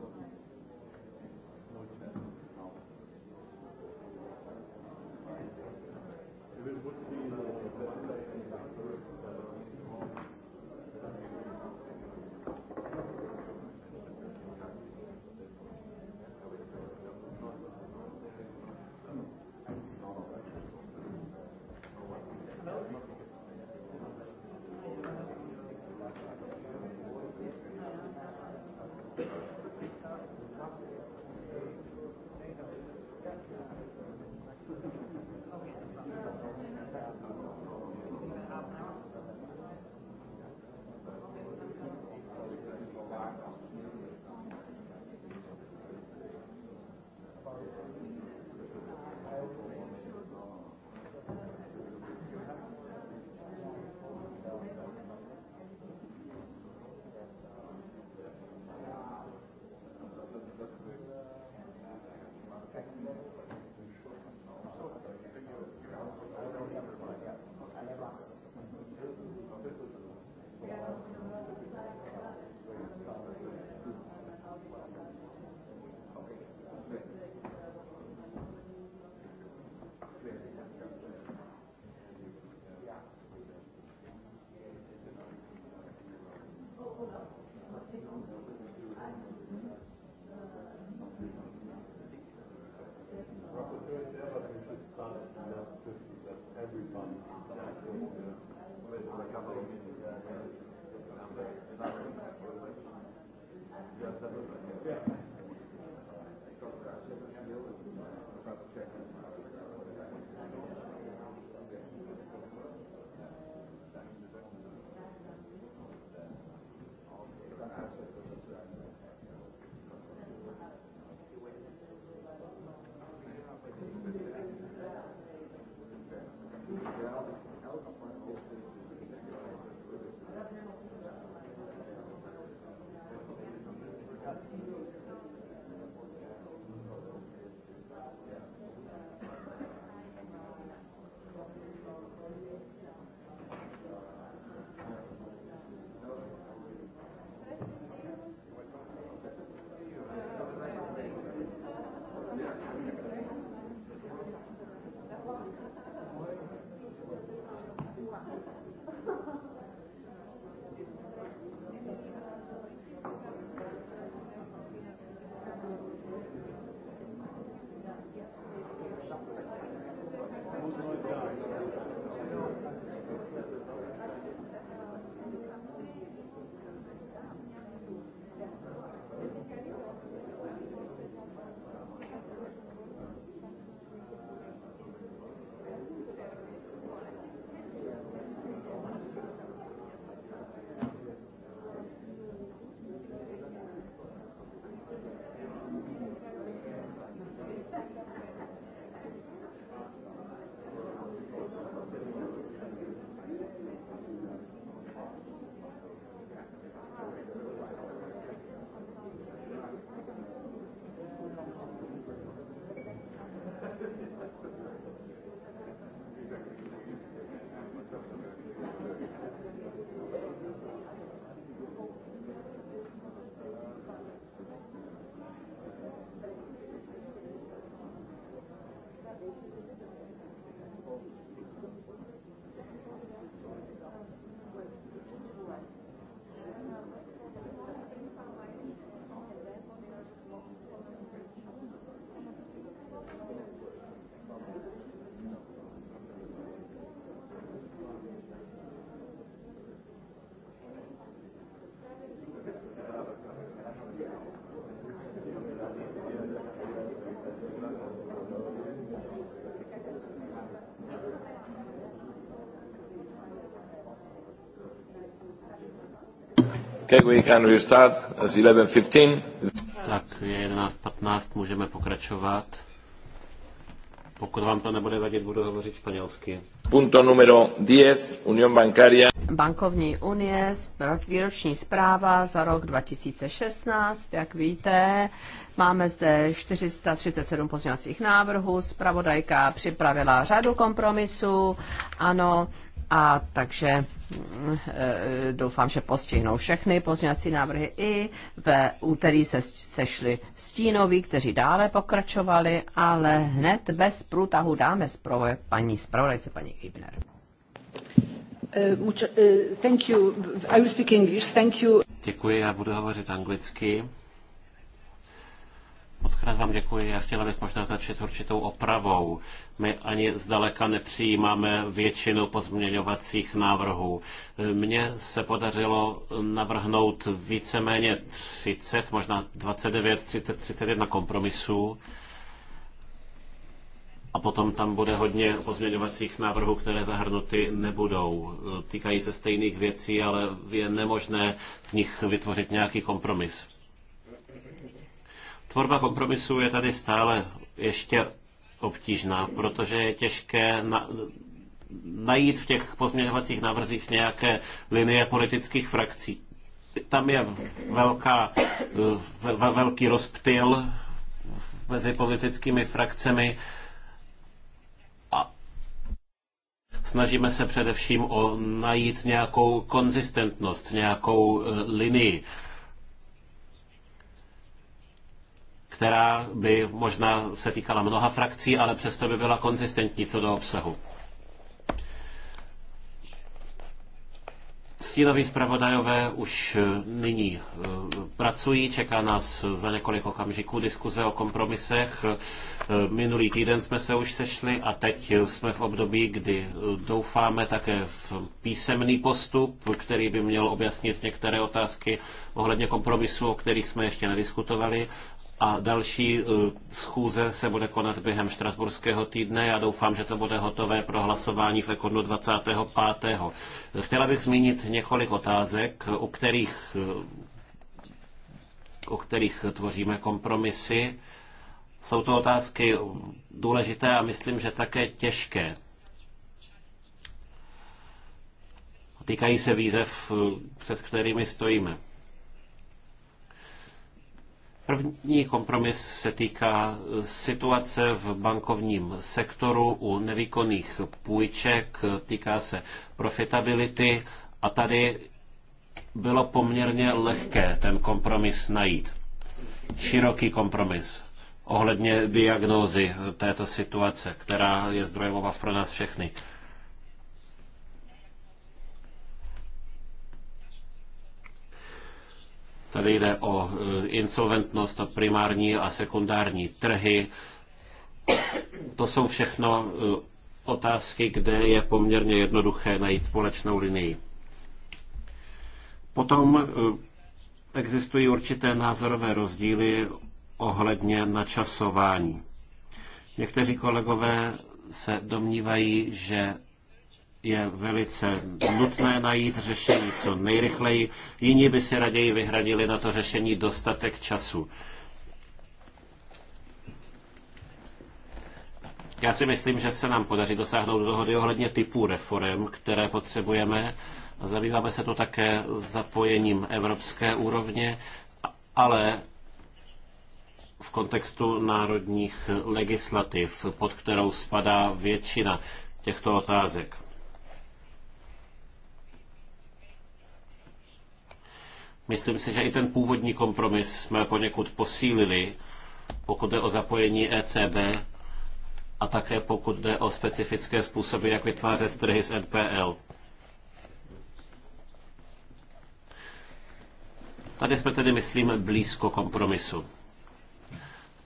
Yeah. restart 11.15. Tak je 11.15, můžeme pokračovat. Pokud vám to nebude vadit, budu hovořit španělsky. Punto numero 10, Unión Bancaria. Bankovní unie, výroční zpráva za rok 2016, jak víte, máme zde 437 pozměňovacích návrhů, zpravodajka připravila řadu kompromisů, ano, a takže mm, eh, doufám, že postihnou všechny pozměňovací návrhy i ve úterý se sešli stínoví, kteří dále pokračovali, ale hned bez průtahu dáme zprove paní zpravodajce, paní Hibner. Eh, eh, Děkuji, já budu hovořit anglicky. Moc krát vám děkuji. Já chtěla bych možná začít určitou opravou. My ani zdaleka nepřijímáme většinu pozměňovacích návrhů. Mně se podařilo navrhnout víceméně 30, možná 29, 30, 31 kompromisů. A potom tam bude hodně pozměňovacích návrhů, které zahrnuty nebudou. Týkají se stejných věcí, ale je nemožné z nich vytvořit nějaký kompromis. Tvorba kompromisu je tady stále ještě obtížná, protože je těžké na, najít v těch pozměňovacích návrzích nějaké linie politických frakcí. Tam je velká, ve, velký rozptyl mezi politickými frakcemi a snažíme se především o najít nějakou konzistentnost, nějakou eh, linii která by možná se týkala mnoha frakcí, ale přesto by byla konzistentní co do obsahu. Stínoví zpravodajové už eh, nyní eh, pracují, čeká nás za několik okamžiků diskuze o kompromisech. Eh, minulý týden jsme se už sešli a teď jsme v období, kdy doufáme také v písemný postup, který by měl objasnit některé otázky ohledně kompromisu, o kterých jsme ještě nediskutovali a další eh, schůze se bude konat během štrasburského týdne. Já doufám, že to bude hotové pro hlasování v Ekonu 25. Chtěla bych zmínit několik otázek, u kterých, eh, u kterých tvoříme kompromisy. Jsou to otázky důležité a myslím, že také těžké. Týkají se výzev, eh, před kterými stojíme. První kompromis se týká eh, situace v bankovním sektoru u nevýkonných půjček, týká se profitability a tady bylo poměrně lehké ten kompromis najít. Široký kompromis ohledně diagnózy této situace, která je zdrojem obav pro nás všechny. Tady jde o e, insolventnost a primární a sekundární trhy. To jsou všechno e, otázky, kde je poměrně jednoduché najít společnou linii. Potom e, existují určité názorové rozdíly ohledně načasování. Někteří kolegové se domnívají, že je velice nutné najít řešení co nejrychleji. Jiní by si raději vyhradili na to řešení dostatek času. Já si myslím, že se nám podaří dosáhnout dohody ohledně typů reform, které potřebujeme. Zabýváme se to také zapojením evropské úrovně, ale v kontextu národních legislativ, pod kterou spadá většina těchto otázek. Myslím si, že i ten původní kompromis jsme poněkud posílili, pokud jde o zapojení ECB a také pokud jde o specifické způsoby, jak vytvářet trhy z NPL. Tady jsme tedy, myslím, blízko kompromisu.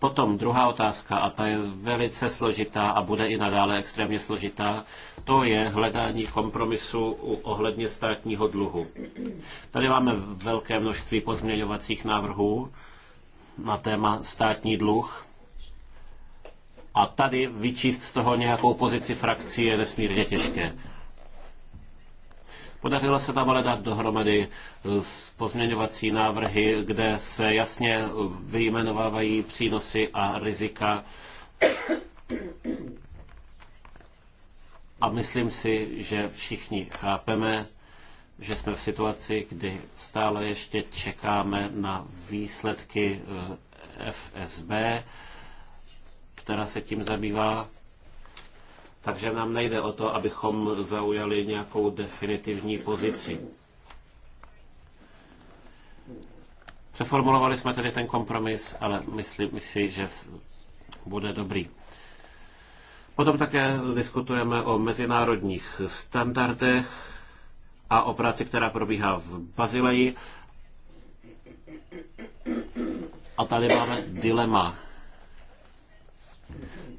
Potom druhá otázka, a ta je velice složitá a bude i nadále extrémně složitá, to je hledání kompromisu ohledně státního dluhu. Tady máme velké množství pozměňovacích návrhů na téma státní dluh. A tady vyčíst z toho nějakou pozici frakcí je nesmírně těžké. Podařilo se tam ale dát dohromady eh, pozměňovací návrhy, kde se jasně eh, vyjmenovávají přínosy a rizika. A myslím si, že všichni chápeme, že jsme v situaci, kdy stále ještě čekáme na výsledky eh, FSB, která se tím zabývá takže nám nejde o to, abychom zaujali nějakou definitivní pozici. Přeformulovali jsme tedy ten kompromis, ale myslím si, že bude dobrý. Potom také diskutujeme o mezinárodních standardech a o práci, která probíhá v Bazileji. A tady máme dilema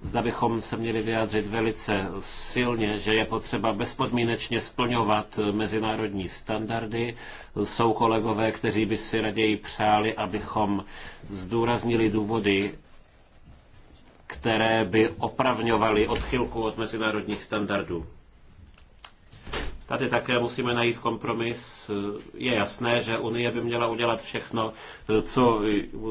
zda bychom se měli vyjádřit velice silně, že je potřeba bezpodmínečně splňovat mezinárodní standardy. Jsou kolegové, kteří by si raději přáli, abychom zdůraznili důvody, které by opravňovaly odchylku od mezinárodních standardů. Tady také musíme najít kompromis. Je jasné, že Unie by měla udělat všechno, co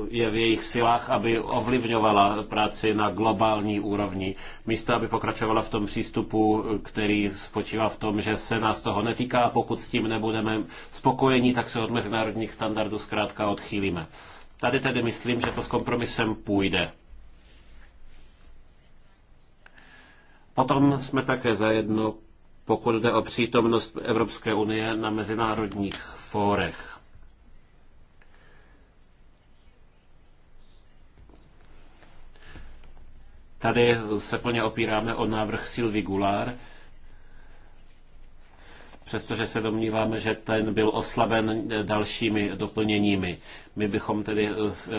je v jejich silách, aby ovlivňovala práci na globální úrovni. Místo, aby pokračovala v tom přístupu, který spočívá v tom, že se nás toho netýká, pokud s tím nebudeme spokojení, tak se od mezinárodních standardů zkrátka odchýlíme. Tady tedy myslím, že to s kompromisem půjde. Potom jsme také zajedno pokud jde o přítomnost Evropské unie na mezinárodních fórech. Tady se plně opíráme o návrh Silvi Gular. přestože se domníváme, že ten byl oslaben dalšími doplněními. My bychom tedy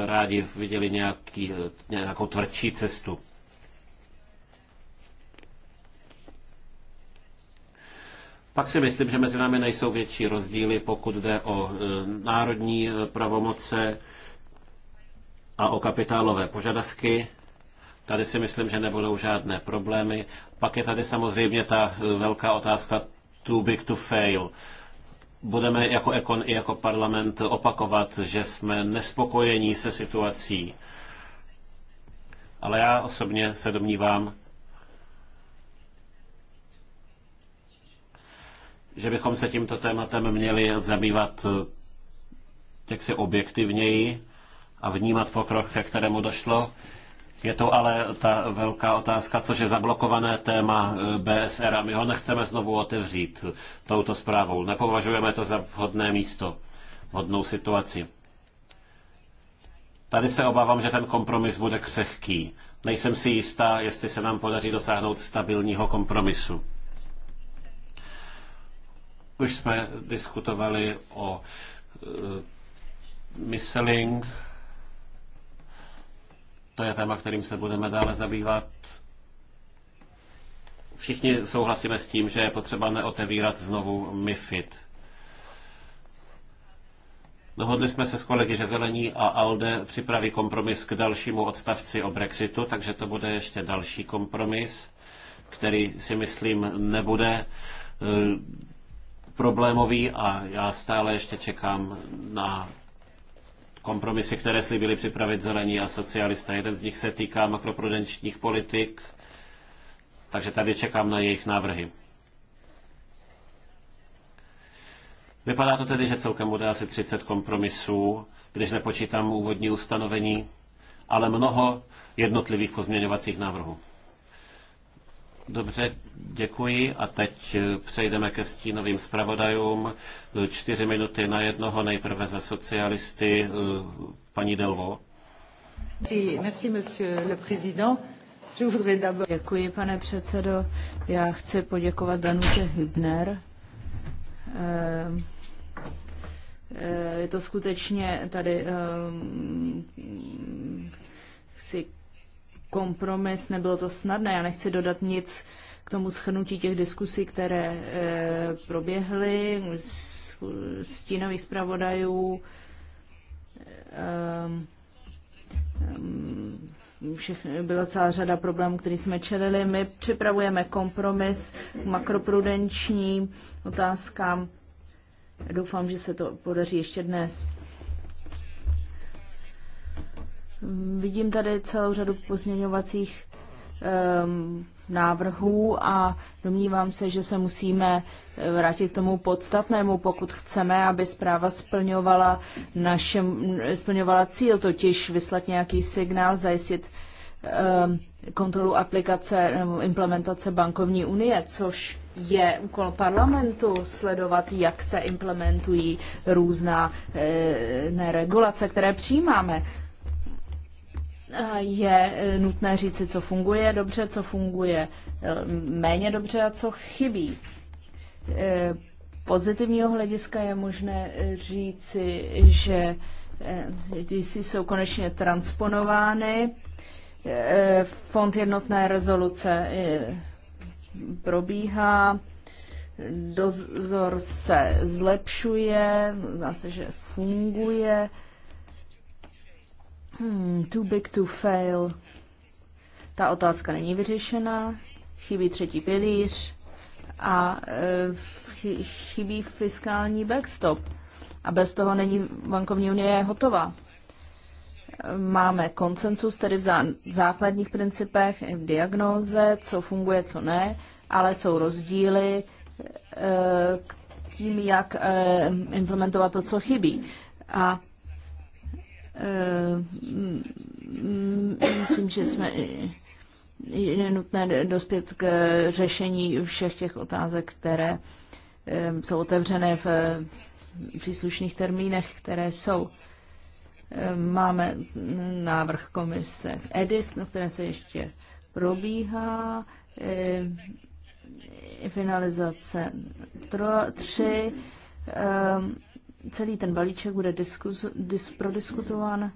rádi viděli nějaký, nějakou tvrdší cestu. Pak si myslím, že mezi námi nejsou větší rozdíly, pokud jde o e, národní e, pravomoce a o kapitálové požadavky. Tady si myslím, že nebudou žádné problémy. Pak je tady samozřejmě ta e, velká otázka too big to fail. Budeme jako Ekon i jako parlament opakovat, že jsme nespokojení se situací. Ale já osobně se domnívám, že bychom se tímto tématem měli zabývat eh, jaksi objektivněji a vnímat pokrok, ke kterému došlo. Je to ale ta velká otázka, což je zablokované téma eh, BSR a my ho nechceme znovu otevřít touto zprávou. Nepovažujeme to za vhodné místo, vhodnou situaci. Tady se obávám, že ten kompromis bude křehký. Nejsem si jistá, jestli se nám podaří dosáhnout stabilního kompromisu. Už jsme diskutovali o eh, Misseling. To je téma, kterým se budeme dále zabývat. Všichni souhlasíme s tím, že je potřeba neotevírat znovu MIFID. Dohodli jsme se s kolegy, že Zelení a ALDE připraví kompromis k dalšímu odstavci o Brexitu, takže to bude ještě další kompromis, který si myslím nebude eh, problémový a já stále ještě čekám na kompromisy, které slibili připravit zelení a socialista. Jeden z nich se týká makroprudenčních politik, takže tady čekám na jejich návrhy. Vypadá to tedy, že celkem bude asi 30 kompromisů, když nepočítám úvodní ustanovení, ale mnoho jednotlivých pozměňovacích návrhů. Dobře, děkuji a teď eh, přejdeme ke stínovým zpravodajům. Čtyři minuty na jednoho, nejprve za socialisty, eh, paní Delvo. Děkuji, pane předsedo. Já chci poděkovat Danuše Hübner. Eh, je to skutečně tady ehm, chci kompromis, nebylo to snadné. Já nechci dodat nic k tomu schrnutí těch diskusí, které e, proběhly s, tínových zpravodajů, e, byla celá řada problémů, který jsme čelili. My připravujeme kompromis k makroprudenčním otázkám. Doufám, že se to podaří ještě dnes. Vidím tady celou řadu pozměňovacích um, návrhů a domnívám se, že se musíme eh, vrátit k tomu podstatnému, pokud chceme, aby zpráva splňovala, naše, splňovala cíl, totiž vyslat nějaký signál, zajistit um, kontrolu aplikace nebo implementace bankovní unie, což je úkol parlamentu sledovat, jak se implementují různá e, regulace, které přijímáme je e, nutné říci, co funguje dobře, co funguje e, méně dobře a co chybí. E, pozitivního hlediska je možné říci, že DC jsou konečně transponovány. Fond jednotné rezoluce probíhá, dozor se zlepšuje, zase, že funguje. Hmm, too big to fail. Ta otázka není vyřešena. Chybí třetí pilíř a eh, chybí fiskální backstop. A bez toho není bankovní unie hotová. Máme konsensus tedy v zá, základních principech, v diagnóze, co funguje, co ne, ale jsou rozdíly e, k tím, jak e, implementovat to, co chybí. A Eh, mm, mm, mm, myslím, že jsme eh, je nutné dospět k řešení všech těch otázek, které eh, jsou otevřené v příslušných termínech, které jsou. Máme návrh komise EDIS, na které se ještě probíhá finalizace 3, celý ten balíček bude diskus, dis, prodiskutován.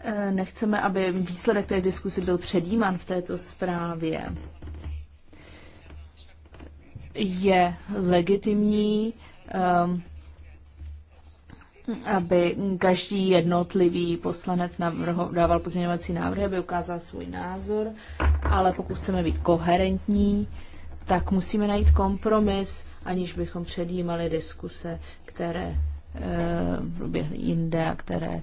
Eh, nechceme, aby výsledek té diskusy byl předjímán v této zprávě. Je legitimní, ehm, aby každý jednotlivý poslanec navrho, dával pozměňovací návrhy, aby ukázal svůj názor, ale pokud chceme být koherentní, tak musíme najít kompromis, aniž bychom předjímali diskuse, které eh, proběhly jinde a které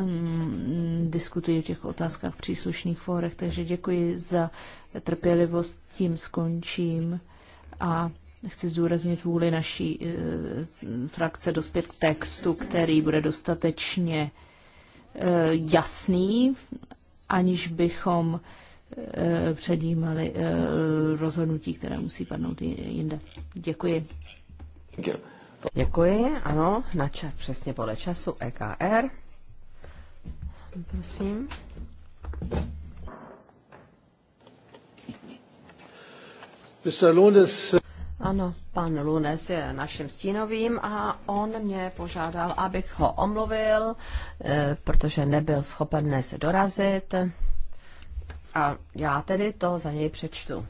um, diskutují o těch otázkách v příslušných fórech. Takže děkuji za trpělivost, tím skončím a chci zdůraznit vůli naší eh, frakce dospět k textu, který bude dostatečně jasný, aniž bychom Eh, předjímali eh, rozhodnutí, které musí padnout jinde. Děkuji. Děkuji, ano, na čas, přesně podle času EKR. Prosím. Mr. Lunes. Ano, pan Lunes je naším stínovým a on mě požádal, abych ho omluvil, eh, protože nebyl schopen dnes dorazit a já tedy to za něj přečtu.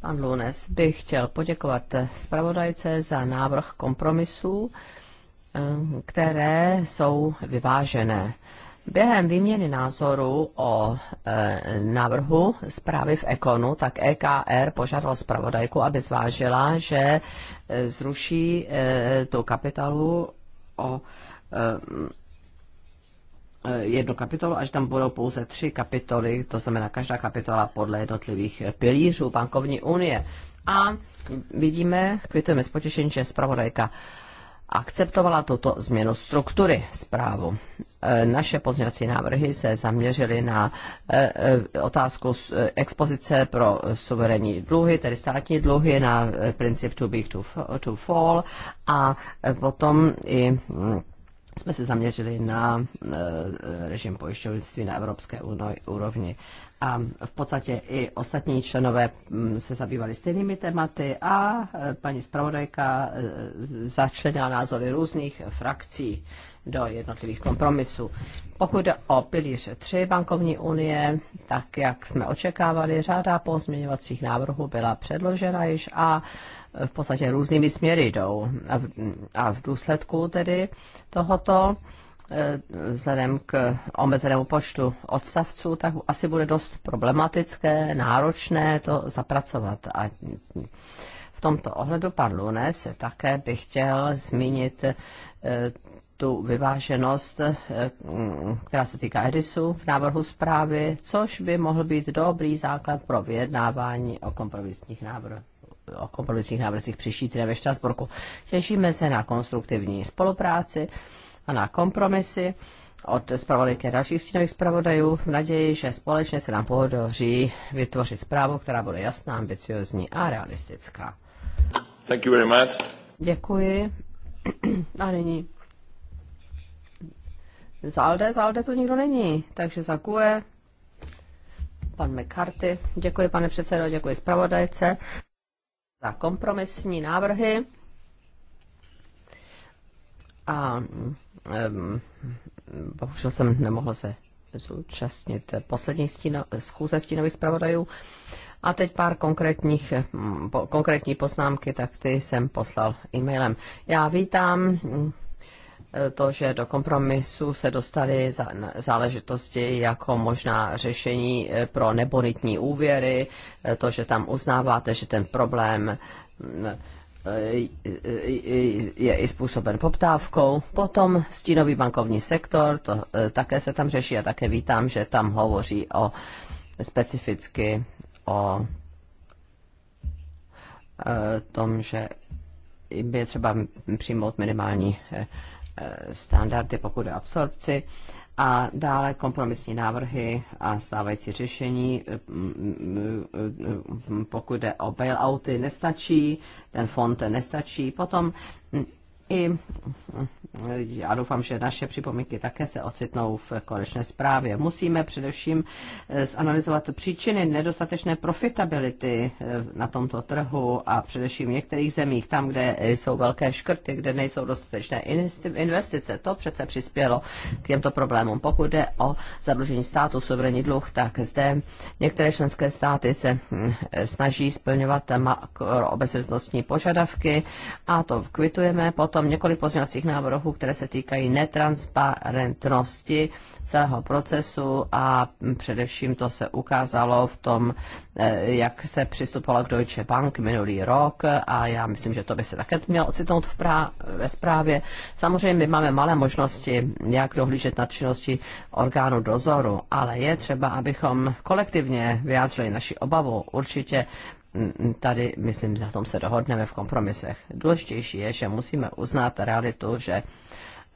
Pan Lunes bych chtěl poděkovat zpravodajce za návrh kompromisů, eh, které jsou vyvážené. Během výměny názoru o e, návrhu zprávy v Ekonu, tak EKR požádal zpravodajku, aby zvážila, že eh, zruší e, tu kapitalu o e, Eh, jednu kapitolu a že tam budou pouze tři kapitoly, to znamená každá kapitola podle jednotlivých pilířů bankovní unie. A vidíme, kvitujeme s potěšením, že zpravodajka akceptovala tuto změnu struktury zprávu. Eh, naše pozměňovací návrhy se zaměřily na eh, otázku expozice pro suverénní dluhy, tedy státní dluhy, na princip too big to, to fall a potom i mm, jsme se zaměřili na e, e, režim pojišťovnictví na evropské úrovni. A v podstatě i ostatní členové mm, se zabývali stejnými tématy a e, paní zpravodajka začlenila názory různých frakcí do jednotlivých kompromisů. Pokud jde o pilíř 3 bankovní unie, tak jak jsme očekávali, řada pozměňovacích návrhů byla předložena již a v podstatě různými směry jdou. A v, a v důsledku tedy tohoto eh, vzhledem k omezenému počtu odstavců, tak asi bude dost problematické, náročné to zapracovat. A v tomto ohledu pan Lunes také bych chtěl zmínit eh, tu vyváženost, eh, která se týká Edisu v návrhu zprávy, což by mohl být dobrý základ pro vyjednávání o kompromisních návrhů o kompromisních návrzích příští týden ve Štrasburku. Těšíme se na konstruktivní spolupráci a na kompromisy od zpravodajky dalších stínových zpravodajů v naději, že společně se nám pohodoří vytvořit zprávu, která bude jasná, ambiciozní a realistická. Thank you very much. Děkuji. A nyní Zalde, Zalde tu nikdo není, takže zakuje. pan McCarthy. Děkuji, pane předsedo, děkuji zpravodajce za kompromisní návrhy. A um, bohužel jsem nemohl se zúčastnit poslední stíno, schůze stínových zpravodajů. A teď pár konkrétních, mm, po, konkrétní poznámky, tak ty jsem poslal e-mailem. Já vítám to, že do kompromisu se dostaly záležitosti jako možná řešení eh, pro nebonitní úvěry, eh, to, že tam uznáváte, že ten problém mm, eh, je i způsoben poptávkou. Potom stínový bankovní sektor, to také se tam řeší a také vítám, že tam hovoří o specificky o tom, že by je třeba přijmout minimální standardy, pokud je absorpci a dále kompromisní návrhy a stávající řešení, pokud jde o bailouty, nestačí, ten fond nestačí. Potom i já doufám, že naše připomínky také se ocitnou v konečné zprávě. Musíme především eh, zanalizovat příčiny nedostatečné profitability eh, na tomto trhu a především v některých zemích, tam, kde jsou velké škrty, kde nejsou dostatečné investice. To přece přispělo k těmto problémům. Pokud jde o zadlužení státu, suverénní dluh, tak zde některé členské státy se hm, snaží splňovat obezřetnostní požadavky a to kvitujeme. Potom potom několik pozměňovacích návrhů, které se týkají netransparentnosti celého procesu a především to se ukázalo v tom, eh, jak se přistupovalo k Deutsche Bank minulý rok a já myslím, že to by se také mělo ocitnout v prá- ve zprávě. Samozřejmě my máme malé možnosti, jak dohlížet na činnosti orgánu dozoru, ale je třeba, abychom kolektivně vyjádřili naši obavu. Určitě tady, myslím, na tom se dohodneme v kompromisech. Důležitější je, že musíme uznat realitu, že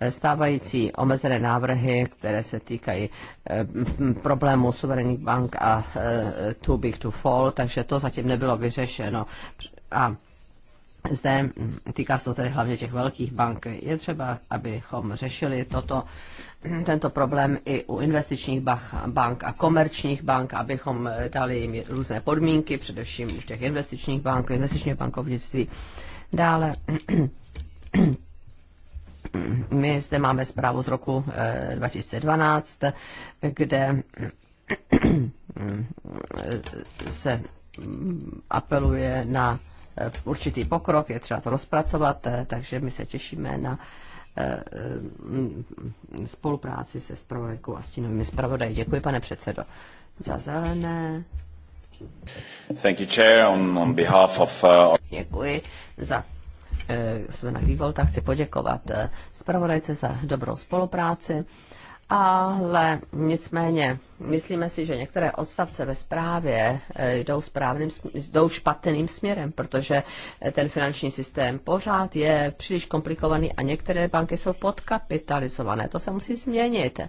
stávající omezené návrhy, které se týkají eh, problému suverénních bank a eh, too big to fall, takže to zatím nebylo vyřešeno. A zde týká se to tedy hlavně těch velkých bank. Je třeba, abychom řešili toto tento problém i u investičních bank a komerčních bank, abychom eh, dali jim různé podmínky, především u těch investičních bank, investičního bankovnictví. Dále my zde máme zprávu z roku 2012, eh, kde eh, se apeluje na určitý pokrok, je třeba to rozpracovat, takže my se těšíme na Eh, eh, spolupráci se spravodajkou a stínovými zpravodaji. Děkuji, pane předsedo. Za zelené. Thank you, chair. On, on behalf of, uh... Děkuji za eh, Svena Vývolta chci poděkovat zpravodajce za dobrou spolupráci ale nicméně myslíme si, že některé odstavce ve zprávě eh, jdou, správným, jdou špatným směrem, protože eh, ten finanční systém pořád je příliš komplikovaný a některé banky jsou podkapitalizované. To se musí změnit.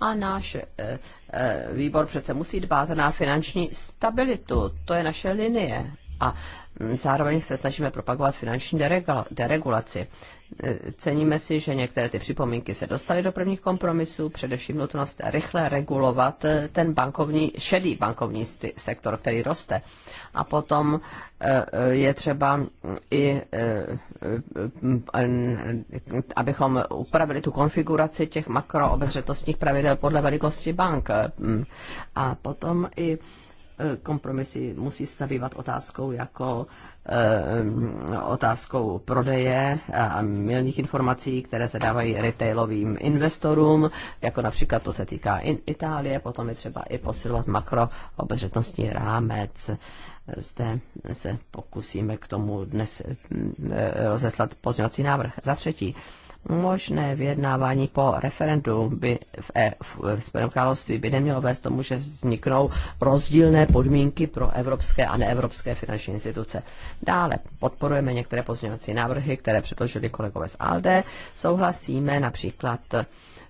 A náš eh, výbor přece musí dbát na finanční stabilitu. To je naše linie a zároveň se snažíme propagovat finanční deregulaci. Ceníme si, že některé ty připomínky se dostaly do prvních kompromisů, především nutnost rychle regulovat eh, ten bankovní, šedý bankovní sektor, který roste. A potom eh, eh, je třeba i, abychom upravili tu konfiguraci těch makroobezřetostních pravidel podle velikosti bank. A potom i Eh, kompromisy musí stavívat otázkou jako eh, otázkou prodeje a milních informací, které se dávají retailovým investorům, jako například to se týká Itálie, potom je třeba i posilovat makroobezřetnostní rámec. Zde se pokusíme k tomu dnes eh, rozeslat pozměňovací návrh. Za třetí, možné vyjednávání po referendu by v, e, v, v Spojeném království by nemělo vést tomu, že vzniknou rozdílné podmínky pro evropské a neevropské finanční instituce. Dále podporujeme některé pozměňovací návrhy, které předložili kolegové z ALDE. Souhlasíme například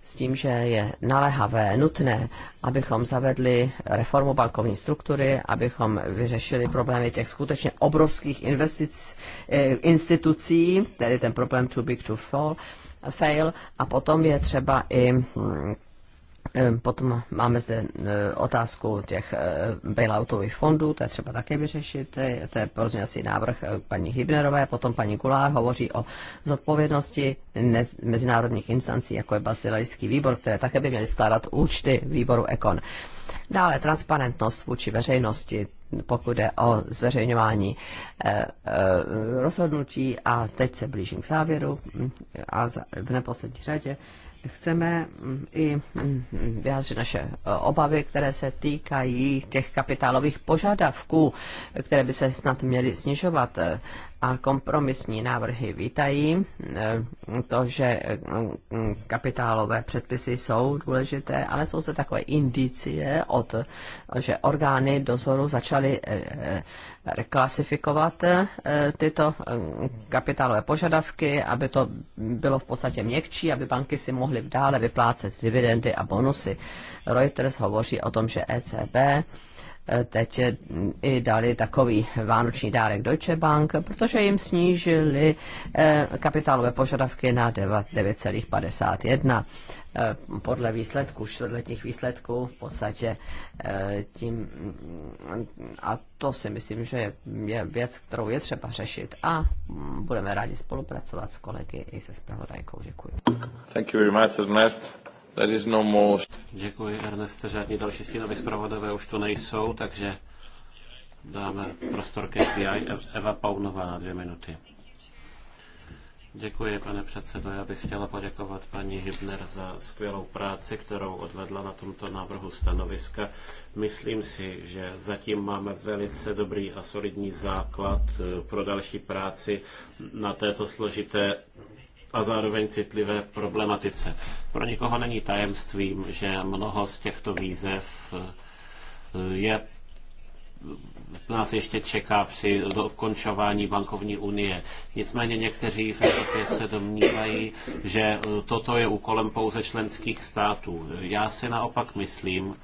s tím, že je naléhavé, nutné, abychom zavedli reformu bankovní struktury, abychom vyřešili problémy těch skutečně obrovských investic, eh, institucí, tedy ten problém too big to fall, fail a potom je třeba i mm, Potom máme zde otázku těch bailoutových fondů, to je třeba také vyřešit, to je pozměňovací návrh paní Hybnerové, potom paní Kulár hovoří o zodpovědnosti mezinárodních instancí, jako je Basilejský výbor, které také by měly skládat účty výboru EKON. Dále transparentnost vůči veřejnosti, pokud jde o zveřejňování eh, eh, rozhodnutí a teď se blížím k závěru hm, a v neposlední řadě chceme mm, i mm, vyjádřit naše e, obavy, které se týkají těch kapitálových požadavků, které by se snad měly snižovat a kompromisní návrhy vítají. E, to, že e, kapitálové předpisy jsou důležité, ale jsou se takové indicie, od, že orgány dozoru začaly e, reklasifikovat tyto kapitálové požadavky, aby to bylo v podstatě měkčí, aby banky si mohly dále vyplácet dividendy a bonusy. Reuters hovoří o tom, že ECB teď i dali takový vánoční dárek Deutsche Bank, protože jim snížili eh, kapitálové požadavky na 9,51 eh, podle výsledků, čtvrtletních výsledků v podstatě eh, tím, a to si myslím, že je věc, kterou je třeba řešit a budeme rádi spolupracovat s kolegy i se spravodajkou. Děkuji. Thank you very much. There is no more. Děkuji, Erneste. Žádní další stínové zpravodové už tu nejsou, takže dáme prostor ke FBI. E- Eva Paunová na dvě minuty. Děkuji, pane předsedo. Já bych chtěla poděkovat paní Hybner za skvělou práci, kterou odvedla na tomto návrhu stanoviska. Myslím si, že zatím máme velice dobrý a solidní základ eh, pro další práci na této složité a zároveň citlivé problematice. Pro nikoho není tajemstvím, že mnoho z těchto výzev eh, je nás ještě čeká při dokončování bankovní unie. Nicméně někteří v Evropě se domnívají, že eh, toto je úkolem pouze členských států. Já si naopak myslím,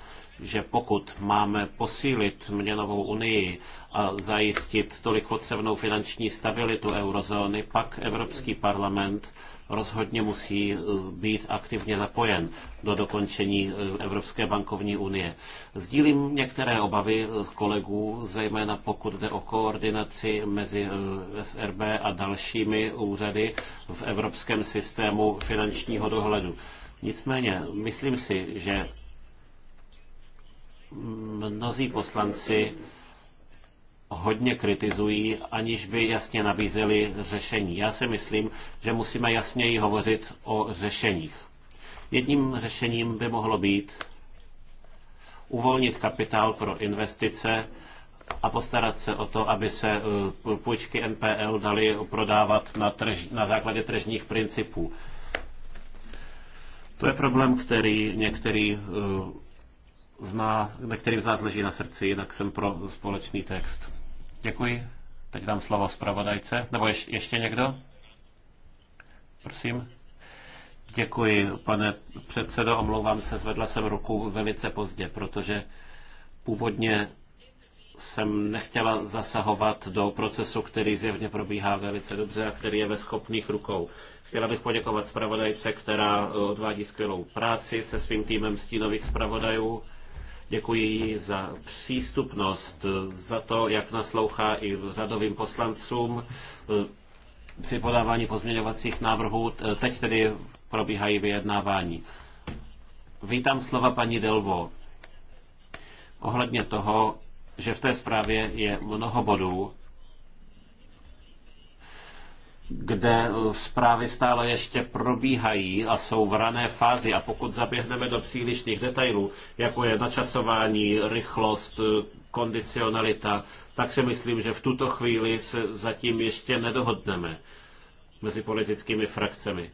že pokud máme posílit měnovou unii a zajistit tolik potřebnou finanční stabilitu eurozóny, pak Evropský parlament rozhodně musí e, být aktivně zapojen do dokončení e, Evropské bankovní unie. Sdílím některé obavy e, kolegů, zejména pokud jde o koordinaci mezi SRB a dalšími úřady v evropském systému finančního dohledu. Nicméně, myslím si, že mnozí poslanci hodně kritizují, aniž by jasně nabízeli řešení. Já si myslím, že musíme jasněji hovořit o řešeních. Jedním řešením by mohlo být uvolnit kapitál pro investice a postarat se o to, aby se eh, půjčky NPL daly prodávat na, trž, na základě tržních principů. To je problém, který některý eh, zná, na kterým z nás leží na srdci, jinak jsem pro společný text. Děkuji. Teď dám slovo zpravodajce. Nebo ješ, ještě někdo? Prosím. Děkuji, pane předsedo. Omlouvám se, zvedla jsem ruku velice pozdě, protože původně jsem nechtěla zasahovat do procesu, který zjevně probíhá velice dobře a který je ve schopných rukou. Chtěla bych poděkovat zpravodajce, která odvádí skvělou práci se svým týmem stínových zpravodajů Děkuji jí za přístupnost, za to, jak naslouchá i řadovým poslancům eh, při podávání pozměňovacích návrhů. Eh, teď tedy probíhají vyjednávání. Vítám slova paní Delvo ohledně toho, že v té zprávě je mnoho bodů, kde eh, zprávy stále ještě probíhají a jsou v rané fázi. A pokud zaběhneme do přílišných detailů, jako je načasování, rychlost, eh, kondicionalita, tak si myslím, že v tuto chvíli se zatím ještě nedohodneme mezi politickými frakcemi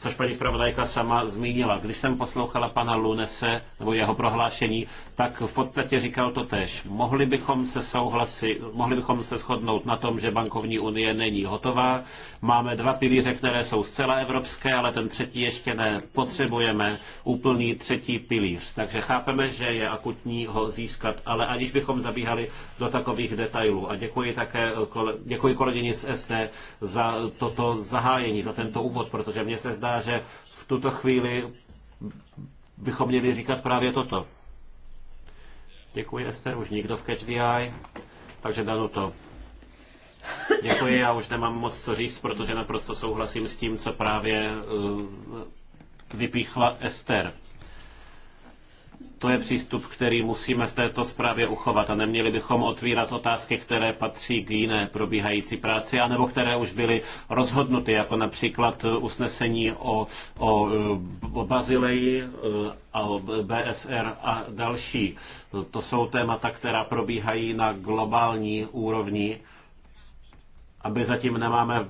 což paní zpravodajka sama zmínila. Když jsem poslouchala pana Lunese nebo jeho prohlášení, tak v podstatě říkal to tež. Mohli bychom se souhlasit, mohli bychom se shodnout na tom, že bankovní unie není hotová. Máme dva pilíře, které jsou zcela evropské, ale ten třetí ještě ne. Potřebujeme úplný třetí pilíř. Takže chápeme, že je akutní ho získat, ale aniž bychom zabíhali do takových detailů. A děkuji také eh, děkuji kolegyni z SD za toto zahájení, za tento úvod, protože mně se zdá, znamená, že v tuto chvíli bychom měli říkat právě toto. Děkuji, Ester, už nikdo v Catch the Eye, takže danu to. Děkuji, já už nemám moc co říct, protože naprosto souhlasím s tím, co právě eh, vypíchla Ester. To je přístup, který musíme v této zprávě uchovat a neměli bychom otvírat otázky, které patří k jiné probíhající práci, anebo které už byly rozhodnuty, jako například usnesení o, o, o Bazileji e, a BSR a další. To jsou témata, která probíhají na globální úrovni, aby zatím nemáme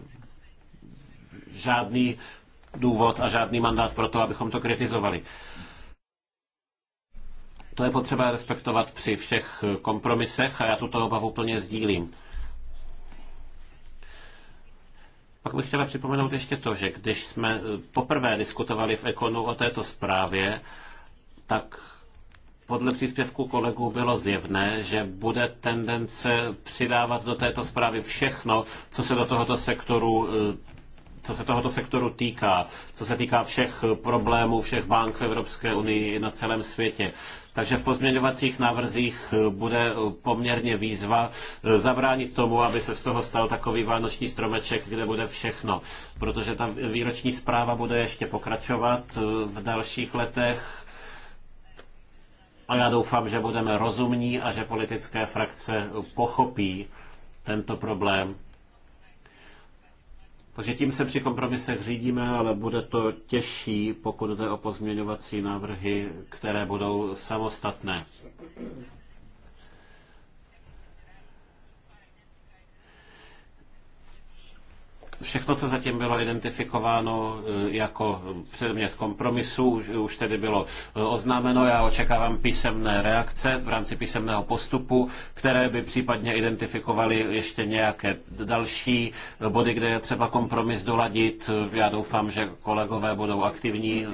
žádný důvod a žádný mandát pro to, abychom to kritizovali. To je potřeba respektovat při všech eh, kompromisech a já tuto obavu plně sdílím. Pak bych chtěla připomenout ještě to, že když jsme eh, poprvé diskutovali v Ekonu o této zprávě, tak podle příspěvku kolegů bylo zjevné, že bude tendence přidávat do této zprávy všechno, co se do tohoto sektoru eh, co se tohoto sektoru týká, co se týká všech problémů všech bank v Evropské unii i na celém světě. Takže v pozměňovacích návrzích bude poměrně výzva eh, zabránit tomu, aby se z toho stal takový vánoční stromeček, kde bude všechno. Protože ta výroční zpráva bude ještě pokračovat eh, v dalších letech. A já doufám, že budeme rozumní a že politické frakce pochopí tento problém takže tím se při kompromisech řídíme, ale bude to těžší, pokud jde o pozměňovací návrhy, které budou samostatné. Všechno, co zatím bylo identifikováno e, jako předmět kompromisu, už, tedy bylo e, oznámeno. Já očekávám písemné reakce v rámci písemného postupu, které by případně identifikovaly ještě nějaké další e, body, kde je třeba kompromis doladit. Já doufám, že kolegové budou aktivní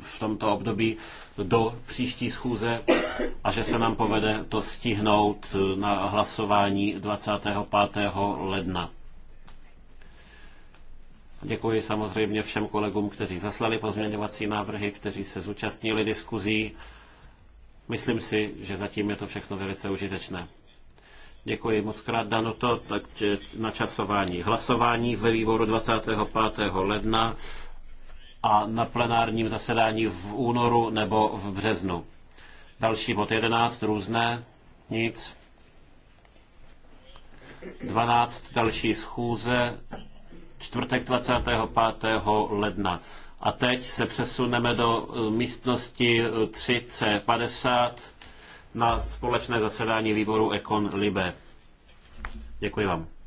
v tomto období do příští schůze a že se nám povede to stihnout na hlasování 25. ledna. Děkuji samozřejmě všem kolegům, kteří zaslali pozměňovací návrhy, kteří se zúčastnili diskuzí. Myslím si, že zatím je to všechno velice užitečné. Děkuji moc krát, Dano, to, takže načasování. Hlasování ve výboru 25. ledna a na plenárním zasedání v únoru nebo v březnu. Další bod 11, různé, nic. 12, další schůze čtvrtek 25. ledna. A teď se přesuneme do eh, místnosti 3C50 eh, na společné zasedání výboru Econ Libe. Děkuji vám.